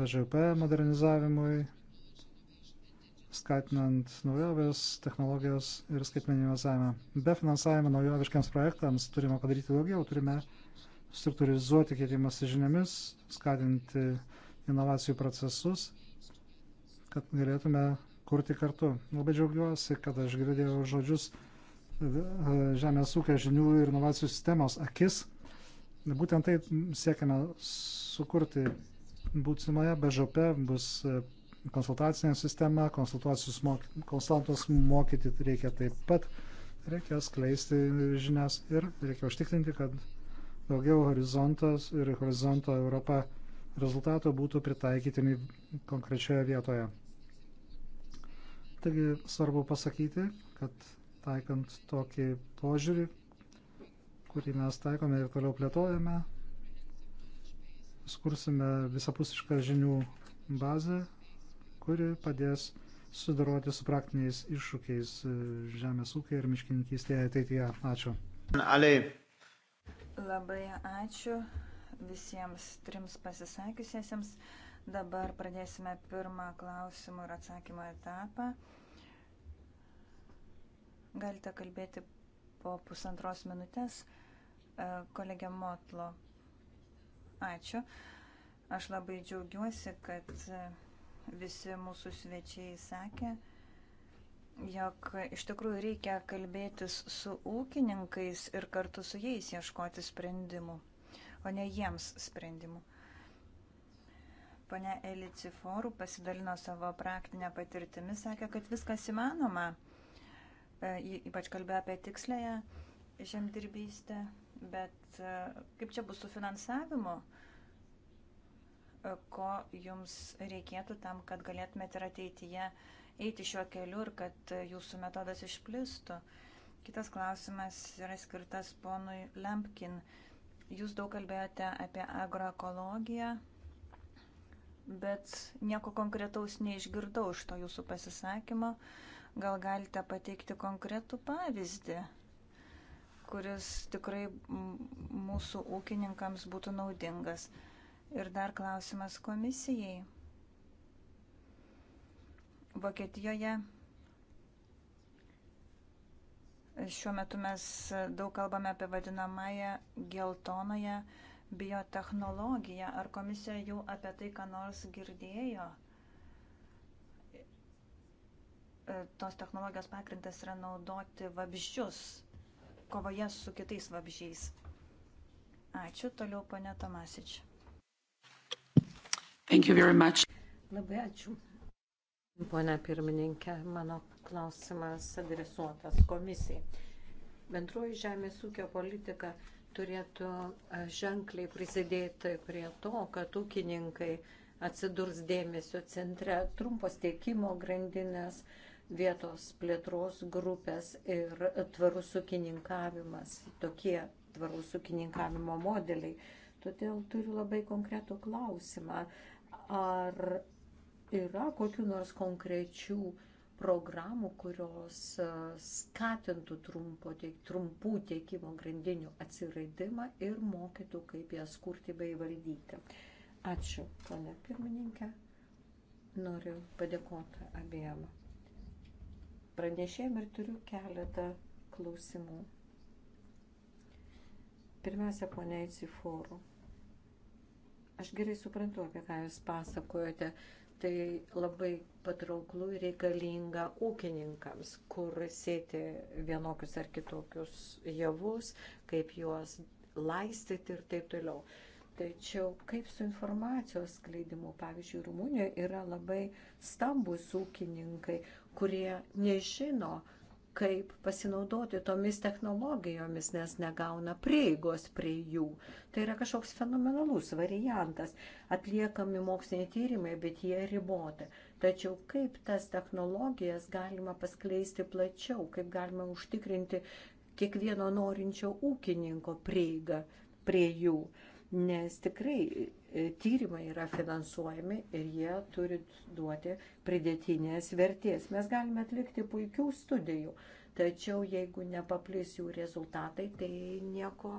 Speaker 1: BŽP modernizavimui, skatinant naujoves, technologijos ir skaitmenimizavimą. Be finansavimo naujoviškiams projektams turime padaryti daugiau, turime struktūrizuoti keitimas žiniomis, skatinti inovacijų procesus, kad galėtume kurti kartu. Labai džiaugiuosi, kad aš girdėjau žodžius e, Žemės ūkio žinių ir inovacijų sistemos akis. Būtent tai siekiame sukurti būsimoje BŽP bus konsultacinė sistema, konsultantus mokyti reikia taip pat, reikia skleisti žinias ir reikia užtikrinti, kad daugiau horizontos ir horizonto Europa rezultato būtų pritaikytini konkrečioje vietoje. Taigi svarbu pasakyti, kad taikant tokį požiūrį, kurį mes taikome ir toliau plėtojame, skursime visapusišką žinių bazę kuri padės sudaroti su praktiniais iššūkiais e, žemės ūkio ir miškininkystėje ateityje. Ačiū.
Speaker 4: Aliai.
Speaker 2: Labai ačiū visiems trims pasisakiusiesiems. Dabar pradėsime pirmą klausimų ir atsakymą etapą. Galite kalbėti po pusantros minutės. E, kolegė Motlo, ačiū. Aš labai džiaugiuosi, kad e, visi mūsų svečiai sakė, jog iš tikrųjų reikia kalbėtis su ūkininkais ir kartu su jais ieškoti sprendimų, o ne jiems sprendimų. Pone Eliciforų pasidalino savo praktinę patirtimį, sakė, kad viskas įmanoma, e, ypač kalbėjo apie tikslėje žemdirbystę, bet e, kaip čia bus su finansavimu? ko jums reikėtų tam, kad galėtumėte ir ateityje eiti šiuo keliu ir kad jūsų metodas išplistų. Kitas klausimas yra skirtas ponui Lampkin. Jūs daug kalbėjote apie agroekologiją, bet nieko konkretaus neišgirdau iš to jūsų pasisakymo. Gal galite pateikti konkretų pavyzdį, kuris tikrai mūsų ūkininkams būtų naudingas. Ir dar klausimas komisijai. Vokietijoje šiuo metu mes daug kalbame apie vadinamąją geltonąją biotehnologiją. Ar komisija jau apie tai, ką nors girdėjo? Tos technologijos pagrindas yra naudoti vabzdžius kovoje su kitais vabzdžiais. Ačiū, toliau pane Tomasičiu.
Speaker 7: Labai
Speaker 2: ačiū.
Speaker 3: Pone pirmininkė, mano
Speaker 2: klausimas
Speaker 3: adresuotas komisijai. Bendroji žemės ūkio politika turėtų e, ženkliai prisidėti prie to, kad ūkininkai atsidurs dėmesio centre trumpos tiekimo grandinės, vietos plėtros grupės ir tvarus ūkininkavimas, tokie tvarus ūkininkavimo modeliai Todėl turiu labai konkretų klausimą. Ar yra kokiu nors konkrečių programų, kurios e, skatintų trumpo, tiek, trumpų tiekimo grandinių atsiraidimą ir mokytų, kaip jas kurti bei valdyti. Ačiū, ponė pirmininkė. Noriu padėkoti abiem pranešėjim ir turiu keletą klausimų. Pirmiausia, ponė Įsiforų. Aš gerai suprantu, apie ką Jūs pasakojate. Tai labai patrauklų ir reikalinga ūkininkams, kur sėti vienokius ar kitokius javus, kaip juos laistyti ir taip toliau. Tačiau kaip su informacijos skleidimu, pavyzdžiui, Rumunijoje yra labai stambus ūkininkai, kurie nežino, kaip pasinaudoti tomis technologijomis, nes negauna prieigos prie jų. Tai yra kažkoks fenomenalus variantas. Atliekami moksliniai tyrimai, bet jie riboti. Tačiau kaip tas technologijas galima paskleisti plačiau, kaip galima užtikrinti kiekvieno norinčio ūkininko prieigą prie jų. Nes tikrai E, tyrimai yra finansuojami ir jie turi duoti pridėtinės vertės. Mes galime atlikti puikių studijų, tačiau jeigu nepaplis jų rezultatai, tai nieko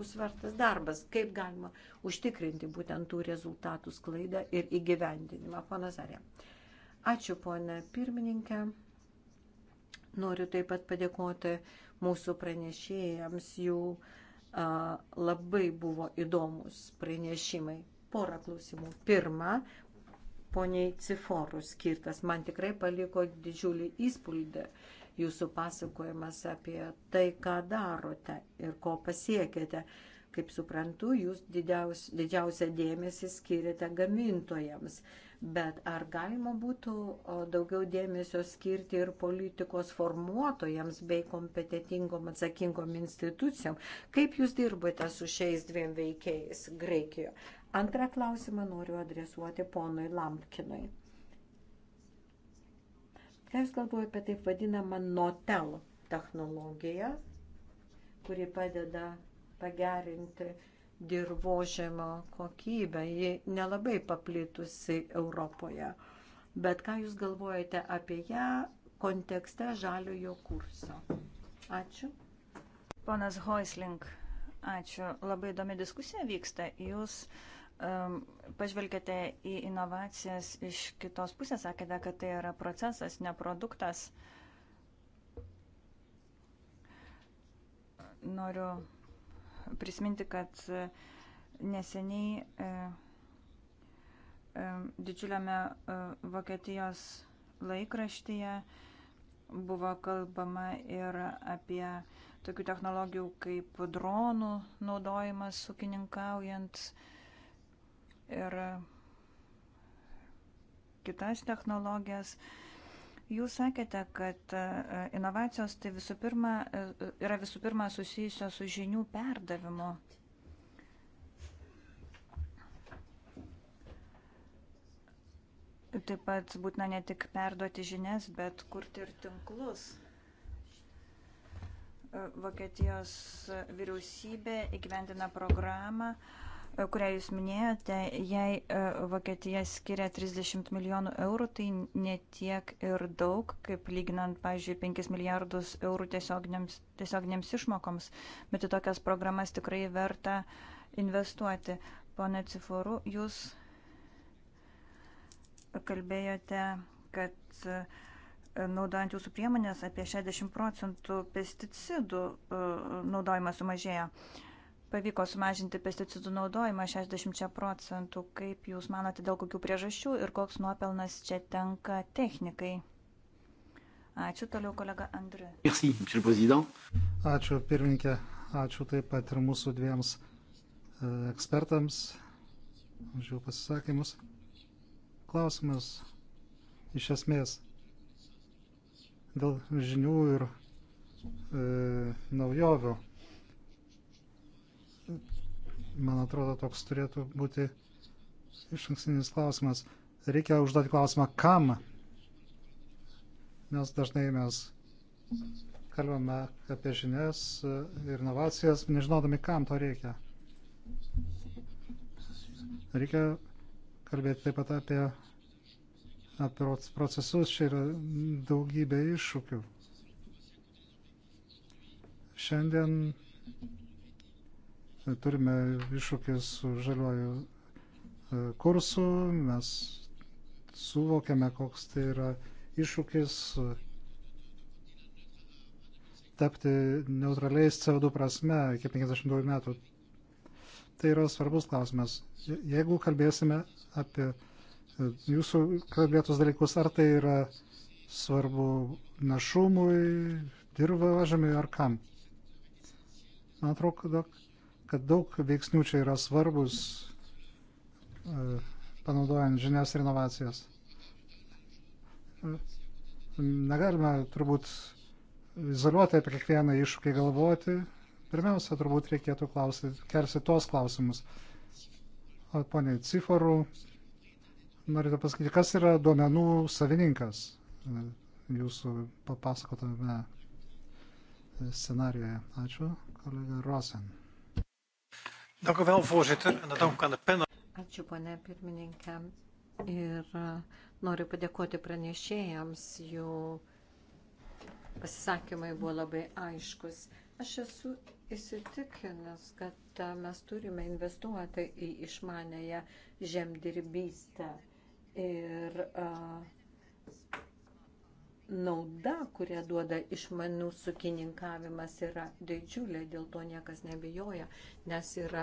Speaker 3: bus vertas darbas. Kaip galima užtikrinti būtent tų rezultatų sklaidą ir įgyvendinimą, pana Zarė. Ačiū, ponė pirmininkė. Noriu taip pat padėkoti mūsų pranešėjams jų uh, labai buvo įdomus pranešimai. Porą klausimų. Pirma, poniai Ciforų skirtas. Man tikrai paliko didžiulį įspūdį jūsų pasakojimas apie tai, ką darote ir ko pasiekėte. Kaip suprantu, jūs didžiausią dėmesį skiriate gamintojams. Uh, bet ar galima būtų daugiau dėmesio skirti ir politikos formuotojams bei kompetitingom atsakingom institucijom? Kaip jūs dirbate su šiais dviem veikėjais Graikijoje? Antrą klausimą noriu adresuoti ponui Lampkinui. Ką jūs galvojate apie taip vadinamą notel technologiją, kuri padeda pagerinti uh, dirbožėmo kokybę. Ji nelabai paplitusi Europoje. Bet ką Jūs galvojate apie ją kontekste žaliojo
Speaker 2: kurso? Ačiū. Ponas Hoisling, ačiū. Labai įdomi diskusija vyksta. Jūs um, pažvelgėte į inovacijas iš kitos pusės, sakėte, kad tai yra procesas, ne produktas. Noriu prisiminti, kad e, neseniai e, e, didžiuliame Vokietijos laikraštyje buvo kalbama ir apie tokių technologijų kaip dronų naudojimas sukininkaujant ir kitas technologijas. Jūs sakėte, kad e, inovacijos tai visų pirma, e, e, yra visų pirma susijusios su žinių perdavimu. Taip pat būtina ne tik perduoti žinias, bet kurti ir tinklus. Vokietijos vyriausybė įgyvendina programą uh, kurią jūs minėjote, jei e, Vokietija skiria 30 milijonų eurų, tai netiek ir daug, kaip lyginant, pavyzdžiui, 5 milijardus eurų tiesioginėms, tiesioginėms išmokoms, bet į tokias programas tikrai verta investuoti. Pone Ciforu, jūs kalbėjote, kad e, naudojant jūsų priemonės apie 60 procentų pesticidų e, naudojimą sumažėjo. Uh, pavyko sumažinti pesticidų naudojimą 60 procentų. Kaip Jūs manote, dėl kokių priežasčių ir koks nuopelnas čia tenka technikai? Ačiū toliau, kolega Andriu.
Speaker 1: Merci,
Speaker 6: monsieur le président.
Speaker 1: Ačiū, pirmininkė. Ačiū taip pat ir mūsų dviems e, ekspertams už jų pasisakymus. Klausimas iš esmės dėl žinių ir e, naujovių Man atrodo, toks turėtų būti iš ankstinis klausimas. Reikia užduoti klausimą, kam? Nes dažnai mes kalbame apie žinias ir inovacijas, nežinodami, kam to reikia. Reikia kalbėti taip pat apie, apie procesus, čia yra daugybė iššūkių. Šiandien turime iššūkį su žaliuoju e, kursu, mes suvokiame, koks tai yra iššūkis e, tapti neutraliais CO2 prasme iki 52 metų. Tai yra svarbus klausimas. Jeigu kalbėsime apie e, jūsų kalbėtus dalykus, ar tai yra svarbu našumui, dirba važiami ar kam. Man atrodo, kad daug veiksnių čia yra svarbus, e, panaudojant žinias ir inovacijas. Negalime turbūt izoliuoti apie kiekvieną iššūkį galvoti. Pirmiausia, turbūt reikėtų kelsi tuos klausimus. O poniai Ciforų, norite pasakyti, kas yra duomenų savininkas e, jūsų papasakotame scenarijoje? Ačiū, kolega Rosen. Dank u wel, voorzitter. En
Speaker 6: dank aan de panel.
Speaker 3: Ačiū, ponė pirmininkė. Ir e, noriu padėkoti pranešėjams. Jų pasisakymai buvo labai aiškus. Aš esu įsitikinęs, kad e, mes turime investuoti į išmanęją žemdirbystę. Ir uh, nauda, kurią duoda išmanų sukininkavimas, yra didžiulė, dėl to niekas nebejoja, nes yra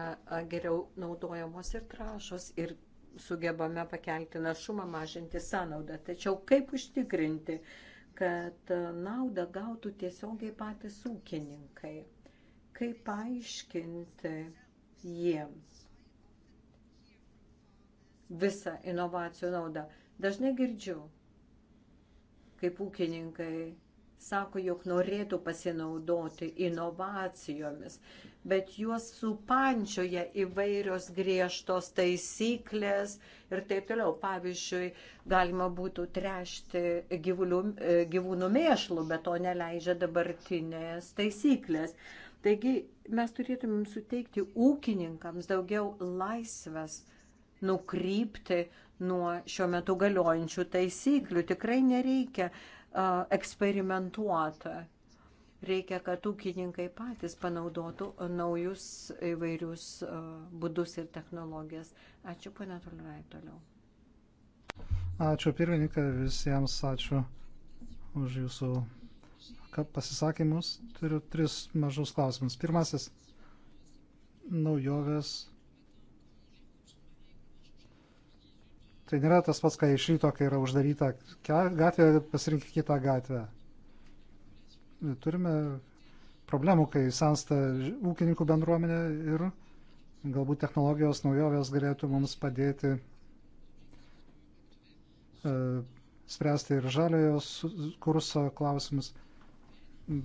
Speaker 3: geriau naudojamos ir trašos, ir sugebame pakelti našumą, mažinti sąnaudą. Tačiau kaip užtikrinti, kad naudą gautų tiesiogiai patys ūkininkai? Kaip paaiškinti jiems visą inovacijų naudą? Dažnai girdžiu, kaip ūkininkai sako, jog norėtų pasinaudoti inovacijomis, bet juos supančioja įvairios griežtos taisyklės ir taip toliau. Pavyzdžiui, galima būtų trešti gyvulių, e, gyvūnų mėšlų, bet to neleidžia dabartinės taisyklės. Taigi mes turėtumėm suteikti ūkininkams daugiau laisvės nukrypti nuo šiuo metu galiojančių taisyklių. Tikrai nereikia uh, eksperimentuoti. Reikia, kad ūkininkai patys panaudotų naujus įvairius uh, būdus ir technologijas. Ačiū, pana Toliurai, toliau.
Speaker 1: Ačiū pirmininkai, visiems ačiū už jūsų pasisakymus. Turiu tris mažus klausimus. Pirmasis - naujovės Tai nėra tas pats, kai iš ryto, kai yra uždaryta gatvė, pasirinkti kitą gatvę. Turime problemų, kai sensta ūkininkų bendruomenė ir galbūt technologijos naujovės galėtų mums padėti e, spręsti ir žaliojo kurso klausimus.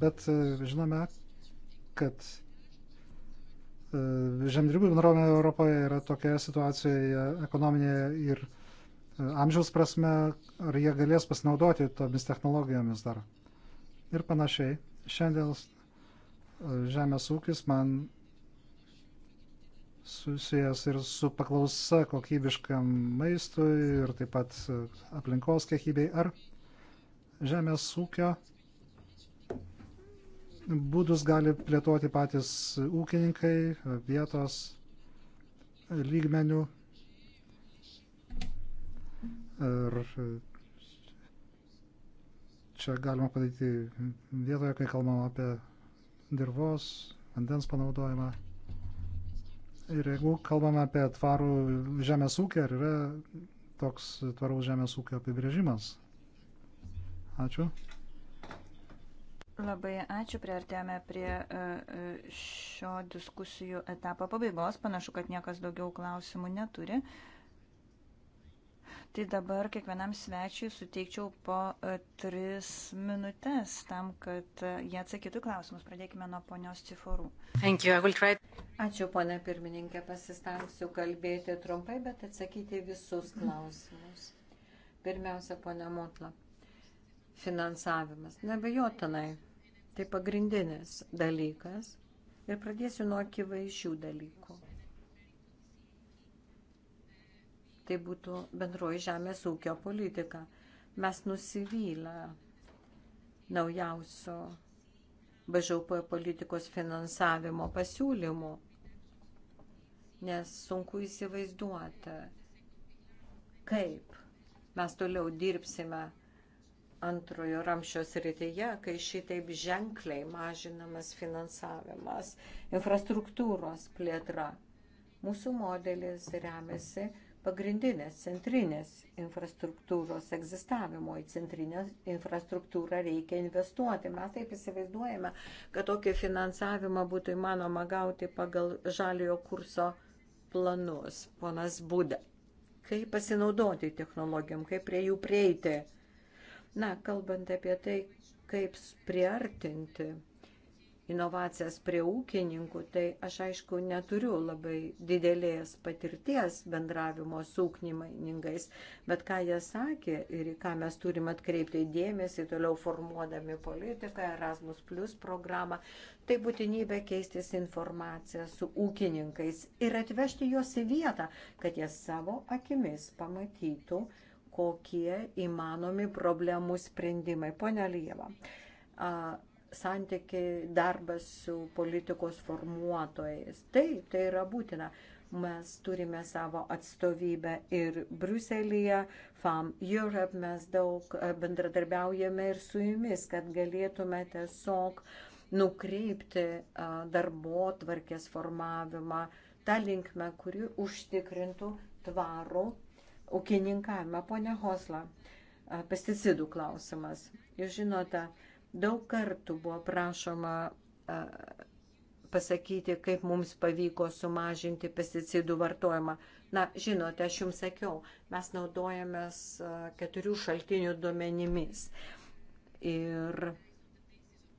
Speaker 1: Bet e, žinome, kad e, žemdirbių bendruomenė Europoje yra tokioje situacijoje ekonominėje ir amžiaus prasme, ar jie galės pasinaudoti tomis technologijomis dar. Ir panašiai. Šiandien e, žemės ūkis man susijęs ir su paklausa kokybiškam maistui ir taip pat e, aplinkos kiekybei ar žemės ūkio būdus gali plėtoti patys ūkininkai vietos lygmenių Ir čia galima padaryti vietoje, kai kalbam apie dirvos, vandens panaudojimą. Ir jeigu kalbame apie tvarų žemės ūkį, ar yra toks tvaraus žemės ūkio apibrėžimas? Ačiū.
Speaker 2: Labai ačiū, priartėjome prie e, e, šio diskusijų etapo pabaigos. Panašu, kad niekas daugiau klausimų neturi tai dabar kiekvienam svečiui suteikčiau po e, tris minutės tam, kad e, jie atsakytų klausimus. Pradėkime nuo ponios ciforų.
Speaker 5: Try... Ačiū,
Speaker 2: ponė pirmininkė,
Speaker 3: pasistengsiu kalbėti trumpai, bet atsakyti visus klausimus. Pirmiausia, ponė Motla, finansavimas. Nebejotinai, tai pagrindinis dalykas. Ir pradėsiu nuo akivaizdžių dalykų. tai būtų bendroji žemės ūkio politika. Mes nusivylę naujausio BŽP politikos finansavimo pasiūlymų, nes sunku įsivaizduoti, kaip mes toliau dirbsime antrojo ramščio srityje, kai šitaip ženkliai mažinamas finansavimas, infrastruktūros plėtra. Mūsų modelis remiasi pagrindinės centrinės infrastruktūros egzistavimo. Į centrinę infrastruktūrą reikia investuoti. Mes taip įsivaizduojame, kad tokį finansavimą būtų įmanoma gauti pagal žaliojo kurso planus. Ponas Būda. Kaip pasinaudoti technologijom, kaip prie jų prieiti. Na, kalbant apie tai, kaip priartinti inovacijas prie ūkininkų, tai aš aišku neturiu labai didelės patirties bendravimo su ūkininkais, bet ką jie sakė ir į ką mes turim atkreipti dėmesį, toliau formuodami politiką, Erasmus Plus programą, tai būtinybė keistis informaciją su ūkininkais ir atvežti juos į vietą, kad jie savo akimis pamatytų, kokie įmanomi problemų sprendimai. Pone Lieva, santykiai, darbas su politikos formuotojais. Taip, tai yra būtina. Mes turime savo atstovybę ir Bruselėje, FAM Europe, mes daug e, bendradarbiaujame ir su jumis, kad galėtume tiesiog nukreipti e, darbo tvarkės formavimą tą linkmę, kuri užtikrintų tvarų ūkininkavimą. Pone Hosla, e, pesticidų klausimas. Jūs žinote, Daug kartų buvo prašoma pasakyti, kaip mums pavyko sumažinti pesticidų vartojimą. Na, žinote, aš jums sakiau, mes naudojamės keturių šaltinių duomenimis. Ir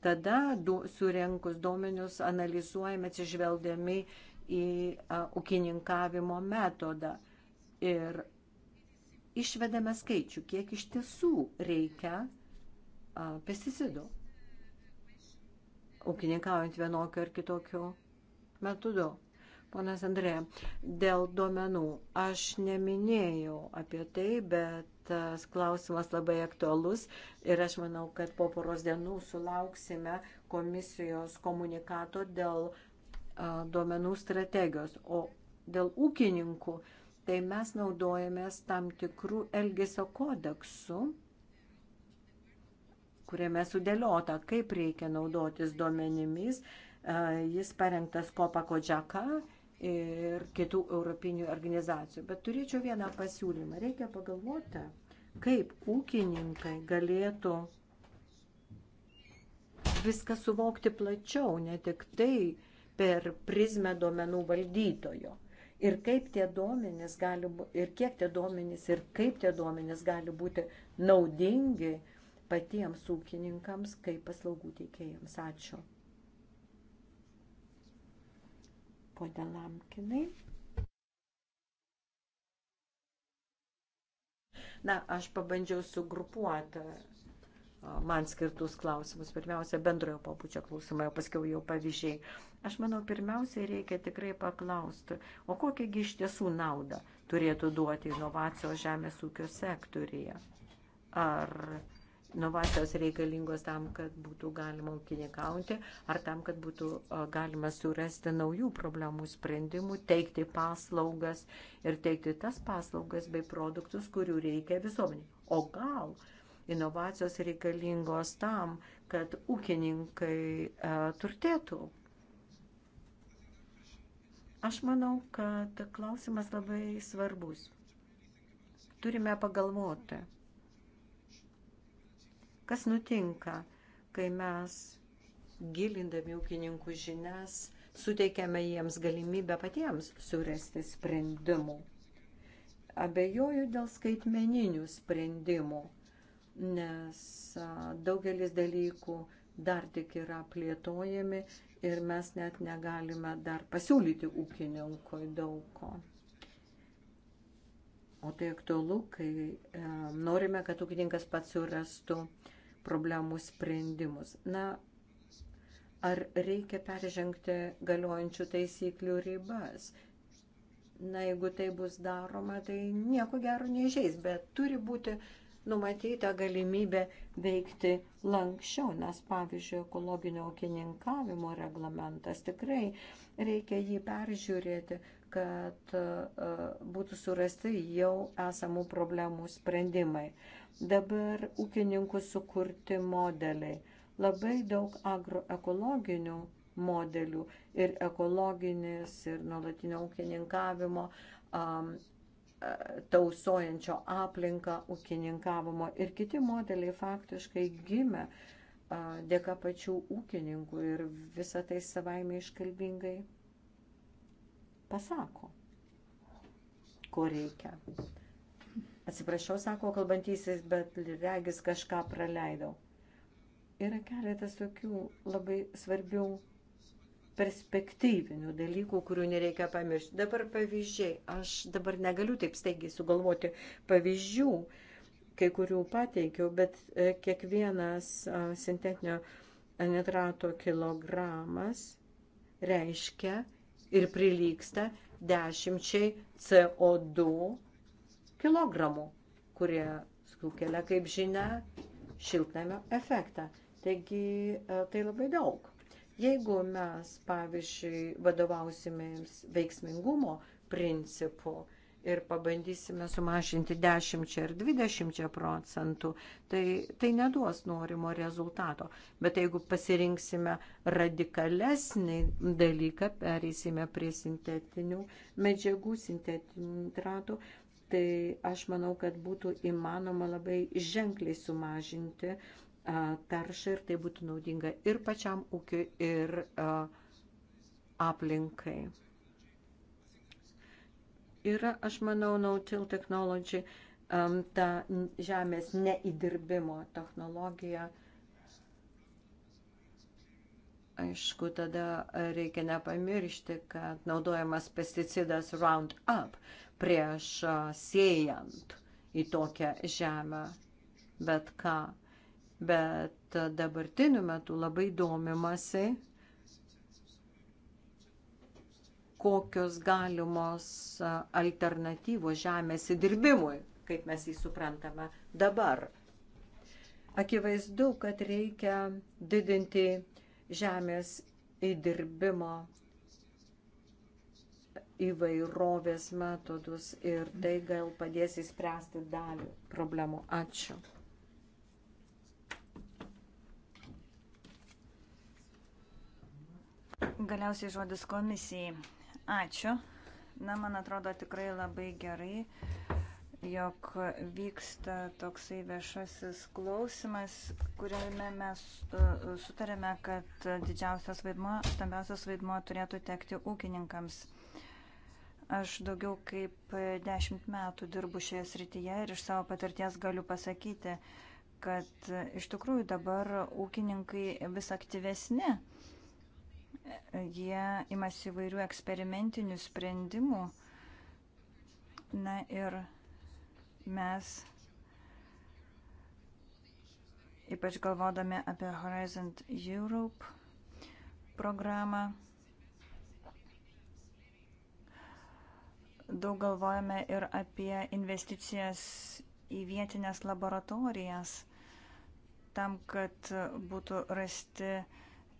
Speaker 3: tada du, surenkus duomenius analizuojame atsižvelgdami į a, ūkininkavimo metodą. Ir išvedame skaičių, kiek iš tiesų reikia pesticidų, ūkininkaujant vienokiu ar kitokiu metodu. Ponas Andrė, dėl duomenų aš neminėjau apie tai, bet tas klausimas labai aktualus ir aš manau, kad po poros dienų sulauksime komisijos komunikato dėl a, duomenų strategijos. O dėl ūkininkų, tai mes naudojamės tam tikrų elgesio kodeksų kuriame sudėliota, kaip reikia naudotis duomenimis. Jis parengtas Kopa Kodžaka ir kitų europinių organizacijų. Bet turėčiau vieną pasiūlymą. Reikia pagalvoti, kaip ūkininkai galėtų viską suvokti plačiau, ne tik tai per prizmę duomenų valdytojo. Ir kaip tie duomenys gali būti, ir kiek tie duomenys, ir kaip tie duomenys gali būti naudingi patiems ūkininkams kaip paslaugų teikėjams. Ačiū. Pone Lamkinai. Na, aš pabandžiau sugrupuoti man skirtus klausimus. Pirmiausia, bendrojo papučio klausimai, o paskui jau pavyzdžiai. Aš manau, pirmiausia, reikia tikrai paklausti, o kokiagi iš tiesų naudą turėtų duoti inovacijos žemės ūkio sektorija? Ar Inovacijos reikalingos tam, kad būtų galima ūkininkauti ar tam, kad būtų galima surasti naujų problemų sprendimų, teikti paslaugas ir teikti tas paslaugas bei produktus, kurių reikia visuomenė. O gal inovacijos reikalingos tam, kad ūkininkai turtėtų. Aš manau, kad klausimas labai svarbus. Turime pagalvoti Kas nutinka, kai mes gilindami ūkininkų žinias suteikiame jiems galimybę patiems surasti sprendimų? Abejoju dėl skaitmeninių sprendimų, nes daugelis dalykų dar tik yra plėtojami ir mes net negalime dar pasiūlyti ūkininkui daug ko. O tai aktualu, kai e, norime, kad ūkininkas pats surastų problemų sprendimus. Na, ar reikia peržengti galiojančių taisyklių ribas? Na, jeigu tai bus daroma, tai nieko gero neižeis, bet turi būti numatyta galimybė veikti lankščiau, nes pavyzdžiui, ekologinio ūkininkavimo reglamentas tikrai reikia jį peržiūrėti, kad e, būtų surasti jau esamų problemų sprendimai dabar ūkininkų sukurti modeliai. Labai daug agroekologinių modelių ir ekologinis, ir nuolatinio ūkininkavimo, um, tausojančio aplinką ūkininkavimo ir kiti modeliai faktiškai gimė uh, dėka pačių ūkininkų ir visą tai savaime iškalbingai pasako, ko reikia. Atsiprašau, sako kalbantysis, bet regis kažką praleidau. Yra keletas tokių labai svarbių perspektyvinių dalykų, kurių nereikia pamiršti. Dabar pavyzdžiai. Aš dabar negaliu taip staigiai sugalvoti pavyzdžių, kai kurių pateikiau, bet e, kiekvienas e, sintetinio nitrato kilogramas reiškia ir prilyksta dešimčiai CO2 kilogramų, kurie sukelia, kaip žinia, šiltnamio efektą. Taigi e, tai labai daug. Jeigu mes, pavyzdžiui, vadovausimės veiksmingumo principu ir pabandysime sumažinti 10 ar 20 procentų, tai, tai neduos norimo rezultato. Bet jeigu pasirinksime radikalesnį dalyką, pereisime prie sintetinių medžiagų, sintetinių tratų, tai aš manau, kad būtų įmanoma labai ženkliai sumažinti taršą ir tai būtų naudinga ir pačiam ūkiui, ir aplinkai. Yra, aš manau, no-till technology, ta žemės neįdirbimo technologija. Aišku, tada reikia nepamiršti, kad naudojamas pesticidas Roundup, prieš siejant į tokią žemę bet ką. Bet dabartiniu metu labai domimasi, kokios galimos alternatyvos žemės įdirbimui, kaip mes jį suprantame dabar. Akivaizdu, kad reikia didinti žemės įdirbimo įvairovės metodus ir tai gal padės įspręsti dalį problemų. Ačiū.
Speaker 2: Galiausiai žodis komisijai. Ačiū. Na, man atrodo tikrai labai gerai, jog vyksta toksai viešasis klausimas, kuriame mes e, sutarėme, kad didžiausias vaidmo, stambiausias vaidmo turėtų tekti ūkininkams. Aš daugiau kaip dešimt metų dirbu šioje srityje ir iš savo patirties galiu pasakyti, kad iš tikrųjų dabar ūkininkai vis aktyvesni. Jie imasi įvairių eksperimentinių sprendimų. Na ir mes, ypač galvodami apie Horizon Europe programą, Daug galvojame ir apie investicijas į vietinės laboratorijas, tam, kad būtų rasti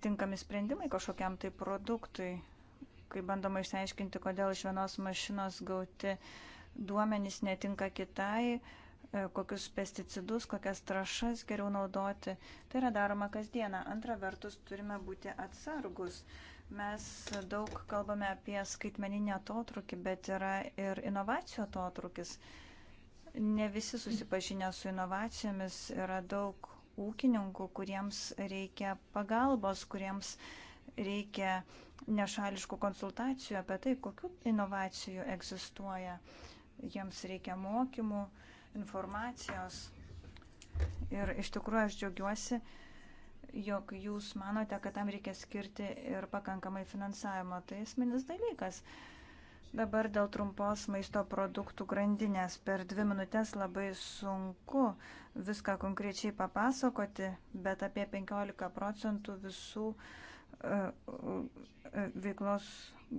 Speaker 2: tinkami sprendimai kažkokiam tai produktui, kai bandoma išsiaiškinti, kodėl iš vienos mašinos gauti duomenys netinka kitai, e, kokius pesticidus, kokias trašas geriau naudoti. Tai yra daroma kasdieną. Antra vertus, turime būti atsargus. Mes daug kalbame apie skaitmeninį atotrukį, bet yra ir inovacijų atotrukis. Ne visi susipažinę su inovacijomis yra daug ūkininkų, kuriems reikia pagalbos, kuriems reikia nešališkų konsultacijų apie tai, kokiu inovacijų egzistuoja. Jiems reikia mokymų, informacijos. Ir iš tikrųjų aš džiaugiuosi, jog jūs manote, kad tam reikia skirti ir pakankamai finansavimo. Tai esminis dalykas. Dabar dėl trumpos maisto produktų grandinės per dvi minutės labai sunku viską konkrečiai papasakoti, bet apie 15 procentų visų e, e, veiklos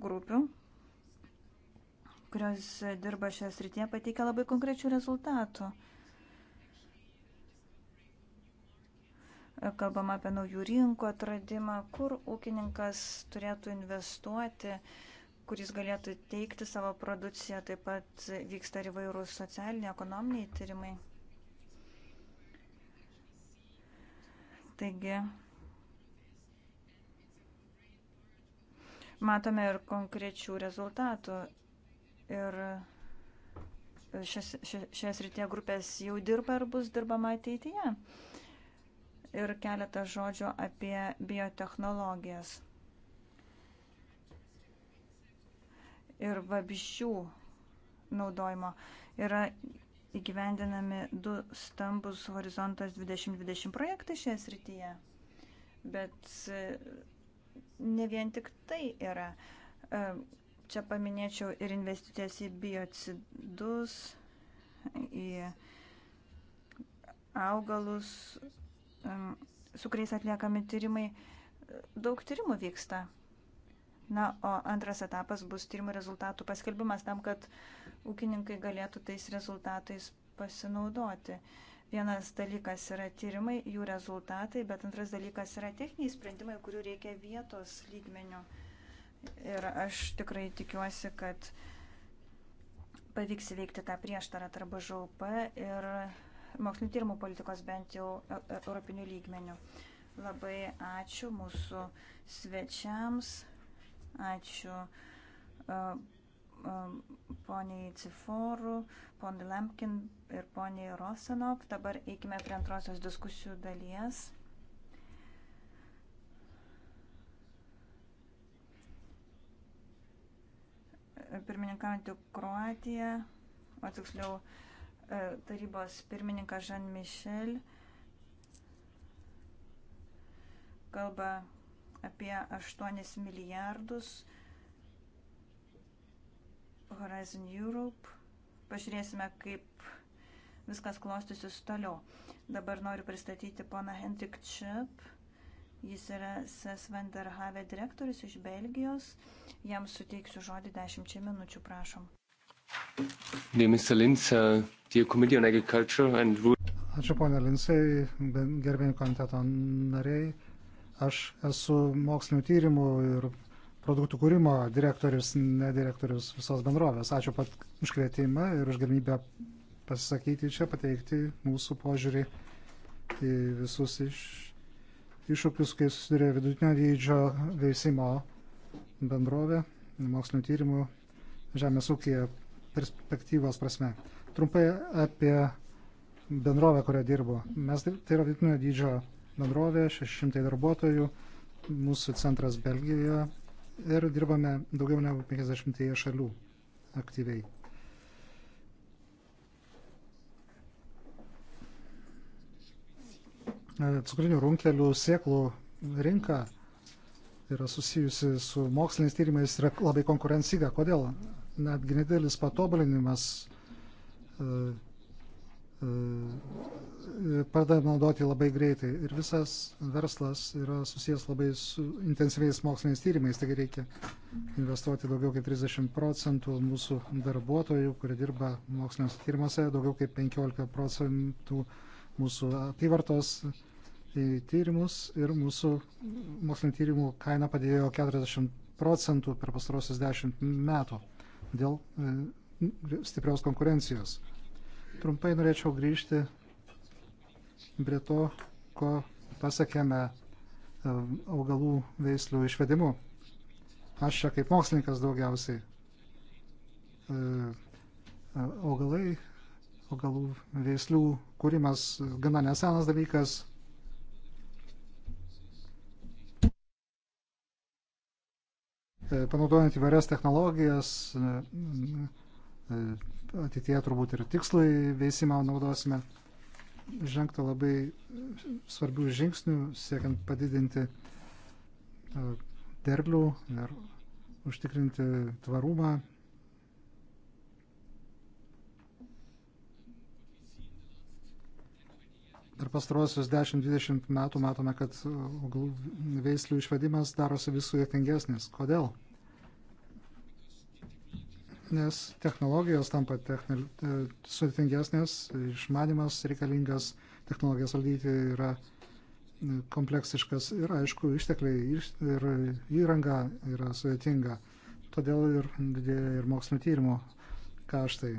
Speaker 2: grupių, kurios dirba šioje srityje, pateikia labai konkrečių rezultatų. kalbama apie naujų rinkų atradimą, kur ūkininkas turėtų investuoti, kuris galėtų teikti savo produkciją, taip pat vyksta ir įvairūs socialiniai, ekonominiai tyrimai. Taigi, matome ir konkrečių rezultatų. Ir šioje srityje grupės jau dirba ir bus dirbama ateityje ir keletą žodžių apie biotehnologijas ir vabžių naudojimo. Yra įgyvendinami du stambus horizontas 2020 projektai šioje srityje, bet e, ne vien tik tai yra. E, čia paminėčiau ir investicijas į biocidus, į augalus, su kuriais atliekami tyrimai, daug tyrimų vyksta. Na, o antras etapas bus tyrimų rezultatų paskelbimas tam, kad ūkininkai galėtų tais rezultatais pasinaudoti. Vienas dalykas yra tyrimai, jų rezultatai, bet antras dalykas yra techniniai sprendimai, kurių reikia vietos lygmenių. Ir aš tikrai tikiuosi, kad pavyks įveikti tą prieštarą tarp BŽUP ir mokslinio tyrimų politikos bent jau e, e, europinių lygmenių. Labai ačiū mūsų svečiams, ačiū e, poniai Ciforų, poniai Lemkin ir poniai Rosanov. Dabar eikime prie antrosios diskusijų dalies. Pirmininkaujantį Kroatiją, o tiksliau E, tarybos pirmininkas Žan Mišel kalba apie 8 milijardus Horizon Europe. Pažiūrėsime, kaip viskas klostysis toliau. Dabar noriu pristatyti poną Hendrik Čip. Jis yra SES Vanderhave direktorius iš Belgijos. Jam suteiksiu žodį 10 minučių,
Speaker 1: prašom.
Speaker 6: Mr. Lins, uh, dear Committee on Agriculture and Rural.
Speaker 1: Ačiū ponia Linsai, gerbėjai komiteto nariai. Aš esu mokslinių tyrimų ir produktų kūrimo direktorius, ne direktorius visos bendrovės. Ačiū pat už kvietimą ir už galimybę pasisakyti čia, pateikti mūsų požiūrį į visus iš, iššūkius, kai susiduria vidutinio dydžio veisimo bendrovė, mokslinių tyrimų žemės ūkija perspektyvos prasme. Trumpai apie bendrovę, kurioje dirbu. Mes, tai, tai yra vidutinio dydžio bendrovė, 600 darbuotojų, mūsų centras Belgijoje ir dirbame daugiau negu 50 šalių aktyviai. Cukrinių runkelių sieklų rinka yra susijusi su moksliniais tyrimais ir labai konkurencinga. Kodėl? netgi nedėlis patobulinimas e, e, pradeda naudoti labai greitai. Ir visas verslas yra susijęs labai su intensyviais moksliniais tyrimais, taigi reikia investuoti daugiau kaip 30 procentų mūsų darbuotojų, kurie dirba moksliniuose tyrimuose, daugiau kaip 15 procentų mūsų apyvartos į tyrimus ir mūsų mokslinio tyrimų kaina padėjo 40 procentų per pastarosius 10 metų dėl e, stiprios konkurencijos. Trumpai norėčiau grįžti prie to, ko pasakėme e, augalų veislių išvedimu. Aš čia kaip mokslininkas daugiausiai. E, augalai, augalų veislių kūrimas gana nesenas dalykas, E, panaudojant įvairias technologijas, e, e, ateitie turbūt ir tikslai veisimą naudosime, žengta labai svarbių žingsnių, siekiant padidinti derlių ir užtikrinti tvarumą. Per pastaruosius 10-20 metų matome, kad augalų veislių išvadimas darosi vis sudėtingesnis. Kodėl? nes technologijos tampa techni... E, sudėtingesnės, išmanimas reikalingas, technologijas valdyti yra e, kompleksiškas ir aišku, ištekliai ir įranga yra sudėtinga. Todėl ir didėja ir mokslinio tyrimo kaštai.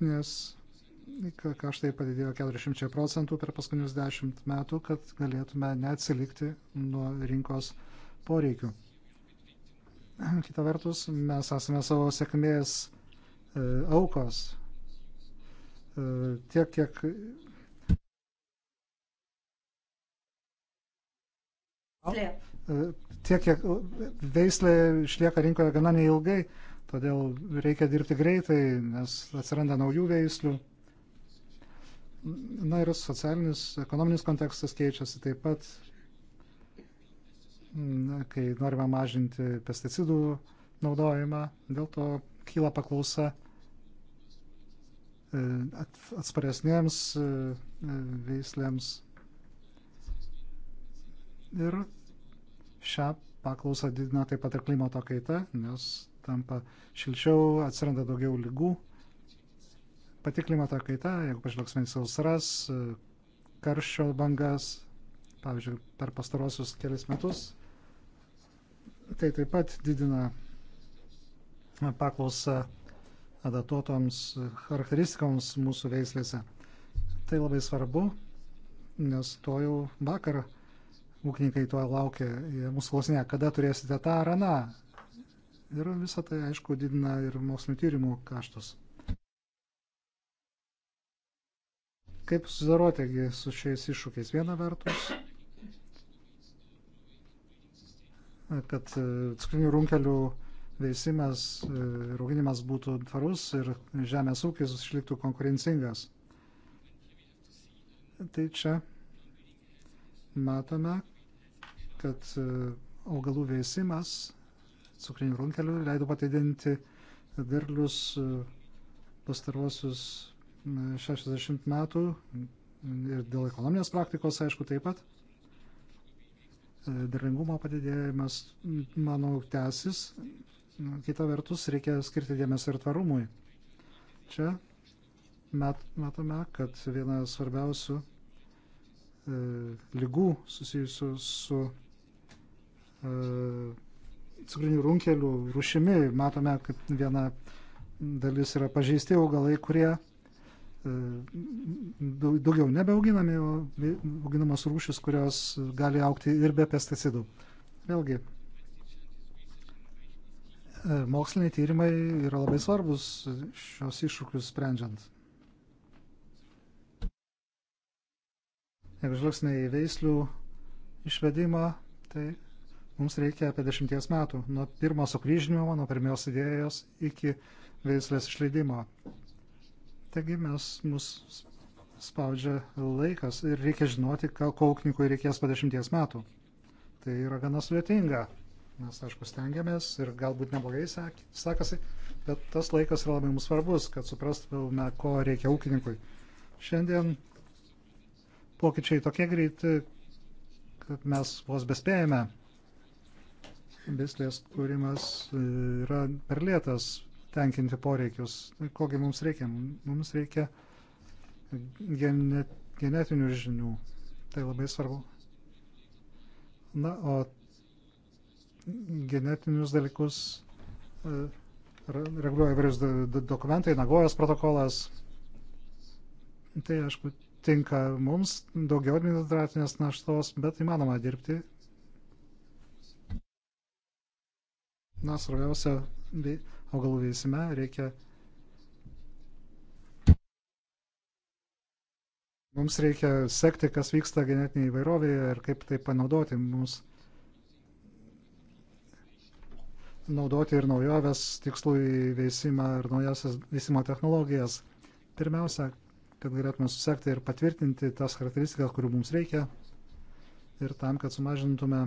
Speaker 1: Nes kaštai padidėjo 400 procentų per paskutinius 10 metų, kad galėtume neatsilikti nuo rinkos poreikių. Kita vertus, mes esame savo sėkmės e, aukos. E, tiek, kiek e, Tiek, kiek veislė išlieka rinkoje gana neilgai, todėl reikia dirbti greitai, nes atsiranda naujų veislių. Na ir socialinis, ekonominis kontekstas keičiasi taip pat, kai norime mažinti pesticidų naudojimą, dėl to kyla paklausa e, atsparesnėms e, e, veislėms. Ir šią paklausą didina taip pat ir klimato kaita, nes tampa šilčiau, atsiranda daugiau lygų. Pati klimato kaita, jeigu pažvelgsime į sausras, karščio bangas, pavyzdžiui, per pastarosius kelias metus Tai taip pat didina paklausą adaptuotoms charakteristikoms mūsų veislėse. Tai labai svarbu, nes to jau vakar ūkininkai to laukia, jie mūsų klausinė, kada turėsite tą ar aną. Ir visą tai, aišku, didina ir mokslinio tyrimų kaštus. Kaip susidaroti su šiais iššūkiais? Viena vertus, kad e, cukrinių runkelių veisimas e, ir auginimas būtų tvarus ir žemės ūkis išliktų konkurencingas. Tai čia matome, kad e, augalų veisimas cukrinių runkelių leido patidinti derlius pastaruosius 60 metų ir dėl ekonominės praktikos, aišku, taip pat. E, derlingumo padidėjimas, manau, tęsis. Kita vertus, reikia skirti dėmesio ir tvarumui. Čia met, matome, kad viena svarbiausių e, lygų susijusių su e, cukrinių runkelių rušimi, matome, kad viena dalis yra pažeisti augalai, kurie daugiau nebeauginami, o auginamos rūšis, kurios gali aukti ir be pesticidų. Vėlgi, e, moksliniai tyrimai yra labai svarbus šios iššūkius sprendžiant. Jeigu žvelgsime į veislių išvedimą, tai mums reikia apie dešimties metų, nuo pirmo sukryžinimo, nuo pirmios idėjos iki veislės išleidimo. Taigi mes mus spaudžia laikas ir reikia žinoti, ką kolknikui reikės po dešimties metų. Tai yra gana sudėtinga. Mes, aišku, stengiamės ir galbūt neblogai sekasi, bet tas laikas yra labai mums svarbus, kad suprastume, ko reikia ūkininkui. Šiandien pokyčiai tokie greiti, kad mes vos bespėjame. Bislės kūrimas e, yra per lėtas tenkinti poreikius. Tai kogi mums reikia? Mums reikia genet, genetinių žinių. Tai labai svarbu. Na, o genetinius dalykus e, reguliuoja įvairius dokumentai, Nagojos protokolas. Tai, aišku, tinka mums daugiau administracinės naštos, bet įmanoma dirbti. Na, svarbiausia, bei augalų veisime reikia. Mums reikia sekti, kas vyksta genetinėje įvairovėje ir kaip tai panaudoti. Mums naudoti ir naujoves tikslų įveisimą ir naujasias veisimo technologijas. Pirmiausia, kad galėtume susekti ir patvirtinti tas charakteristikas, kurių mums reikia ir tam, kad sumažintume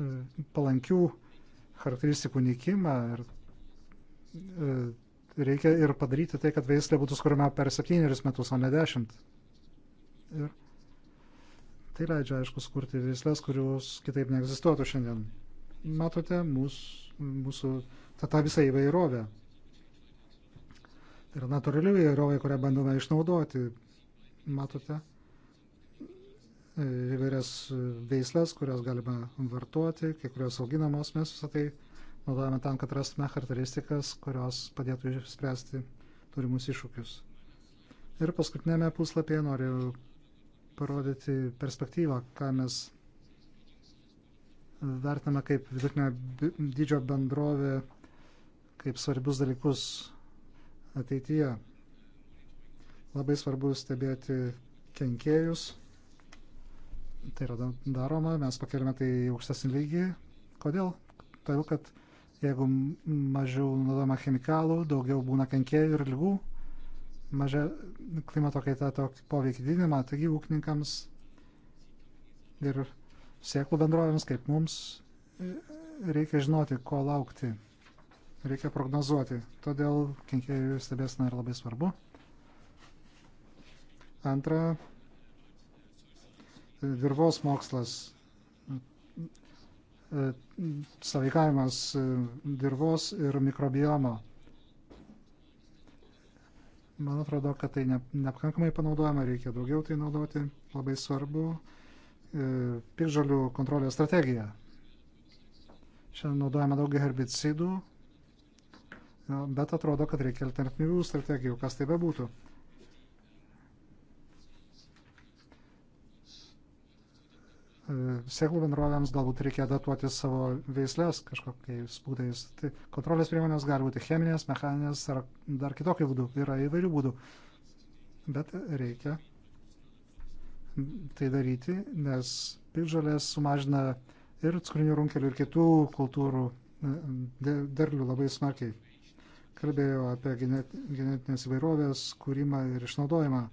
Speaker 1: e, palankių charakteristikų nikimą ir e, reikia ir padaryti tai, kad veislė būtų skuriama per septynerius metus, o ne dešimt. Ir tai leidžia, aišku, skurti veislės, kurios kitaip neegzistuotų šiandien. Matote mūsų, mūsų tą, tą visą įvairovę. Tai yra natūrali įvairovė, kurią bandome išnaudoti. Matote? įvairias veisles, kurias galime vartoti, kai kurios auginamos, mes visą tai naudojame tam, kad rastume charakteristikas, kurios padėtų išspręsti turimus iššūkius. Ir paskutinėme puslapyje noriu parodyti perspektyvą, ką mes vertiname kaip vidutinio dydžio bendrovė, kaip svarbius dalykus ateityje. Labai svarbu stebėti kenkėjus tai yra daroma, mes pakeliame tai į aukštesnį lygį. Kodėl? Todėl, kad jeigu mažiau naudojama chemikalų, daugiau būna kenkėjų ir lygų, maža klimato kaita tokį poveikį didinimą, taigi ūkininkams ir sėklų bendrovėms, kaip mums, e, reikia žinoti, ko laukti, reikia prognozuoti. Todėl kenkėjų stebėsena yra labai svarbu. Antra, dirvos mokslas, e, e, saveikavimas dirvos e, ir mikrobiomo. Man atrodo, kad tai nepakankamai panaudojama, reikia daugiau tai naudoti, labai svarbu pikžalių kontrolės strategija. Šiandien naudojame daug herbicidų, bet atrodo, kad reikia alternatyvių strategijų, kas tai bebūtų. būtų. sėklų bendrovėms galbūt reikia datuoti savo veislės kažkokiais būdais. Tai kontrolės priemonės gali būti cheminės, mechaninės ar dar kitokių būdų. Yra įvairių būdų. Bet reikia tai daryti, nes piržalės sumažina ir cukrinių runkelių, ir kitų kultūrų e, derlių labai smarkiai. Kalbėjau apie genetinės įvairovės kūrimą ir išnaudojimą.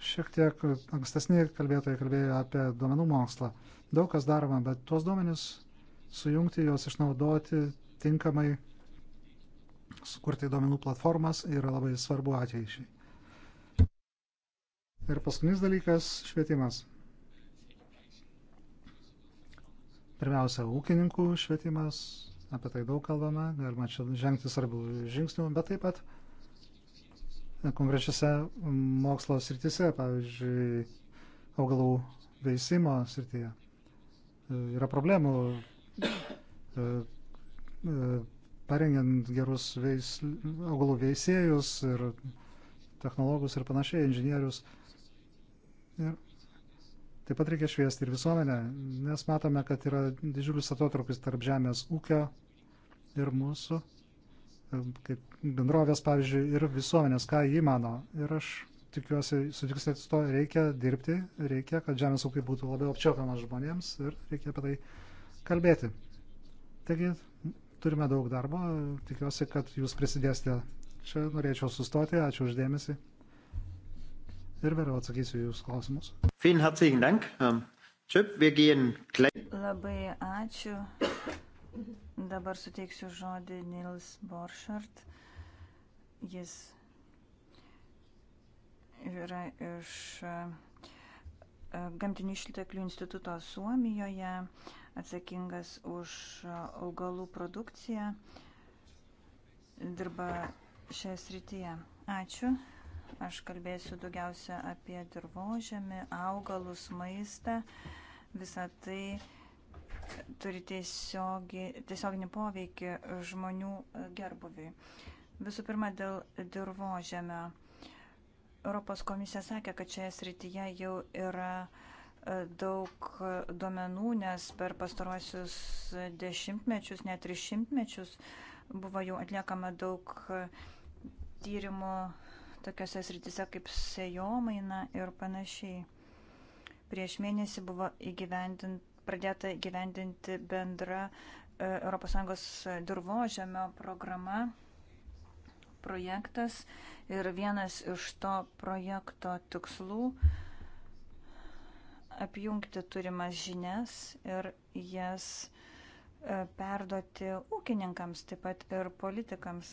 Speaker 1: Šiek tiek ankstesni kalbėtojai kalbėjo apie duomenų mokslą. Daug kas daroma, bet tuos duomenys sujungti, juos išnaudoti tinkamai, sukurti duomenų platformas yra labai svarbu ateičiai. Ir paskutinis dalykas - švietimas. Pirmiausia, ūkininkų švietimas, apie tai daug kalbame, galima čia žengti svarbių žingsnių, bet taip pat konkrečiose mokslo srityse, pavyzdžiui, augalų veisimo srityje. Yra problemų e, e, parengiant gerus veis, augalų veisėjus ir technologus ir panašiai, inžinierius. Ir taip pat reikia šviesti ir visuomenę, nes matome, kad yra didžiulis atotrukis tarp žemės ūkio ir mūsų kaip bendrovės, pavyzdžiui, ir visuomenės, ką jį mano. Ir aš tikiuosi, sutiksite su to, reikia dirbti, reikia, kad žemės ūkiai būtų labiau apčiopiamas žmonėms ir reikia apie tai kalbėti. Taigi, turime daug darbo, tikiuosi, kad jūs prisidėsite. Čia norėčiau sustoti, ačiū uždėmesi. Ir vėliau atsakysiu jūsų klausimus.
Speaker 4: Vielen herzlichen Dank.
Speaker 2: Labai ačiū. Dabar suteiksiu žodį Nils Borchardt. Jis yra iš e, Gamtinių išteklių instituto Suomijoje, atsakingas už e, augalų produkciją, dirba šioje srityje. Ačiū. Aš kalbėsiu daugiausia apie dirbožėmį, augalus, maistą, visą tai turi tiesiogi, tiesioginį poveikį žmonių e, gerbuviui. Visų pirma, dėl dirbožėmio. Europos komisija sakė, kad šioje srityje jau yra e, daug duomenų, nes per pastaruosius dešimtmečius, net ir šimtmečius buvo jau atliekama daug e, tyrimų tokiose srityse kaip sejomaina ir panašiai. Prieš mėnesį buvo įgyvendinta pradėta gyvendinti bendra ES dirbožėmio programa projektas ir vienas iš to projekto tikslų apjungti turimas žinias ir jas e, perduoti ūkininkams, taip pat ir politikams.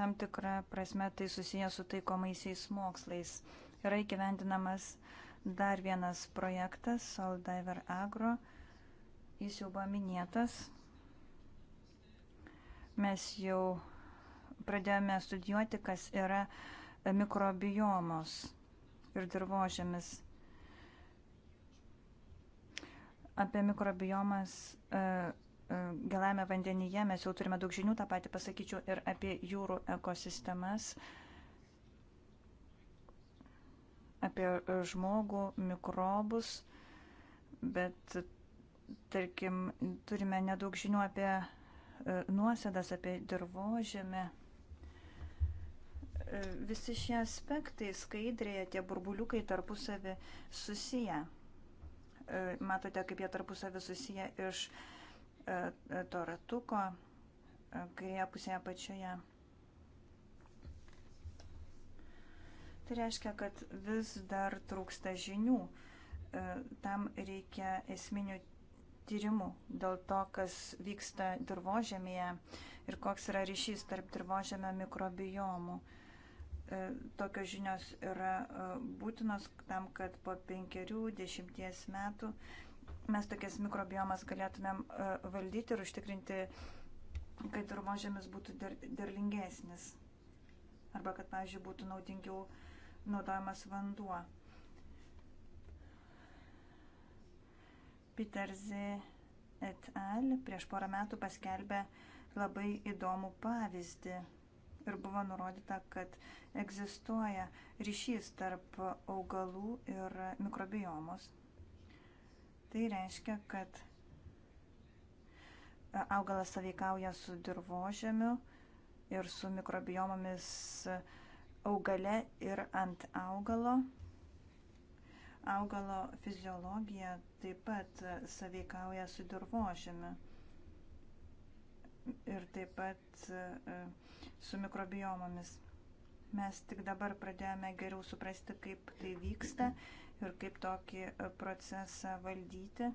Speaker 2: Tam tikrą prasme tai susiję su taikomaisiais mokslais. Yra įgyvendinamas uh, Dar vienas projektas, Soldiver Agro, jis jau buvo minėtas. Mes jau pradėjome studijuoti, kas yra mikrobiomos ir dirbožėmis. Apie mikrobiomas e, e, gelame vandenyje mes jau turime daug žinių, tą patį pasakyčiau ir apie jūrų ekosistemas. Uh, apie e, žmogų, mikrobus, bet, tarkim, turime nedaug žinių apie e, nuosėdas, apie dirbožėmį. E, visi šie aspektai skaidrėje, tie burbuliukai tarpusavį susiję. Matote, kaip jie tarpusavį susiję iš to ratuko kairėje pusėje pačioje. Tai reiškia, kad vis dar trūksta žinių. E, tam reikia esminių tyrimų dėl to, kas vyksta dirbožėmėje ir koks yra ryšys tarp dirbožėmio mikrobiomų. E, tokios žinios yra e, būtinos tam, kad po penkerių, dešimties metų mes tokias mikrobiomas galėtumėm valdyti ir užtikrinti, kad dirbožėmis būtų derlingesnis. Arba kad, pavyzdžiui, būtų naudingiau uh, naudojamas vanduo. Pitarzi et al. prieš porą metų paskelbė labai įdomų pavyzdį ir buvo nurodyta, kad egzistuoja ryšys tarp augalų ir mikrobiomos. Tai reiškia, kad e, augalas saveikauja su dirbožėmiu ir su mikrobiomomis uh, augale ir ant augalo. Augalo fiziologija taip pat saveikauja su dirbožėmi ir taip pat e, su mikrobiomomis. Mes tik dabar pradėjome geriau suprasti, kaip tai vyksta ir kaip tokį e, procesą valdyti.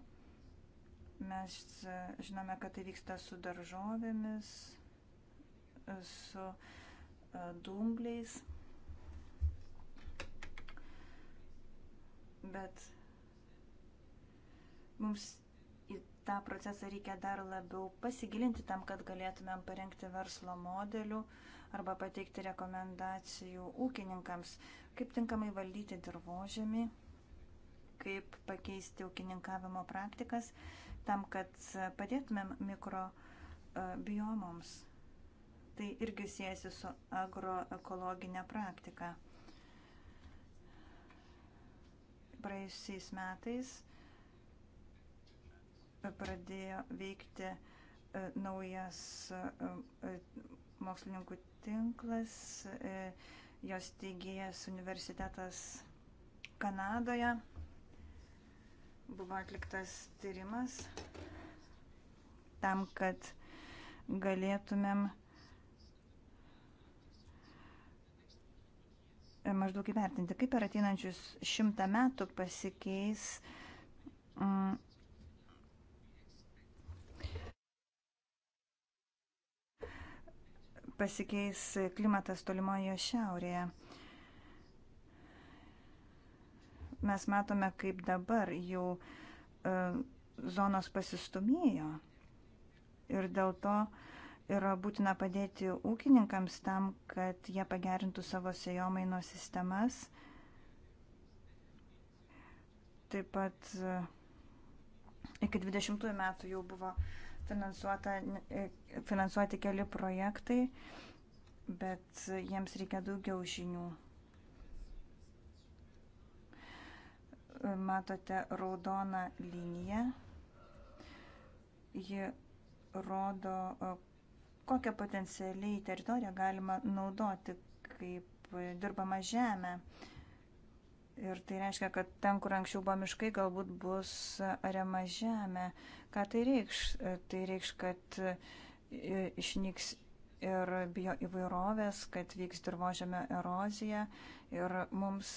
Speaker 2: Mes e, žinome, kad tai vyksta su daržovėmis, su dumbliais. bet mums į tą procesą reikia dar labiau pasigilinti tam, kad galėtumėm parengti verslo modelių arba pateikti rekomendacijų ūkininkams, kaip tinkamai valdyti dirbožėmį, kaip pakeisti ūkininkavimo praktikas tam, kad padėtumėm mikrobiomoms. E, tai irgi siejasi su agroekologinė praktika. praėjusiais metais e, pradėjo veikti e, naujas e, mokslininkų tinklas, jos teigėjas universitetas Kanadoje. Buvo atliktas tyrimas tam, kad galėtumėm E, maždaug įvertinti, kaip per ateinančius šimtą metų pasikeis mm, pasikeis klimatas tolimoje šiaurėje. Mes matome, kaip dabar jau e, zonos pasistumėjo ir dėl to e, yra būtina padėti ūkininkams tam, kad jie pagerintų savo sėjomaino sistemas. Taip pat e, iki 20 metų jau buvo e, finansuoti keli projektai, bet jiems reikia daugiau žinių. Matote raudoną liniją. Ji rodo, e, kokią potencialiai teritoriją galima naudoti kaip dirbama žemė. Ir tai reiškia, kad ten, kur anksčiau buvo miškai, galbūt bus ariama žemė. Ką tai reikš? Tai reikš, kad e, išnyks ir bio įvairovės, kad vyks dirbožėmio erozija ir mums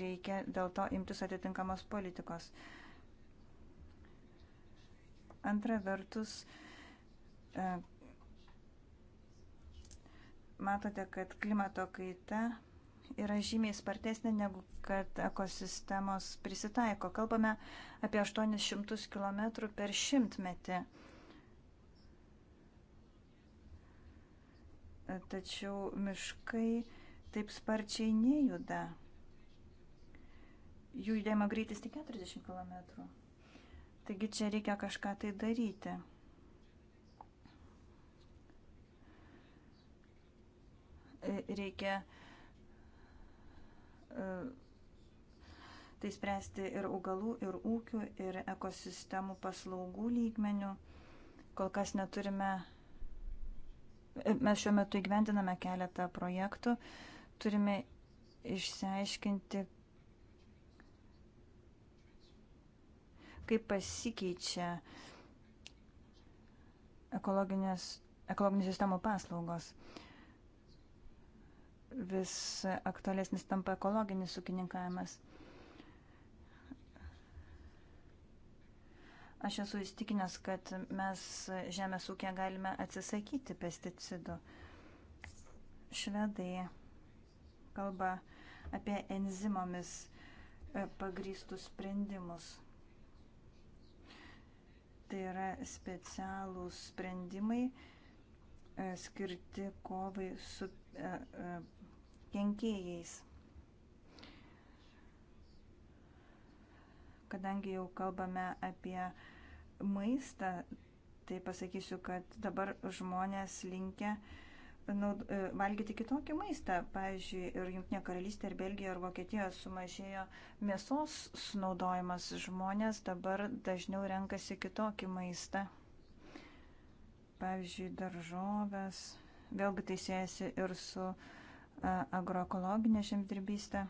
Speaker 2: reikia dėl to imtis atitinkamos politikos. Antra vertus, e, matote, kad klimato kaita yra žymiai spartesnė negu kad ekosistemos prisitaiko. Kalbame apie 800 km per šimtmetį. Tačiau miškai taip sparčiai nejuda. Jų judėjimo greitis tik 40 km. Taigi čia reikia kažką tai daryti. E, reikia e, tai spręsti ir augalų, ir ūkių, ir ekosistemų paslaugų lygmenių. Kol kas neturime, e, mes šiuo metu įgyvendiname keletą projektų, turime išsiaiškinti, kaip pasikeičia ekologinės, ekologinių sistemų paslaugos. Uh, vis aktualesnis tampa ekologinis ūkininkavimas. Aš esu įstikinęs, kad mes žemės ūkė galime atsisakyti pesticidų. Švedai kalba apie enzimomis e, pagrįstus sprendimus. Tai yra specialūs sprendimai e, skirti kovai su e, kenkėjais. Kadangi jau kalbame apie maistą, tai pasakysiu, kad dabar žmonės linkia naud, e, valgyti kitokį maistą. Pavyzdžiui, ir Junktinė karalystė, ir Belgija, ir Vokietija sumažėjo mėsos sunaudojimas. Žmonės dabar dažniau renkasi kitokį maistą. Pavyzdžiui, daržovės. Vėlgi tai siejasi ir su agroekologinę žemdirbystę.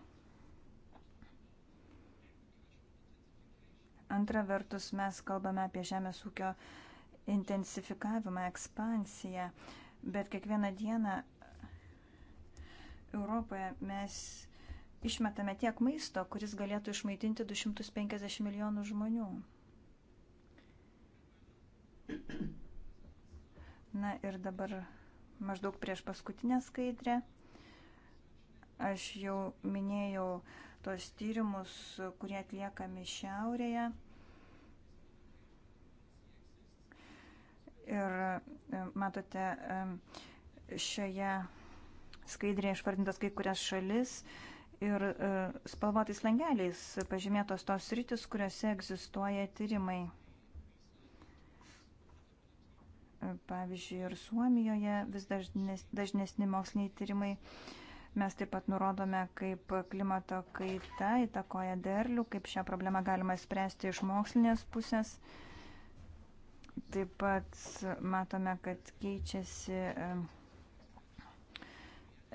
Speaker 2: Antra vertus, mes kalbame apie žemės ūkio intensifikavimą, ekspansiją, bet kiekvieną dieną Europoje mes išmetame tiek maisto, kuris galėtų išmaitinti 250 milijonų žmonių. Na ir dabar maždaug prieš paskutinę skaidrę. Aš jau minėjau tos tyrimus, kurie atliekami šiaurėje. Ir e, matote, e, šioje skaidrėje išvardintas kai kurias šalis ir e, spalvotais langeliais pažymėtos tos rytis, kuriuose egzistuoja tyrimai. Pavyzdžiui, ir Suomijoje vis dažnes, dažnesni moksliniai tyrimai. Uh, Mes taip pat nurodome, kaip klimato kaita įtakoja derlių, kaip šią problemą galima spręsti iš mokslinės pusės. Taip pat matome, kad keičiasi e,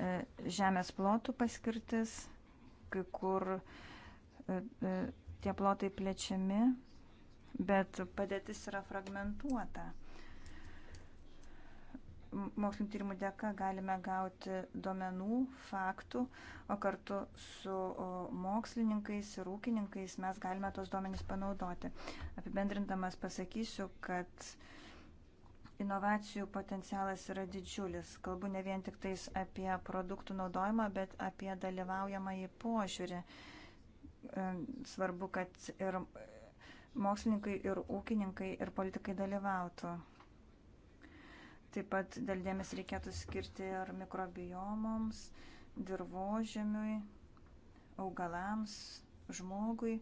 Speaker 2: e, žemės plotų paskirtis, kai kur e, tie plotai plečiami, bet padėtis yra fragmentuota mokslinio tyrimų dėka galime gauti duomenų, faktų, o kartu su mokslininkais ir ūkininkais mes galime tos duomenys panaudoti. Apibendrindamas pasakysiu, kad inovacijų potencialas yra didžiulis. Kalbu ne vien tik tais apie produktų naudojimą, bet apie dalyvaujamąjį požiūrį. E, svarbu, kad ir mokslininkai, ir ūkininkai, ir politikai dalyvautų. Taip pat dėl dėmesio reikėtų skirti ir mikrobiomoms, dirbožemiui, augalams, žmogui.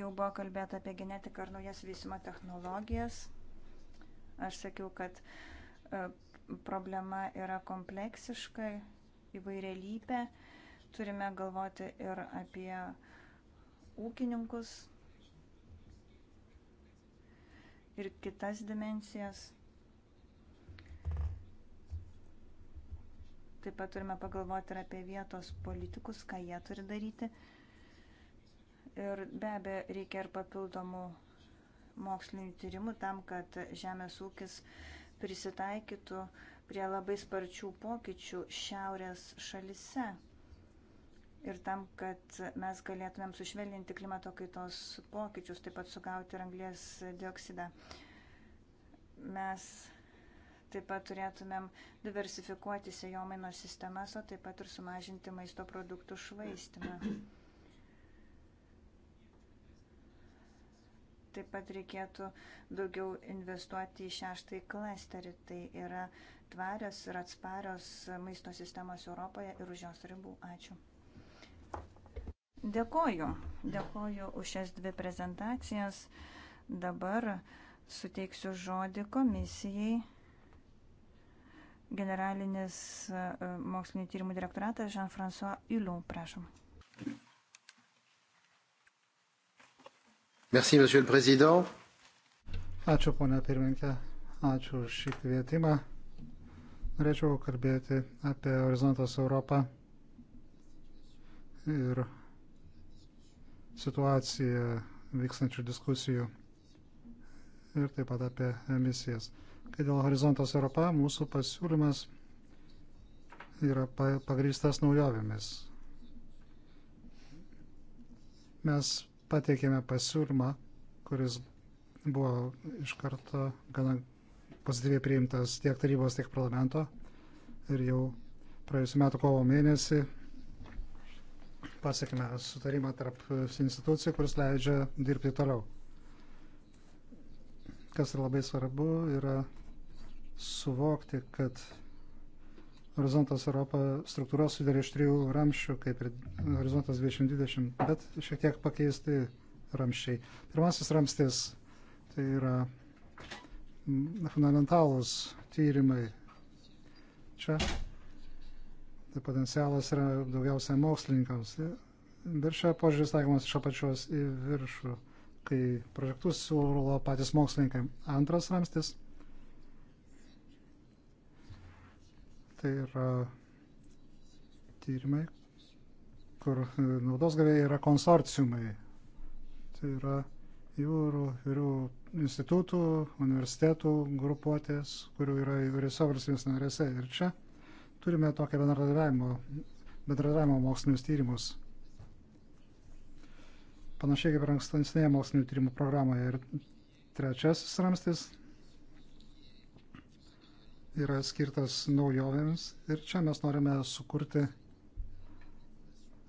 Speaker 2: Jau buvo kalbėta apie genetiką ir naujas vysimo technologijas. Aš sakiau, kad e, problema yra kompleksiška, įvairialypė. Turime galvoti ir apie ūkininkus ir kitas dimensijas. Taip pat turime pagalvoti ir apie vietos politikus, ką jie turi daryti. Ir be abejo, reikia ir papildomų mokslinių tyrimų tam, kad žemės ūkis prisitaikytų prie labai sparčių pokyčių šiaurės šalise. Ir tam, kad mes galėtumėm sušvelninti klimato kaitos pokyčius, taip pat sugauti ir anglės dioksidą. Mes Taip pat turėtumėm diversifikuoti sėjomaino sistemas, o taip pat ir sumažinti maisto produktų švaistimą. Taip pat reikėtų daugiau investuoti į šeštąjį klasterį. Tai yra tvarios ir atsparios maisto sistemos Europoje ir už jos ribų. Ačiū. Dėkoju. Dėkoju už šias dvi prezentacijas. Dabar suteiksiu žodį komisijai generalinis e, e, mokslinio tyrimų direktoratas Jean-François Hulot, prašom.
Speaker 1: Merci, monsieur le président. Ačiū, ponia pirmininkė. Ačiū už šį kvietimą. Norėčiau kalbėti apie Horizontas Europą ir situaciją vykstančių diskusijų ir taip pat apie emisijas. Kai dėl Horizontas Europa mūsų pasiūlymas yra pagrįstas naujovėmis. Mes pateikėme pasiūlymą, kuris buvo iš karto gana pozityviai priimtas tiek tarybos, tiek parlamento. Ir jau praėjusiu metu kovo mėnesį pasiekime sutarimą tarp institucijų, kuris leidžia dirbti toliau. Kas yra labai svarbu, yra suvokti, kad Horizontas Europa struktūra sudarė iš trijų ramščių, kaip ir Horizontas 2020, bet šiek tiek pakeisti ramščiai. Pirmasis ramstis tai yra fundamentalūs tyrimai. Čia tai potencialas yra daugiausia mokslininkams. Ir čia požiūris taikomas iš apačios į viršų, kai projektus siūlo patys mokslininkai. Antras ramstis Tai yra tyrimai, kur naudos gavėjai yra konsorciumai. Tai yra jūrų, jūrų institutų, universitetų grupuotės, kurių yra įvairiose valstybės narėse. Ir čia turime tokią bendradarbiavimo, bendradarbiavimo mokslinius tyrimus. Panašiai kaip ir ankstesnėje mokslinių tyrimų programoje. Ir trečiasis ramstis yra skirtas naujovėms ir čia mes norime sukurti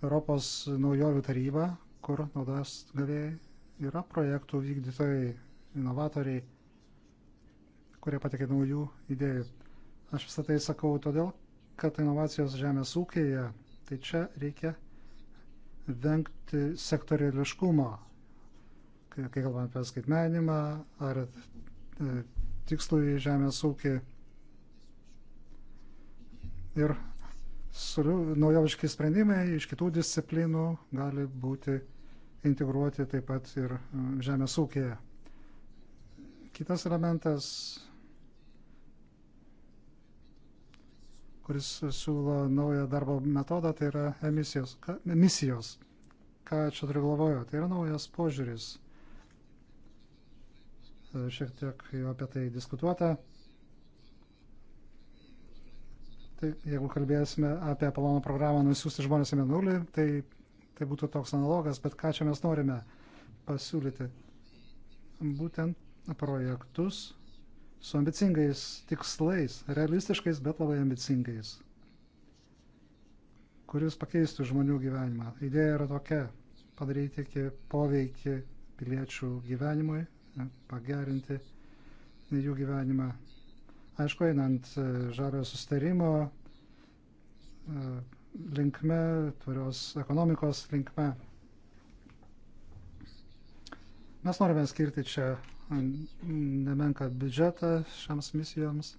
Speaker 1: Europos naujovių tarybą, kur naudos gavėjai yra projektų vykdytojai, inovatoriai, kurie patikė naujų idėjų. Aš visą tai sakau todėl, kad inovacijos žemės ūkėje, tai čia reikia vengti sektoriališkumo, kai kalbame apie skaitmenimą ar e, tikslų į žemės ūkį ir naujoviški sprendimai iš kitų disciplinų gali būti integruoti taip pat ir e, žemės ūkėje. Kitas elementas, kuris siūlo naują darbo metodą, tai yra emisijos. Ka, misijos. Ką čia turiu galvoje? Tai yra naujas požiūris. E, šiek tiek jau apie tai diskutuota. tai jeigu kalbėsime apie Apolono programą nusiųsti žmonės į mėnulį, tai, tai būtų toks analogas, bet ką čia mes norime pasiūlyti? Būtent projektus su ambicingais tikslais, realistiškais, bet labai ambicingais, kuris pakeistų žmonių gyvenimą. Idėja yra tokia - padaryti poveikį piliečių gyvenimui, pagerinti jų gyvenimą Aišku, einant e, žalio sustarimo e, linkme, tvarios ekonomikos linkme. Mes norime skirti čia e, nemenka biudžetą šiams misijoms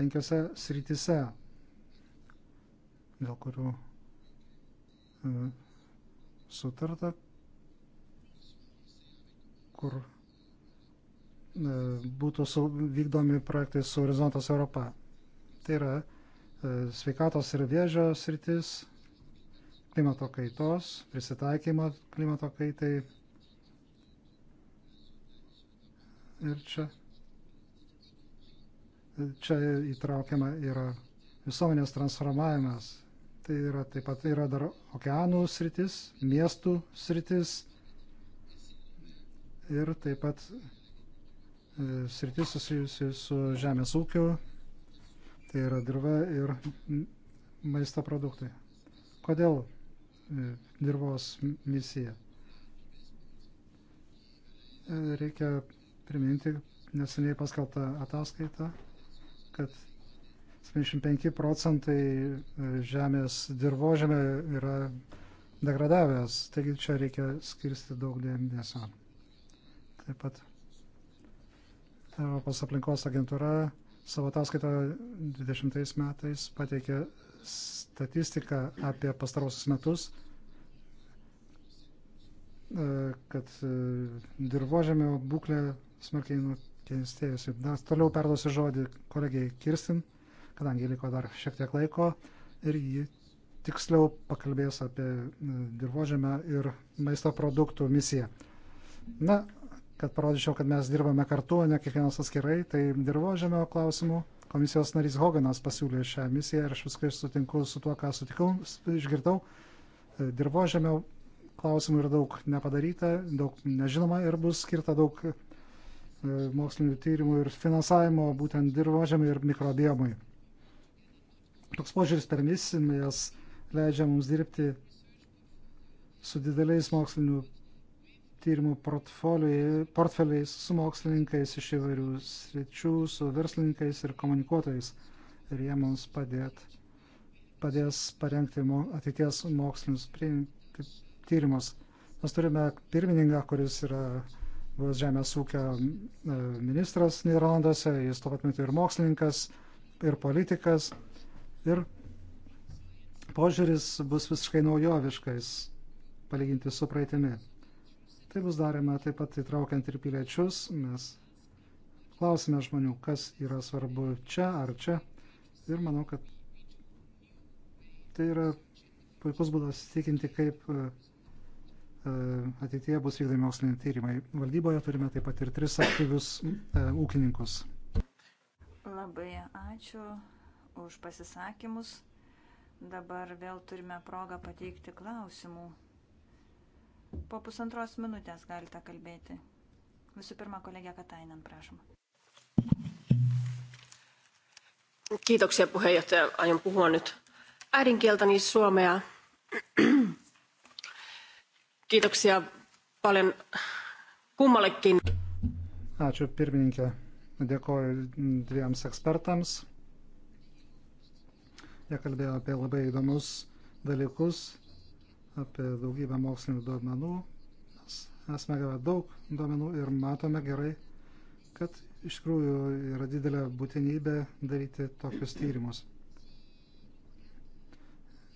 Speaker 1: penkiose srityse, dėl kurių sutarta, kur E, būtų su, vykdomi projektai su Horizontas Europa. Tai yra e, sveikatos ir vėžio sritis, klimato kaitos, prisitaikymo klimato kaitai. Ir čia, čia įtraukiama yra visuomenės transformavimas. Tai yra taip pat yra dar okeanų sritis, miestų sritis ir taip pat E, sritis susijusi su žemės ūkiu, tai yra dirba ir maisto produktai. Kodėl e, dirbos misija? E, reikia priminti neseniai paskelbtą ataskaitą, kad 75 procentai žemės dirbožėme yra degradavęs, taigi čia reikia skirsti daug dėmesio. Taip pat Europos aplinkos agentūra savo ataskaitą 20 metais pateikė statistiką apie pastarosius metus, e, kad e, dirbožėmio būklė smarkiai nukentėjusi. Na, toliau perduosiu žodį kolegijai Kirstin, kadangi liko dar šiek tiek laiko ir ji tiksliau pakalbės apie e, dirbožėmę ir maisto produktų misiją. Na, kad parodyčiau, kad mes dirbame kartu, ne kiekvienas atskirai, tai dirbožėmio klausimų komisijos narys Hoganas pasiūlė šią misiją ir aš viskai sutinku su tuo, ką sutikau, išgirdau. E, dirbožėmio klausimų yra daug nepadaryta, daug nežinoma ir bus skirta daug e, mokslinių tyrimų ir finansavimo būtent dirbožėmio ir mikrobiomai. Toks požiūris per misijas leidžia mums dirbti su dideliais mokslinių tyrimų portfeliais su mokslininkais iš įvairių sričių, su verslininkais ir komunikuotojais. Ir jie mums padėt, padės parengti ateities mokslinius tyrimus. Mes turime pirmininką, kuris yra buvęs žemės ūkio e, ministras Niderlanduose, jis tuo pat metu ir mokslininkas, ir politikas. Ir požiūris bus visiškai naujoviškais palyginti su praeitimi. Tai bus darėme taip pat įtraukiant ir piliečius. Mes klausime žmonių, kas yra svarbu čia ar čia. Ir manau, kad tai yra puikus būdas įtikinti, kaip e, e, ateityje bus vykdomi moksliniai tyrimai. Valdyboje turime taip pat ir tris aktyvius e, ūkininkus.
Speaker 2: Labai ačiū už pasisakymus. Dabar vėl turime progą pateikti klausimų. Po pusantros minutės galite kalbėti. Visų pirma, kolegė Katainen, prašom.
Speaker 5: Kiitoksia puheenjohtaja. Aion puhua
Speaker 2: nyt äidinkieltäni suomea. Kiitoksia paljon kummallekin.
Speaker 1: Ačiū pirmininkė. Dėkoju dviems ekspertams. Jie kalbėjo apie labai įdomus dalykus apie daugybę mokslinių duomenų. Mes esame gavę daug duomenų ir matome gerai, kad iš tikrųjų yra didelė būtinybė daryti tokius tyrimus.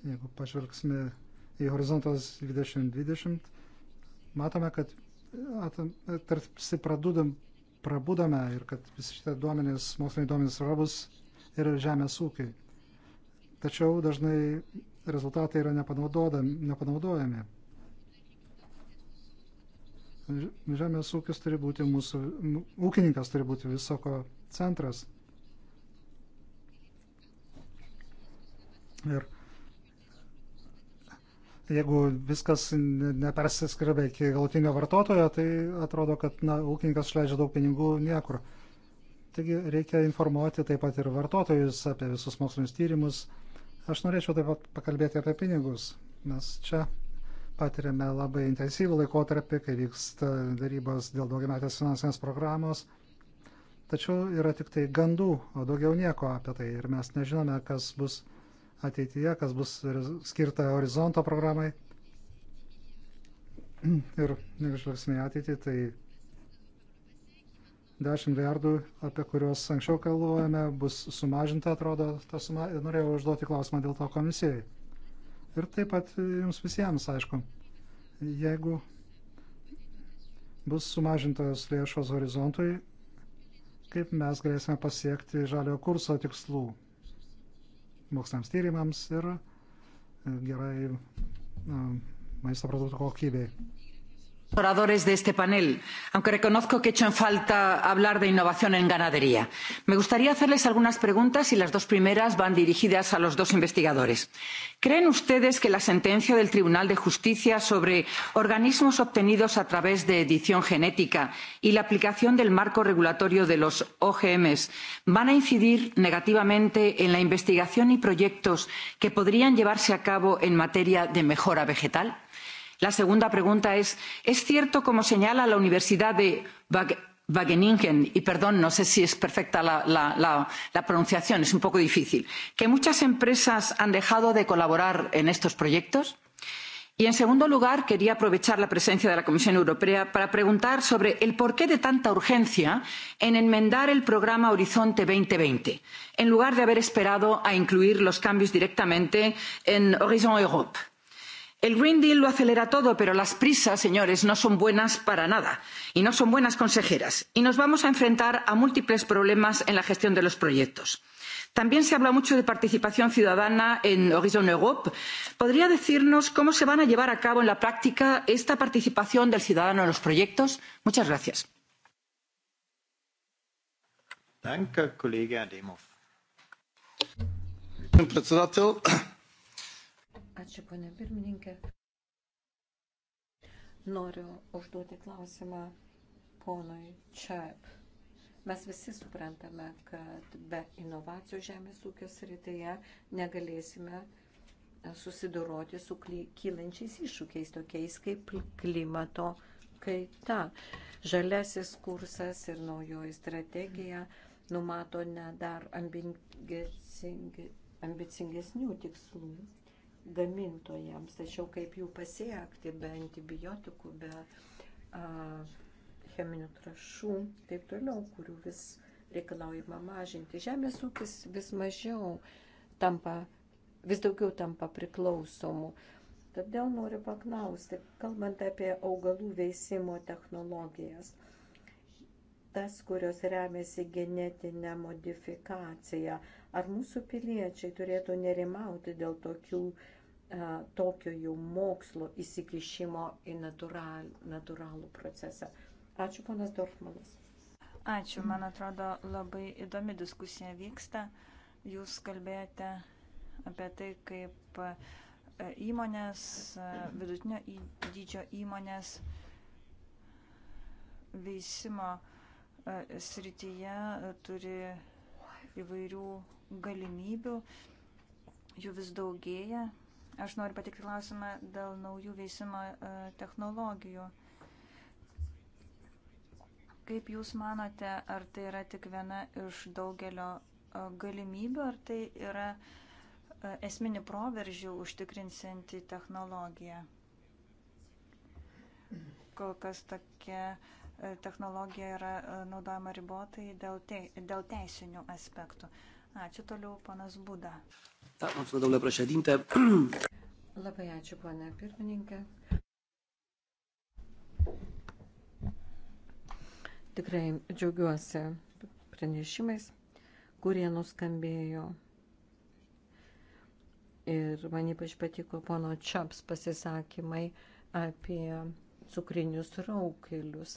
Speaker 1: Jeigu pažvelgsime į horizontas 2020, matome, kad tarsi pradudam, prabudome ir kad visi šitie duomenys, moksliniai duomenys svarbus ir žemės ūkiai. Tačiau dažnai rezultatai yra nepanaudojami. Žemės ūkis turi būti mūsų, ūkininkas turi būti visoko centras. Ir jeigu viskas nepersiskirbia iki galutinio vartotojo, tai atrodo, kad na, ūkininkas išleidžia daug pinigų niekur. Taigi reikia informuoti taip pat ir vartotojus apie visus mokslinius tyrimus, Aš norėčiau taip pat pakalbėti apie pinigus, nes čia patiriame labai intensyvų laikotarpį, kai vyksta darybos dėl daugiametės finansinės programos. Tačiau yra tik tai gandų, o daugiau nieko apie tai. Ir mes nežinome, kas bus ateityje, kas bus skirta horizonto programai. Ir žvelgsime į ateitį, tai 10 milijardų, apie kuriuos anksčiau kalbėjome, bus sumažinta, atrodo, ta suma. Ir norėjau užduoti klausimą dėl to komisijai. Ir taip pat jums visiems, aišku, jeigu bus sumažintos lėšos horizontui, kaip mes galėsime pasiekti žalio kurso tikslų mokslams tyrimams ir gerai maisto produktų kokybei
Speaker 5: oradores de este panel, aunque reconozco que echo en falta hablar de innovación en ganadería. Me gustaría hacerles algunas preguntas y las dos primeras van dirigidas a los dos investigadores. ¿Creen ustedes que la sentencia del Tribunal de Justicia sobre organismos obtenidos a través de edición genética y la aplicación del marco regulatorio de los OGMs van a incidir negativamente en la investigación y proyectos que podrían llevarse a cabo en materia de mejora vegetal? la segunda pregunta es es cierto como señala la universidad de wageningen y perdón no sé si es perfecta la, la, la pronunciación es un poco difícil que muchas empresas han dejado de colaborar en estos proyectos? y en segundo lugar quería aprovechar la presencia de la comisión europea para preguntar sobre el porqué de tanta urgencia en enmendar el programa horizonte dos mil veinte en lugar de haber esperado a incluir los cambios directamente en horizon europe el green deal lo acelera todo pero las prisas señores no son buenas para nada y no son buenas consejeras y nos vamos a enfrentar a múltiples problemas en la gestión de los proyectos. también se habla mucho de participación ciudadana en horizon europe. podría decirnos cómo se va a llevar a cabo en la práctica esta participación del ciudadano en los proyectos? muchas gracias.
Speaker 6: Danke, Kollege Ademov. Председател,
Speaker 3: Ačiū, ponė pirmininkė. Noriu užduoti klausimą ponui Čiaip. Mes visi suprantame, kad be inovacijų žemės ūkio srityje negalėsime e, susidoroti su kylančiais iššūkiais, tokiais kaip klimato kaita. Žalesis kursas ir naujoji strategija numato ne dar ambicingesnių tikslų gamintojams. Tačiau kaip jų pasiekti be antibiotikų, be a, cheminių trašų, taip toliau, kurių vis reikalaujama mažinti. Žemės ūkis vis mažiau tampa, vis daugiau tampa priklausomų. Todėl noriu paklausti, kalbant apie augalų veisimo technologijas, tas, kurios remiasi genetinę modifikaciją, ar mūsų piliečiai turėtų nerimauti dėl tokių uh, E, tokio jau mokslo įsikišimo į natural, natūralų procesą. Ačiū, ponas Dorfmanas.
Speaker 2: Ačiū, man atrodo, labai įdomi diskusija vyksta. Jūs kalbėjote apie tai, kaip e, įmonės, e, vidutinio dydžio įmonės veisimo srityje turi įvairių galimybių, jų vis daugėja, Aš noriu patikti klausimą dėl naujų veisimo e, technologijų. Kaip Jūs manote, ar tai yra tik viena iš daugelio e, galimybių, ar tai yra e, esminį proveržį užtikrinsianti technologija? Kol kas tokia technologija yra naudojama ribotai dėl, te, dėl teisinių aspektų. Ačiū toliau, panas Buda. Da, mulțumesc, domnule președinte. Labai ačiū, ponė pirmininkė.
Speaker 3: Tikrai džiaugiuosi pranešimais, kurie nuskambėjo. Ir man ypač patiko pono Čiaps pasisakymai apie cukrinius raukelius.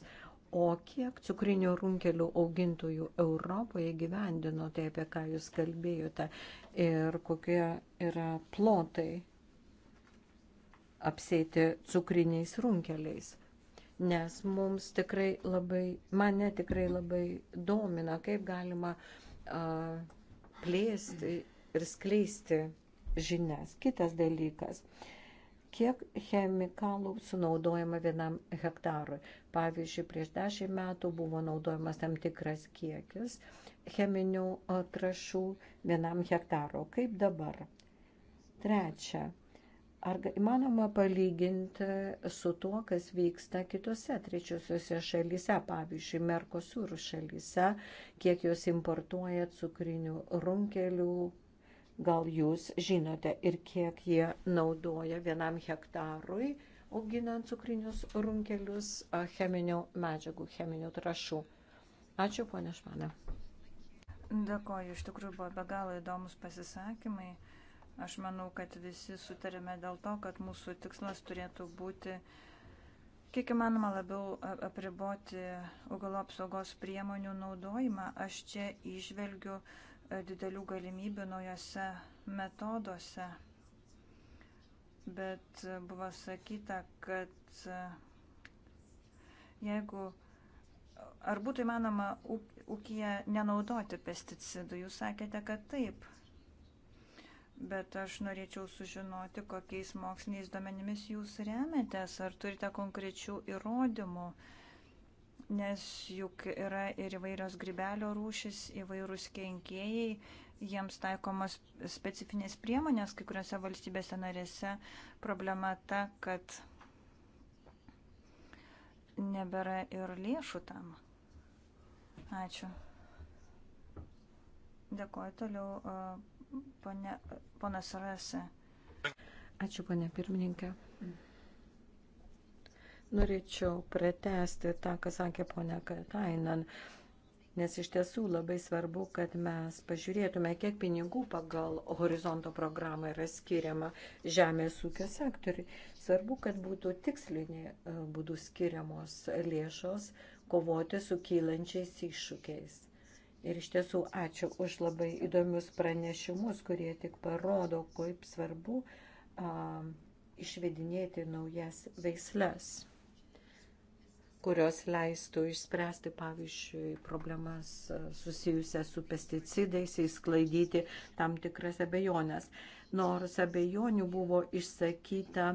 Speaker 3: O kiek cukrinio runkelių augintojų Europoje gyvendino, tai apie ką jūs kalbėjote ir kokie yra plotai apsėti cukriniais runkeliais. Nes mums tikrai labai, mane tikrai labai domina, kaip galima a, plėsti ir skleisti žinias. Kitas dalykas kiek chemikalų sunaudojama vienam hektarui. Pavyzdžiui, prieš dešimt metų buvo naudojamas tam tikras kiekis cheminių trašų vienam hektaro, kaip dabar. Trečia, Ar įmanoma palyginti su tuo, kas vyksta kitose trečiosiuose šalyse, pavyzdžiui, Merkosur šalyse, kiek jos importuoja cukrinių runkelių, gal jūs žinote, ir kiek jie naudoja vienam hektarui, auginant cukrinius runkelius cheminių medžiagų, cheminių trašų. Ačiū, ponė Šmana.
Speaker 2: Dėkoju, iš tikrųjų buvo be galo įdomus pasisakymai. Aš manau, kad visi sutarėme dėl to, kad mūsų tikslas turėtų būti kiek įmanoma labiau apriboti augalo apsaugos priemonių naudojimą. Aš čia išvelgiu didelių galimybių naujose metoduose. Bet buvo sakyta, kad jeigu ar būtų įmanoma ūkija nenaudoti pesticidų, jūs sakėte, kad taip bet aš norėčiau sužinoti, kokiais moksliniais duomenimis jūs remiatės, ar turite konkrečių įrodymų, nes juk yra ir įvairios gribelio rūšis, įvairūs kenkėjai, jiems taikomas specifinės priemonės, kai kuriuose valstybėse narėse problema ta, kad nebėra ir lėšų tam. Ačiū. Dėkuoju toliau. Uh, Pone, ponas Rase. Ačiū, ponė pirmininkė.
Speaker 3: Norėčiau pratesti tą, ką sakė ponė Katainan, nes iš tiesų labai svarbu, kad mes pažiūrėtume, kiek pinigų pagal horizonto programą yra skiriama žemės ūkio sektoriui. Svarbu, kad būtų tikslinė e, būdų skiriamos lėšos kovoti su kylančiais iššūkiais Ir iš tiesų ačiū už labai įdomius pranešimus, kurie tik parodo, kaip svarbu a, išvedinėti naujas veisles, kurios leistų išspręsti, pavyzdžiui, problemas susijusias su pesticidais, įsklaidyti tam tikras abejonės. Nors abejonių buvo išsakyta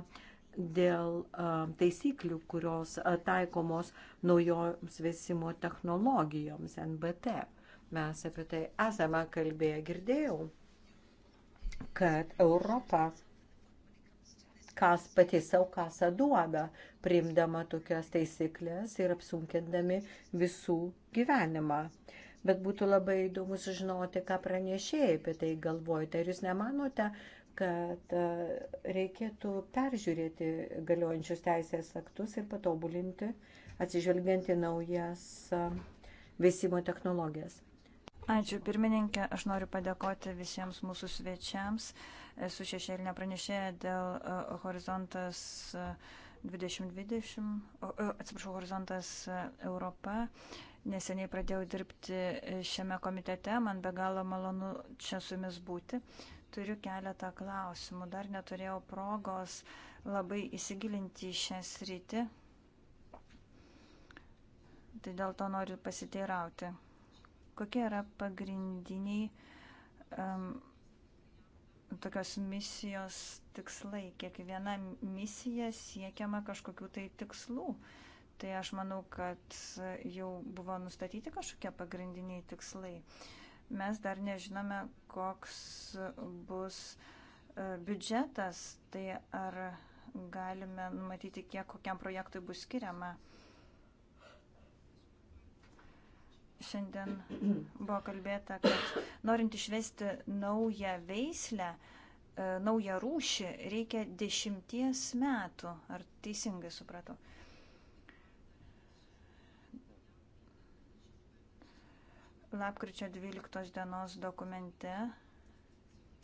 Speaker 3: dėl taisyklių, kurios taikomos naujoms vesimo technologijoms NBT. Mes apie tai esame kalbėję, girdėjau, kad Europa kas pati savo kasą duoda, priimdama tokias taisyklės ir apsunkindami visų gyvenimą. Bet būtų labai įdomu sužinoti, ką pranešėjai apie tai galvojate. Ar jūs nemanote, kad e, reikėtų peržiūrėti galiojančius teisės aktus ir patobulinti, atsižvelgiant į naujas e, veisimo technologijas?
Speaker 2: Ačiū pirmininkė, aš noriu padėkoti visiems mūsų svečiams. Esu šešėlinė pranešėja dėl uh, Horizontas 2020, e, uh, e, atsiprašau, Horizontas Europa. Neseniai pradėjau dirbti šiame komitete, man be galo malonu čia su jumis būti. Turiu keletą klausimų, dar neturėjau progos labai įsigilinti į šią sritį. Tai dėl to noriu pasiteirauti Kokie yra pagrindiniai um, tokios misijos tikslai? Kiekviena misija siekiama kažkokių tai tikslų. Tai aš manau, kad jau buvo nustatyti kažkokie pagrindiniai tikslai. Mes dar nežinome, koks bus e, biudžetas, tai ar galime numatyti, kiek kokiam projektui bus skiriama. Šiandien buvo kalbėta, kad norint išvesti naują veislę, e, naują rūšį, reikia dešimties metų. Ar teisingai supratau? Lapkričio 12 dienos dokumente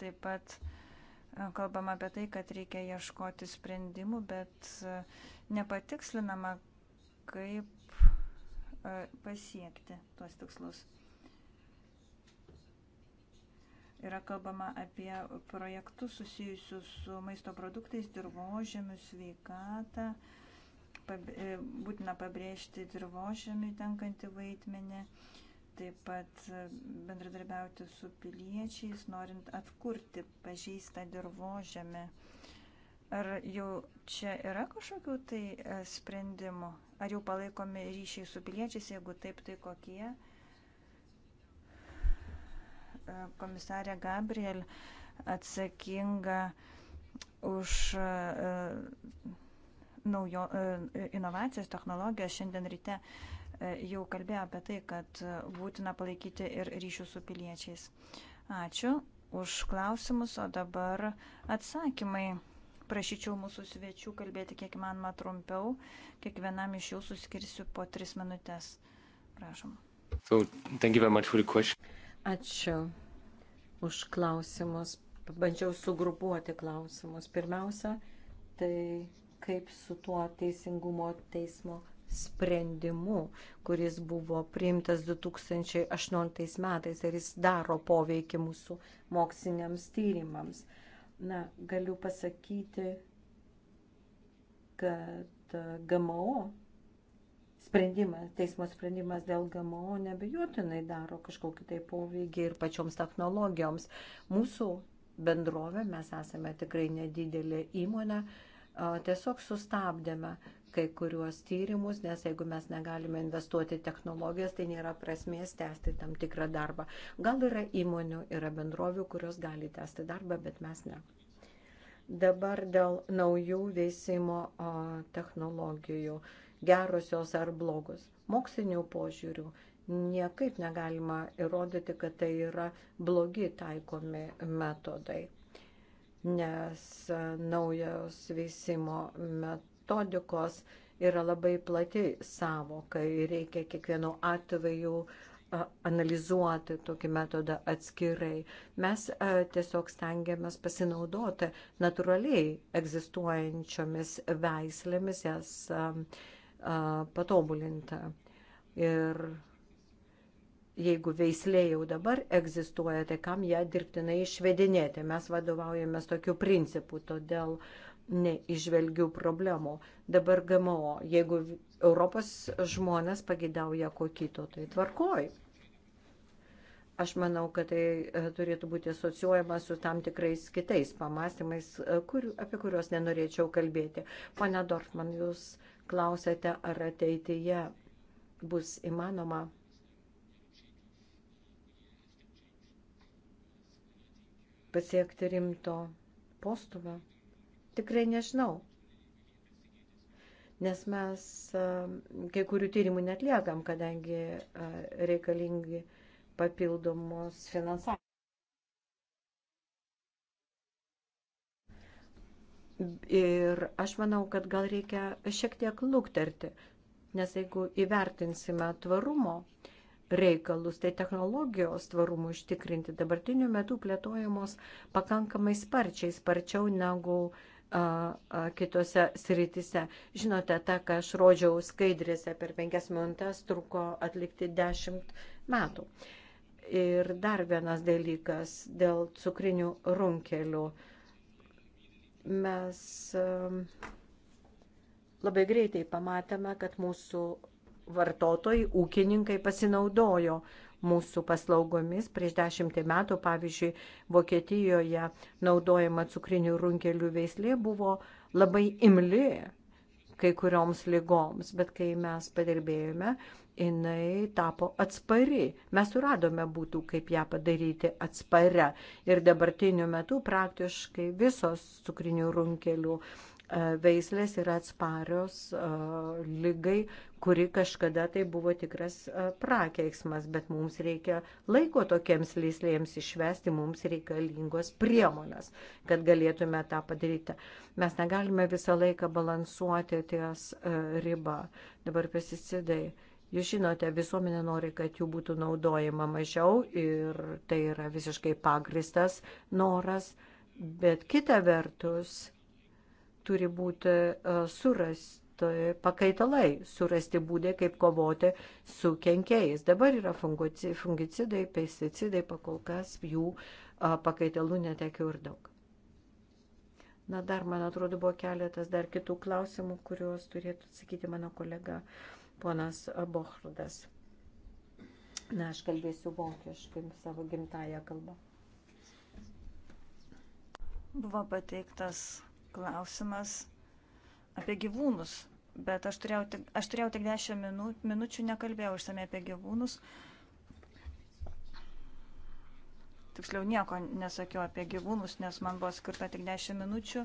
Speaker 2: taip pat e, kalbam apie tai, kad reikia ieškoti sprendimų, bet e, nepatikslinama, kaip E, pasiekti tuos tikslus. Yra kalbama apie projektus susijusius su maisto produktais, dirbožėmių, sveikatą. E, būtina pabrėžti dirbožėmių tenkantį vaidmenį, taip pat e, bendradarbiauti su piliečiais, norint atkurti pažeistą dirbožėmį. Ar jau čia yra kažkokių tai e, sprendimų? Ar jau palaikome ryšiai su piliečiais, jeigu taip, tai kokie? E, komisarė Gabriel atsakinga už e, naujo, inovacijas, technologijas. Šiandien ryte jau kalbėjo apie tai, kad būtina palaikyti ir ryšių su piliečiais. Ačiū už klausimus, o dabar atsakymai. Prašyčiau mūsų svečių kalbėti kiek manoma trumpiau. Kiekvienam iš jų suskirsiu po tris minutės. Prašom. So, Ačiū už klausimus. Pabandžiau
Speaker 3: sugrupuoti klausimus. Pirmiausia, tai kaip su tuo teisingumo teismo sprendimu, kuris buvo priimtas 2018 metais ir jis daro poveikį mūsų moksliniams tyrimams. Na, galiu pasakyti, kad e, GMO sprendimas, teismo sprendimas dėl GMO nebejotinai daro kažkokį tai poveikį ir pačioms technologijoms. Mūsų bendrovė, mes esame tikrai nedidelė įmonė, tiesiog sustabdėme kai kuriuos tyrimus, nes jeigu mes negalime investuoti technologijas, tai nėra prasmės tęsti tam tikrą darbą. Gal yra įmonių, yra bendrovių, kurios gali tęsti darbą, bet mes ne. Dabar dėl naujų veisimo technologijų, gerosios ar blogus. Mokslinių požiūrių niekaip negalima įrodyti, kad tai yra blogi taikomi metodai, nes naujos veisimo metodai metodikos yra labai plati savoka ir reikia kiekvienu atveju analizuoti tokį metodą atskirai. Mes tiesiog stengiamės pasinaudoti natūraliai egzistuojančiomis veislėmis, jas patobulinti. Ir jeigu veislė jau dabar egzistuoja, tai kam ją dirbtinai išvedinėti? Mes vadovaujamės tokiu principu, todėl uh, neižvelgiu problemų. Dabar GMO, jeigu Europos žmonės pagidauja ko kito, tai tvarkoj. Aš manau, kad tai e, turėtų būti asociuojama su tam tikrais kitais pamastymais, e, kur, apie kuriuos nenorėčiau kalbėti. Pane Dorfman, jūs klausėte, ar ateityje bus įmanoma pasiekti rimto postumio. Tikrai nežinau. Nes mes kai kurių tyrimų netliekam, kadangi reikalingi papildomos finansavimo. Ir aš manau, kad gal reikia šiek tiek lūkterti, nes jeigu įvertinsime tvarumo reikalus, tai technologijos tvarumų užtikrinti dabartiniu metu plėtojamos pakankamai sparčiai, sparčiau negu uh, kitose sritise. Žinote, ta, ką aš rodžiau skaidrėse per penkias minutės, truko atlikti dešimt metų. Ir dar vienas dalykas dėl cukrinių runkelių. Mes labai greitai pamatėme, kad mūsų vartotojai, ūkininkai pasinaudojo mūsų paslaugomis. Prieš dešimtį metų, pavyzdžiui, Vokietijoje naudojama cukrinių runkelių veislė buvo labai imli kai kurioms lygoms, bet kai mes padirbėjome, jinai tapo atspari. Mes suradome būtų, kaip ją padaryti atsparę. Ir dabartiniu metu praktiškai visos cukrinių runkelių uh, E, veislės yra atsparios e, lygai, kuri kažkada tai buvo tikras e, prakeiksmas, bet mums reikia laiko tokiems lyslėms išvesti, mums reikalingos priemonės, kad galėtume tą padaryti. Mes negalime visą laiką balansuoti ties riba. Dabar pesticidai. Jūs žinote, visuomenė nori, kad jų būtų naudojama mažiau ir tai yra visiškai pagristas noras, bet kita vertus turi būti e, surasti pakaitalai, surasti būdai, kaip kovoti su kenkėjais. Dabar yra fungicidai, pesticidai, pakol kas jų e, pakaitalų netekiau ir daug. Na, dar, man atrodo, buvo keletas dar kitų klausimų, kuriuos turėtų atsakyti mano kolega ponas e, Bohrudas. Na, aš kalbėsiu
Speaker 2: vokiškai savo gimtają kalbą. Buvo pateiktas klausimas apie gyvūnus, bet aš turėjau tik, aš turėjau tik 10 minu, minučių, nekalbėjau išsamei apie gyvūnus. Tiksliau nieko nesakiau apie gyvūnus, nes man buvo skirta tik 10 minučių,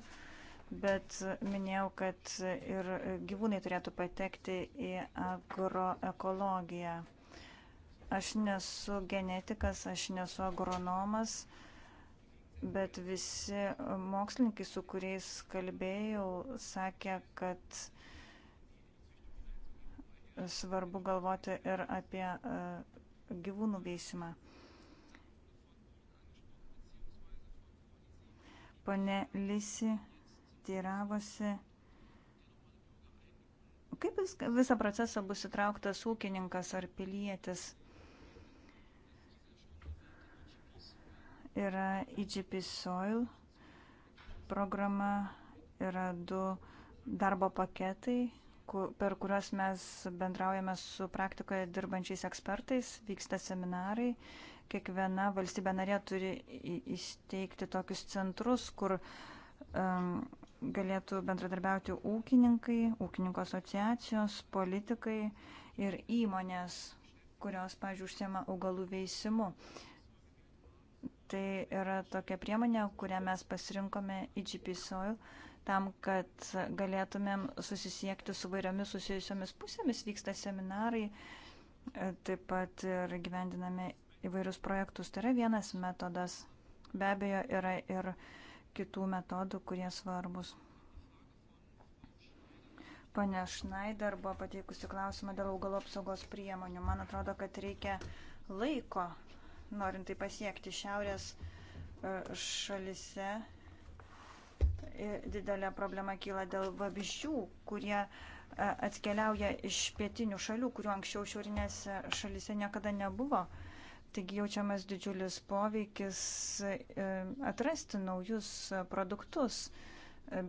Speaker 2: bet minėjau, kad ir gyvūnai turėtų patekti į agroekologiją. Aš nesu genetikas, aš nesu agronomas bet visi mokslininkai, su kuriais kalbėjau, sakė, kad svarbu galvoti ir apie e, gyvūnų veisimą. Pane Lisi tyravosi, kaip visą procesą bus įtrauktas ūkininkas ar pilietis. yra EGP Soil programa, yra du darbo paketai, per kuriuos mes bendraujame su praktikoje dirbančiais ekspertais, vyksta seminarai. Kiekviena valstybė narė turi įsteigti tokius centrus, kur um, galėtų bendradarbiauti ūkininkai, ūkininkų asociacijos, politikai ir įmonės, kurios, pažiūrėjau, užsiema augalų veisimu. Uh, Tai yra tokia priemonė, kurią mes pasirinkome EGP Soil tam, kad galėtumėm susisiekti su vairiomis susijusiomis pusėmis, vyksta seminarai, taip pat ir gyvendiname įvairius projektus. Tai yra vienas metodas. Be abejo, yra ir kitų metodų, kurie svarbus. Pane Šnaider buvo pateikusi klausimą dėl augalo apsaugos priemonių. Man atrodo, kad reikia laiko norint tai pasiekti šiaurės e, šalise. E, didelė problema kyla dėl vabzdžių, kurie e, atkeliauja iš pietinių šalių, kurių anksčiau šiaurinėse šalise niekada nebuvo. Taigi jaučiamas didžiulis poveikis atrasti naujus produktus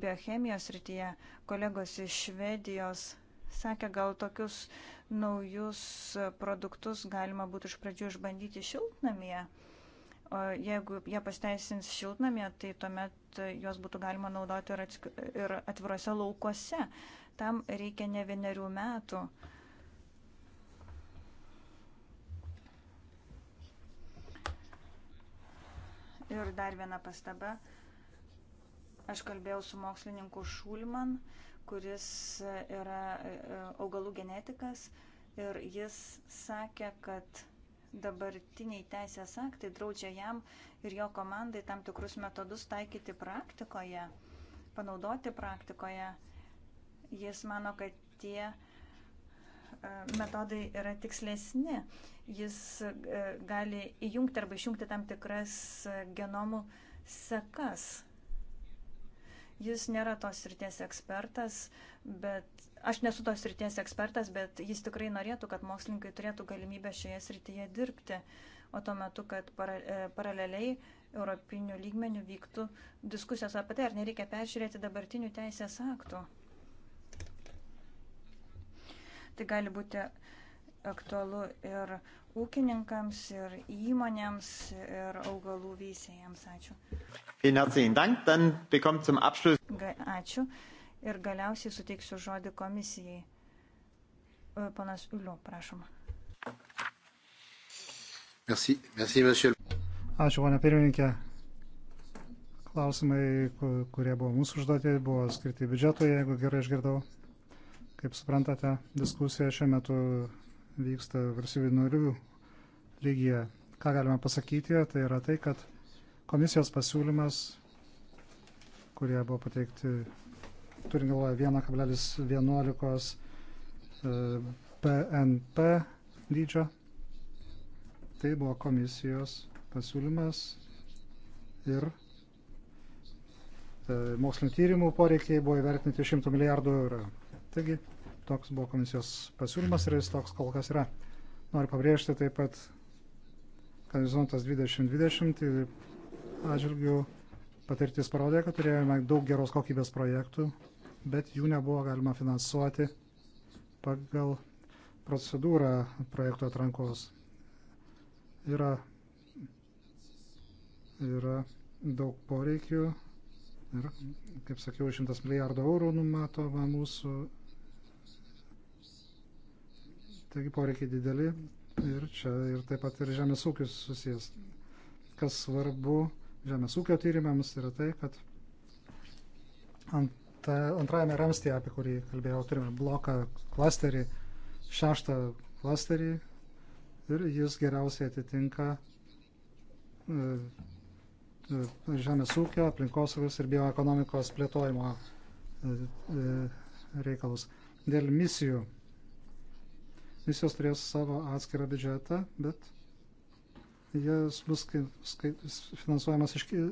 Speaker 2: biochemijos rytyje. Kolegos iš Švedijos sakė, gal tokius naujus produktus galima būtų iš pradžių išbandyti šiltnamyje. O jeigu jie pasteisins šiltnamyje, tai tuomet juos būtų galima naudoti ir, atsk... ir atvirose laukuose. Tam reikia ne vienerių metų. Ir dar viena pastaba. Aš kalbėjau su mokslininku Šulman. Uh, kuris yra e, e, augalų genetikas ir jis sakė, kad dabartiniai teisės aktai draudžia jam ir jo komandai tam tikrus metodus taikyti praktikoje, panaudoti praktikoje. Jis mano, kad tie e, metodai yra tikslesni. Jis gali įjungti arba išjungti tam tikras genomų sekas. Jis nėra tos ryties ekspertas, bet aš nesu tos ryties ekspertas, bet jis tikrai norėtų, kad mokslininkai turėtų galimybę šioje srityje dirbti, o tuo metu, kad para, e, paraleliai europinių lygmenių vyktų diskusijos apie tai, ar nereikia peržiūrėti dabartinių teisės aktų. Tai gali būti aktualu ir ūkininkams, ir įmonėms, ir augalų veisėjams. Ačiū.
Speaker 4: Vielen herzlichen Dank. Dann bekommt zum Abschluss.
Speaker 2: Ačiū. Ir galiausiai suteiksiu žodį komisijai. E, Panas Ulio, prašom.
Speaker 1: Merci, merci, monsieur. Ačiū, ponia pirmininkė. Klausimai, kurie buvo mūsų užduoti, buvo skirti biudžetui, jeigu gerai išgirdau. Kaip suprantate, diskusija šiuo metu vyksta valstybių narių lygyje. Ką galime pasakyti, tai yra tai, kad Komisijos pasiūlymas, kurie buvo pateikti, turint galvoje 1,11 e, PNP dydžio, tai buvo komisijos pasiūlymas ir e, mokslinio tyrimų poreikiai buvo įvertinti 100 milijardų eurų. Taigi, toks buvo komisijos pasiūlymas ir jis toks kol kas yra. Noriu pabrėžti taip pat, kad horizontas 2020 ir atžvilgių patirtis parodė, kad turėjome daug geros kokybės projektų, bet jų nebuvo galima finansuoti pagal procedūrą projektų atrankos. Yra, yra daug poreikių ir, kaip sakiau, 100 milijardų eurų numatoma mūsų. Taigi poreikiai dideli ir čia ir taip pat ir žemės ūkis susijęs. Kas svarbu, žemės ūkio tyrimams yra tai, kad ant, antrajame ramstėje, apie kurį kalbėjau, turime bloką klasterį, šeštą klasterį ir jis geriausiai atitinka e, e, žemės ūkio, aplinkosaugos ir bioekonomikos plėtojimo e, reikalus. Dėl misijų. Misijos turės savo atskirą biudžetą, bet jas bus finansuojamas iš e,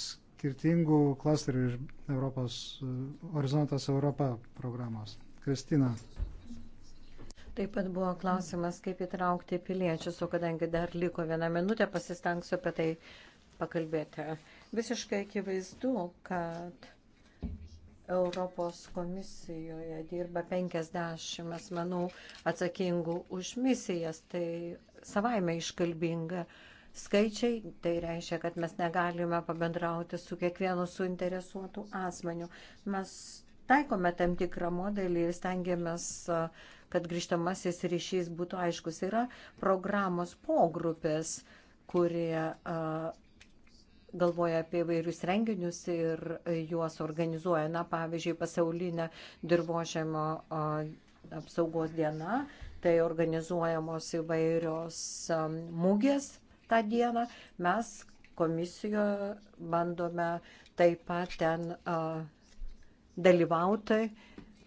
Speaker 1: skirtingų klasterių iš Europos e, Horizontas Europa programos. Kristina.
Speaker 3: Taip pat buvo klausimas, kaip įtraukti piliečius, o kadangi dar liko vieną minutę, pasistengsiu apie tai pakalbėti. Visiškai akivaizdu, kad Europos komisijoje dirba 50 asmenų atsakingų už misijas. Tai savaime iškalbinga skaičiai, tai reiškia, kad mes negalime pabendrauti su kiekvienu suinteresuotu asmeniu. Mes taikome tam tikrą modelį ir stengiamės, kad grįžtamasis ryšys būtų aiškus. Yra programos pogrupės, kurie galvoja apie vairius renginius ir e, juos organizuoja. Na, pavyzdžiui, pasaulinė dirbožėmo apsaugos diena, tai organizuojamos įvairios mūgės tą dieną. Mes komisijoje bandome taip pat ten dalyvauti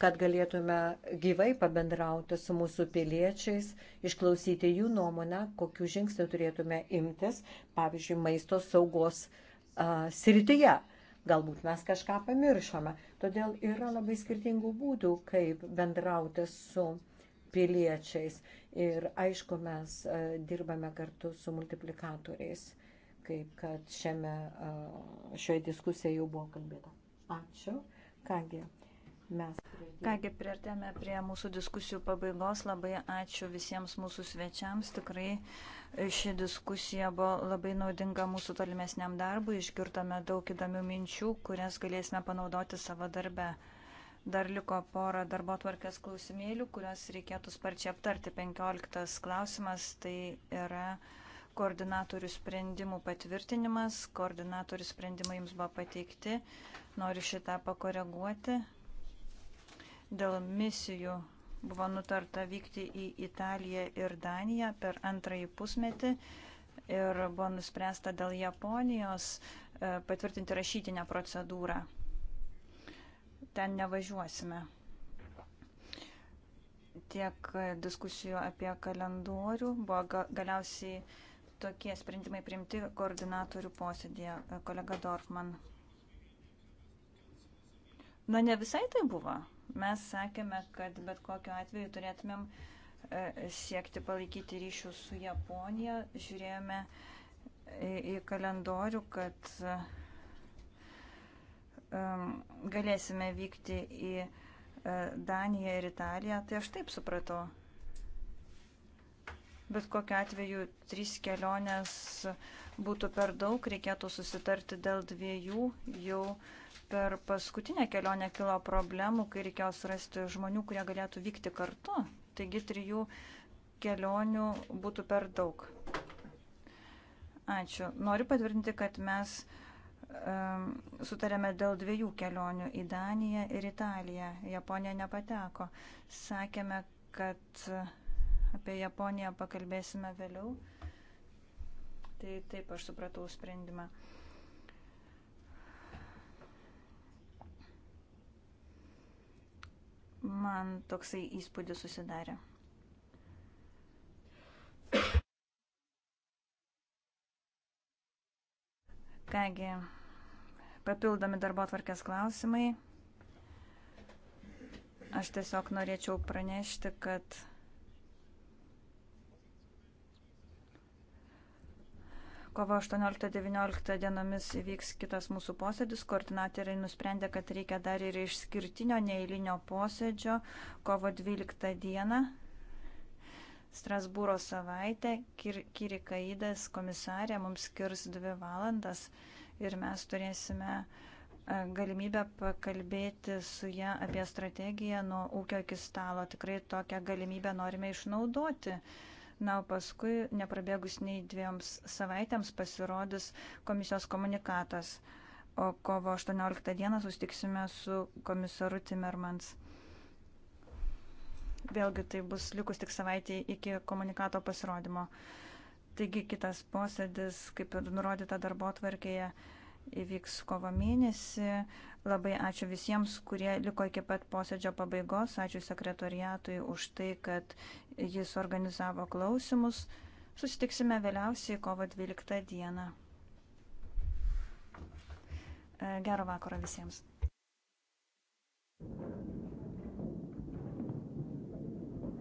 Speaker 3: kad galėtume gyvai pabendrauti su mūsų piliečiais, išklausyti jų nuomonę, kokiu žingsniu turėtume imtis, pavyzdžiui, maisto saugos a, srityje. Galbūt mes kažką pamiršome. Todėl yra labai skirtingų būdų, kaip bendrauti su piliečiais. Ir aišku, mes a, dirbame kartu su multiplikatoriais, kaip kad šiame, a, šioje diskusijoje jau buvo kalbėta. Ačiū. Kągi mes.
Speaker 2: Kągi, priartėme prie mūsų diskusijų pabaigos. Labai ačiū visiems mūsų svečiams. Tikrai e, ši diskusija buvo labai naudinga mūsų tolimesniam darbui. Išgirtame daug įdomių minčių, kurias galėsime panaudoti savo darbe. Dar liko pora darbo tvarkės klausimėlių, kurias reikėtų sparčiai aptarti. 15 klausimas tai yra koordinatorių sprendimų patvirtinimas. Koordinatorių sprendimai jums buvo pateikti. Noriu šitą pakoreguoti. Dėl misijų buvo nutarta vykti į Italiją ir Daniją per antrąjį pusmetį ir buvo nuspręsta dėl Japonijos e, patvirtinti rašytinę procedūrą. Ten nevažiuosime. Tiek diskusijų apie kalendorių buvo galiausiai tokie sprendimai priimti koordinatorių posėdėje, e, kolega Dorfman. Na, ne visai tai buvo. Mes sakėme, kad bet kokiu atveju turėtumėm e, siekti palaikyti ryšių su Japonija. Žiūrėjome e, į kalendorių, kad e, galėsime vykti į Daniją ir Italiją. Tai aš taip supratau. Bet kokiu atveju trys kelionės būtų per daug, reikėtų susitarti dėl dviejų jau uh, per paskutinę kelionę kilo problemų, kai reikėjo surasti žmonių, kurie galėtų vykti kartu. Taigi trijų kelionių būtų per daug. Ačiū. Noriu patvirtinti, kad mes um, sutarėme dėl dviejų kelionių į Daniją ir Italiją. Japonija nepateko. Sakėme, kad apie Japoniją pakalbėsime vėliau. Tai taip aš supratau sprendimą. Man toksai įspūdis susidarė. Kągi, papildomi darbo atvarkės klausimai. Aš tiesiog norėčiau pranešti, kad Kovo 18-19 dienomis įvyks kitas mūsų posėdis. Koordinatoriai nusprendė, kad reikia dar ir išskirtinio neįlinio posėdžio kovo 12 dieną. Strasbūro savaitė Kir Kirikaidas komisarė mums skirs dvi valandas ir mes turėsime e, galimybę pakalbėti su ją apie strategiją nuo ūkio iki stalo. Tikrai tokią galimybę norime išnaudoti. Na, o paskui, neprabėgus nei dviems savaitėms, pasirodys komisijos komunikatas. O kovo 18 dieną sustiksime su komisaru Timmermans. Vėlgi tai bus likus tik savaitė iki komunikato pasirodymo. Taigi kitas posėdis, kaip ir nurodyta darbo tvarkėje, įvyks kovo mėnesį. Labai ačiū visiems, kurie liko iki pat posėdžio pabaigos. Ačiū sekretoriatui už tai, kad jis organizavo klausimus. Susitiksime vėliausiai kovo 12 dieną. Gero vakaro visiems. Thank you.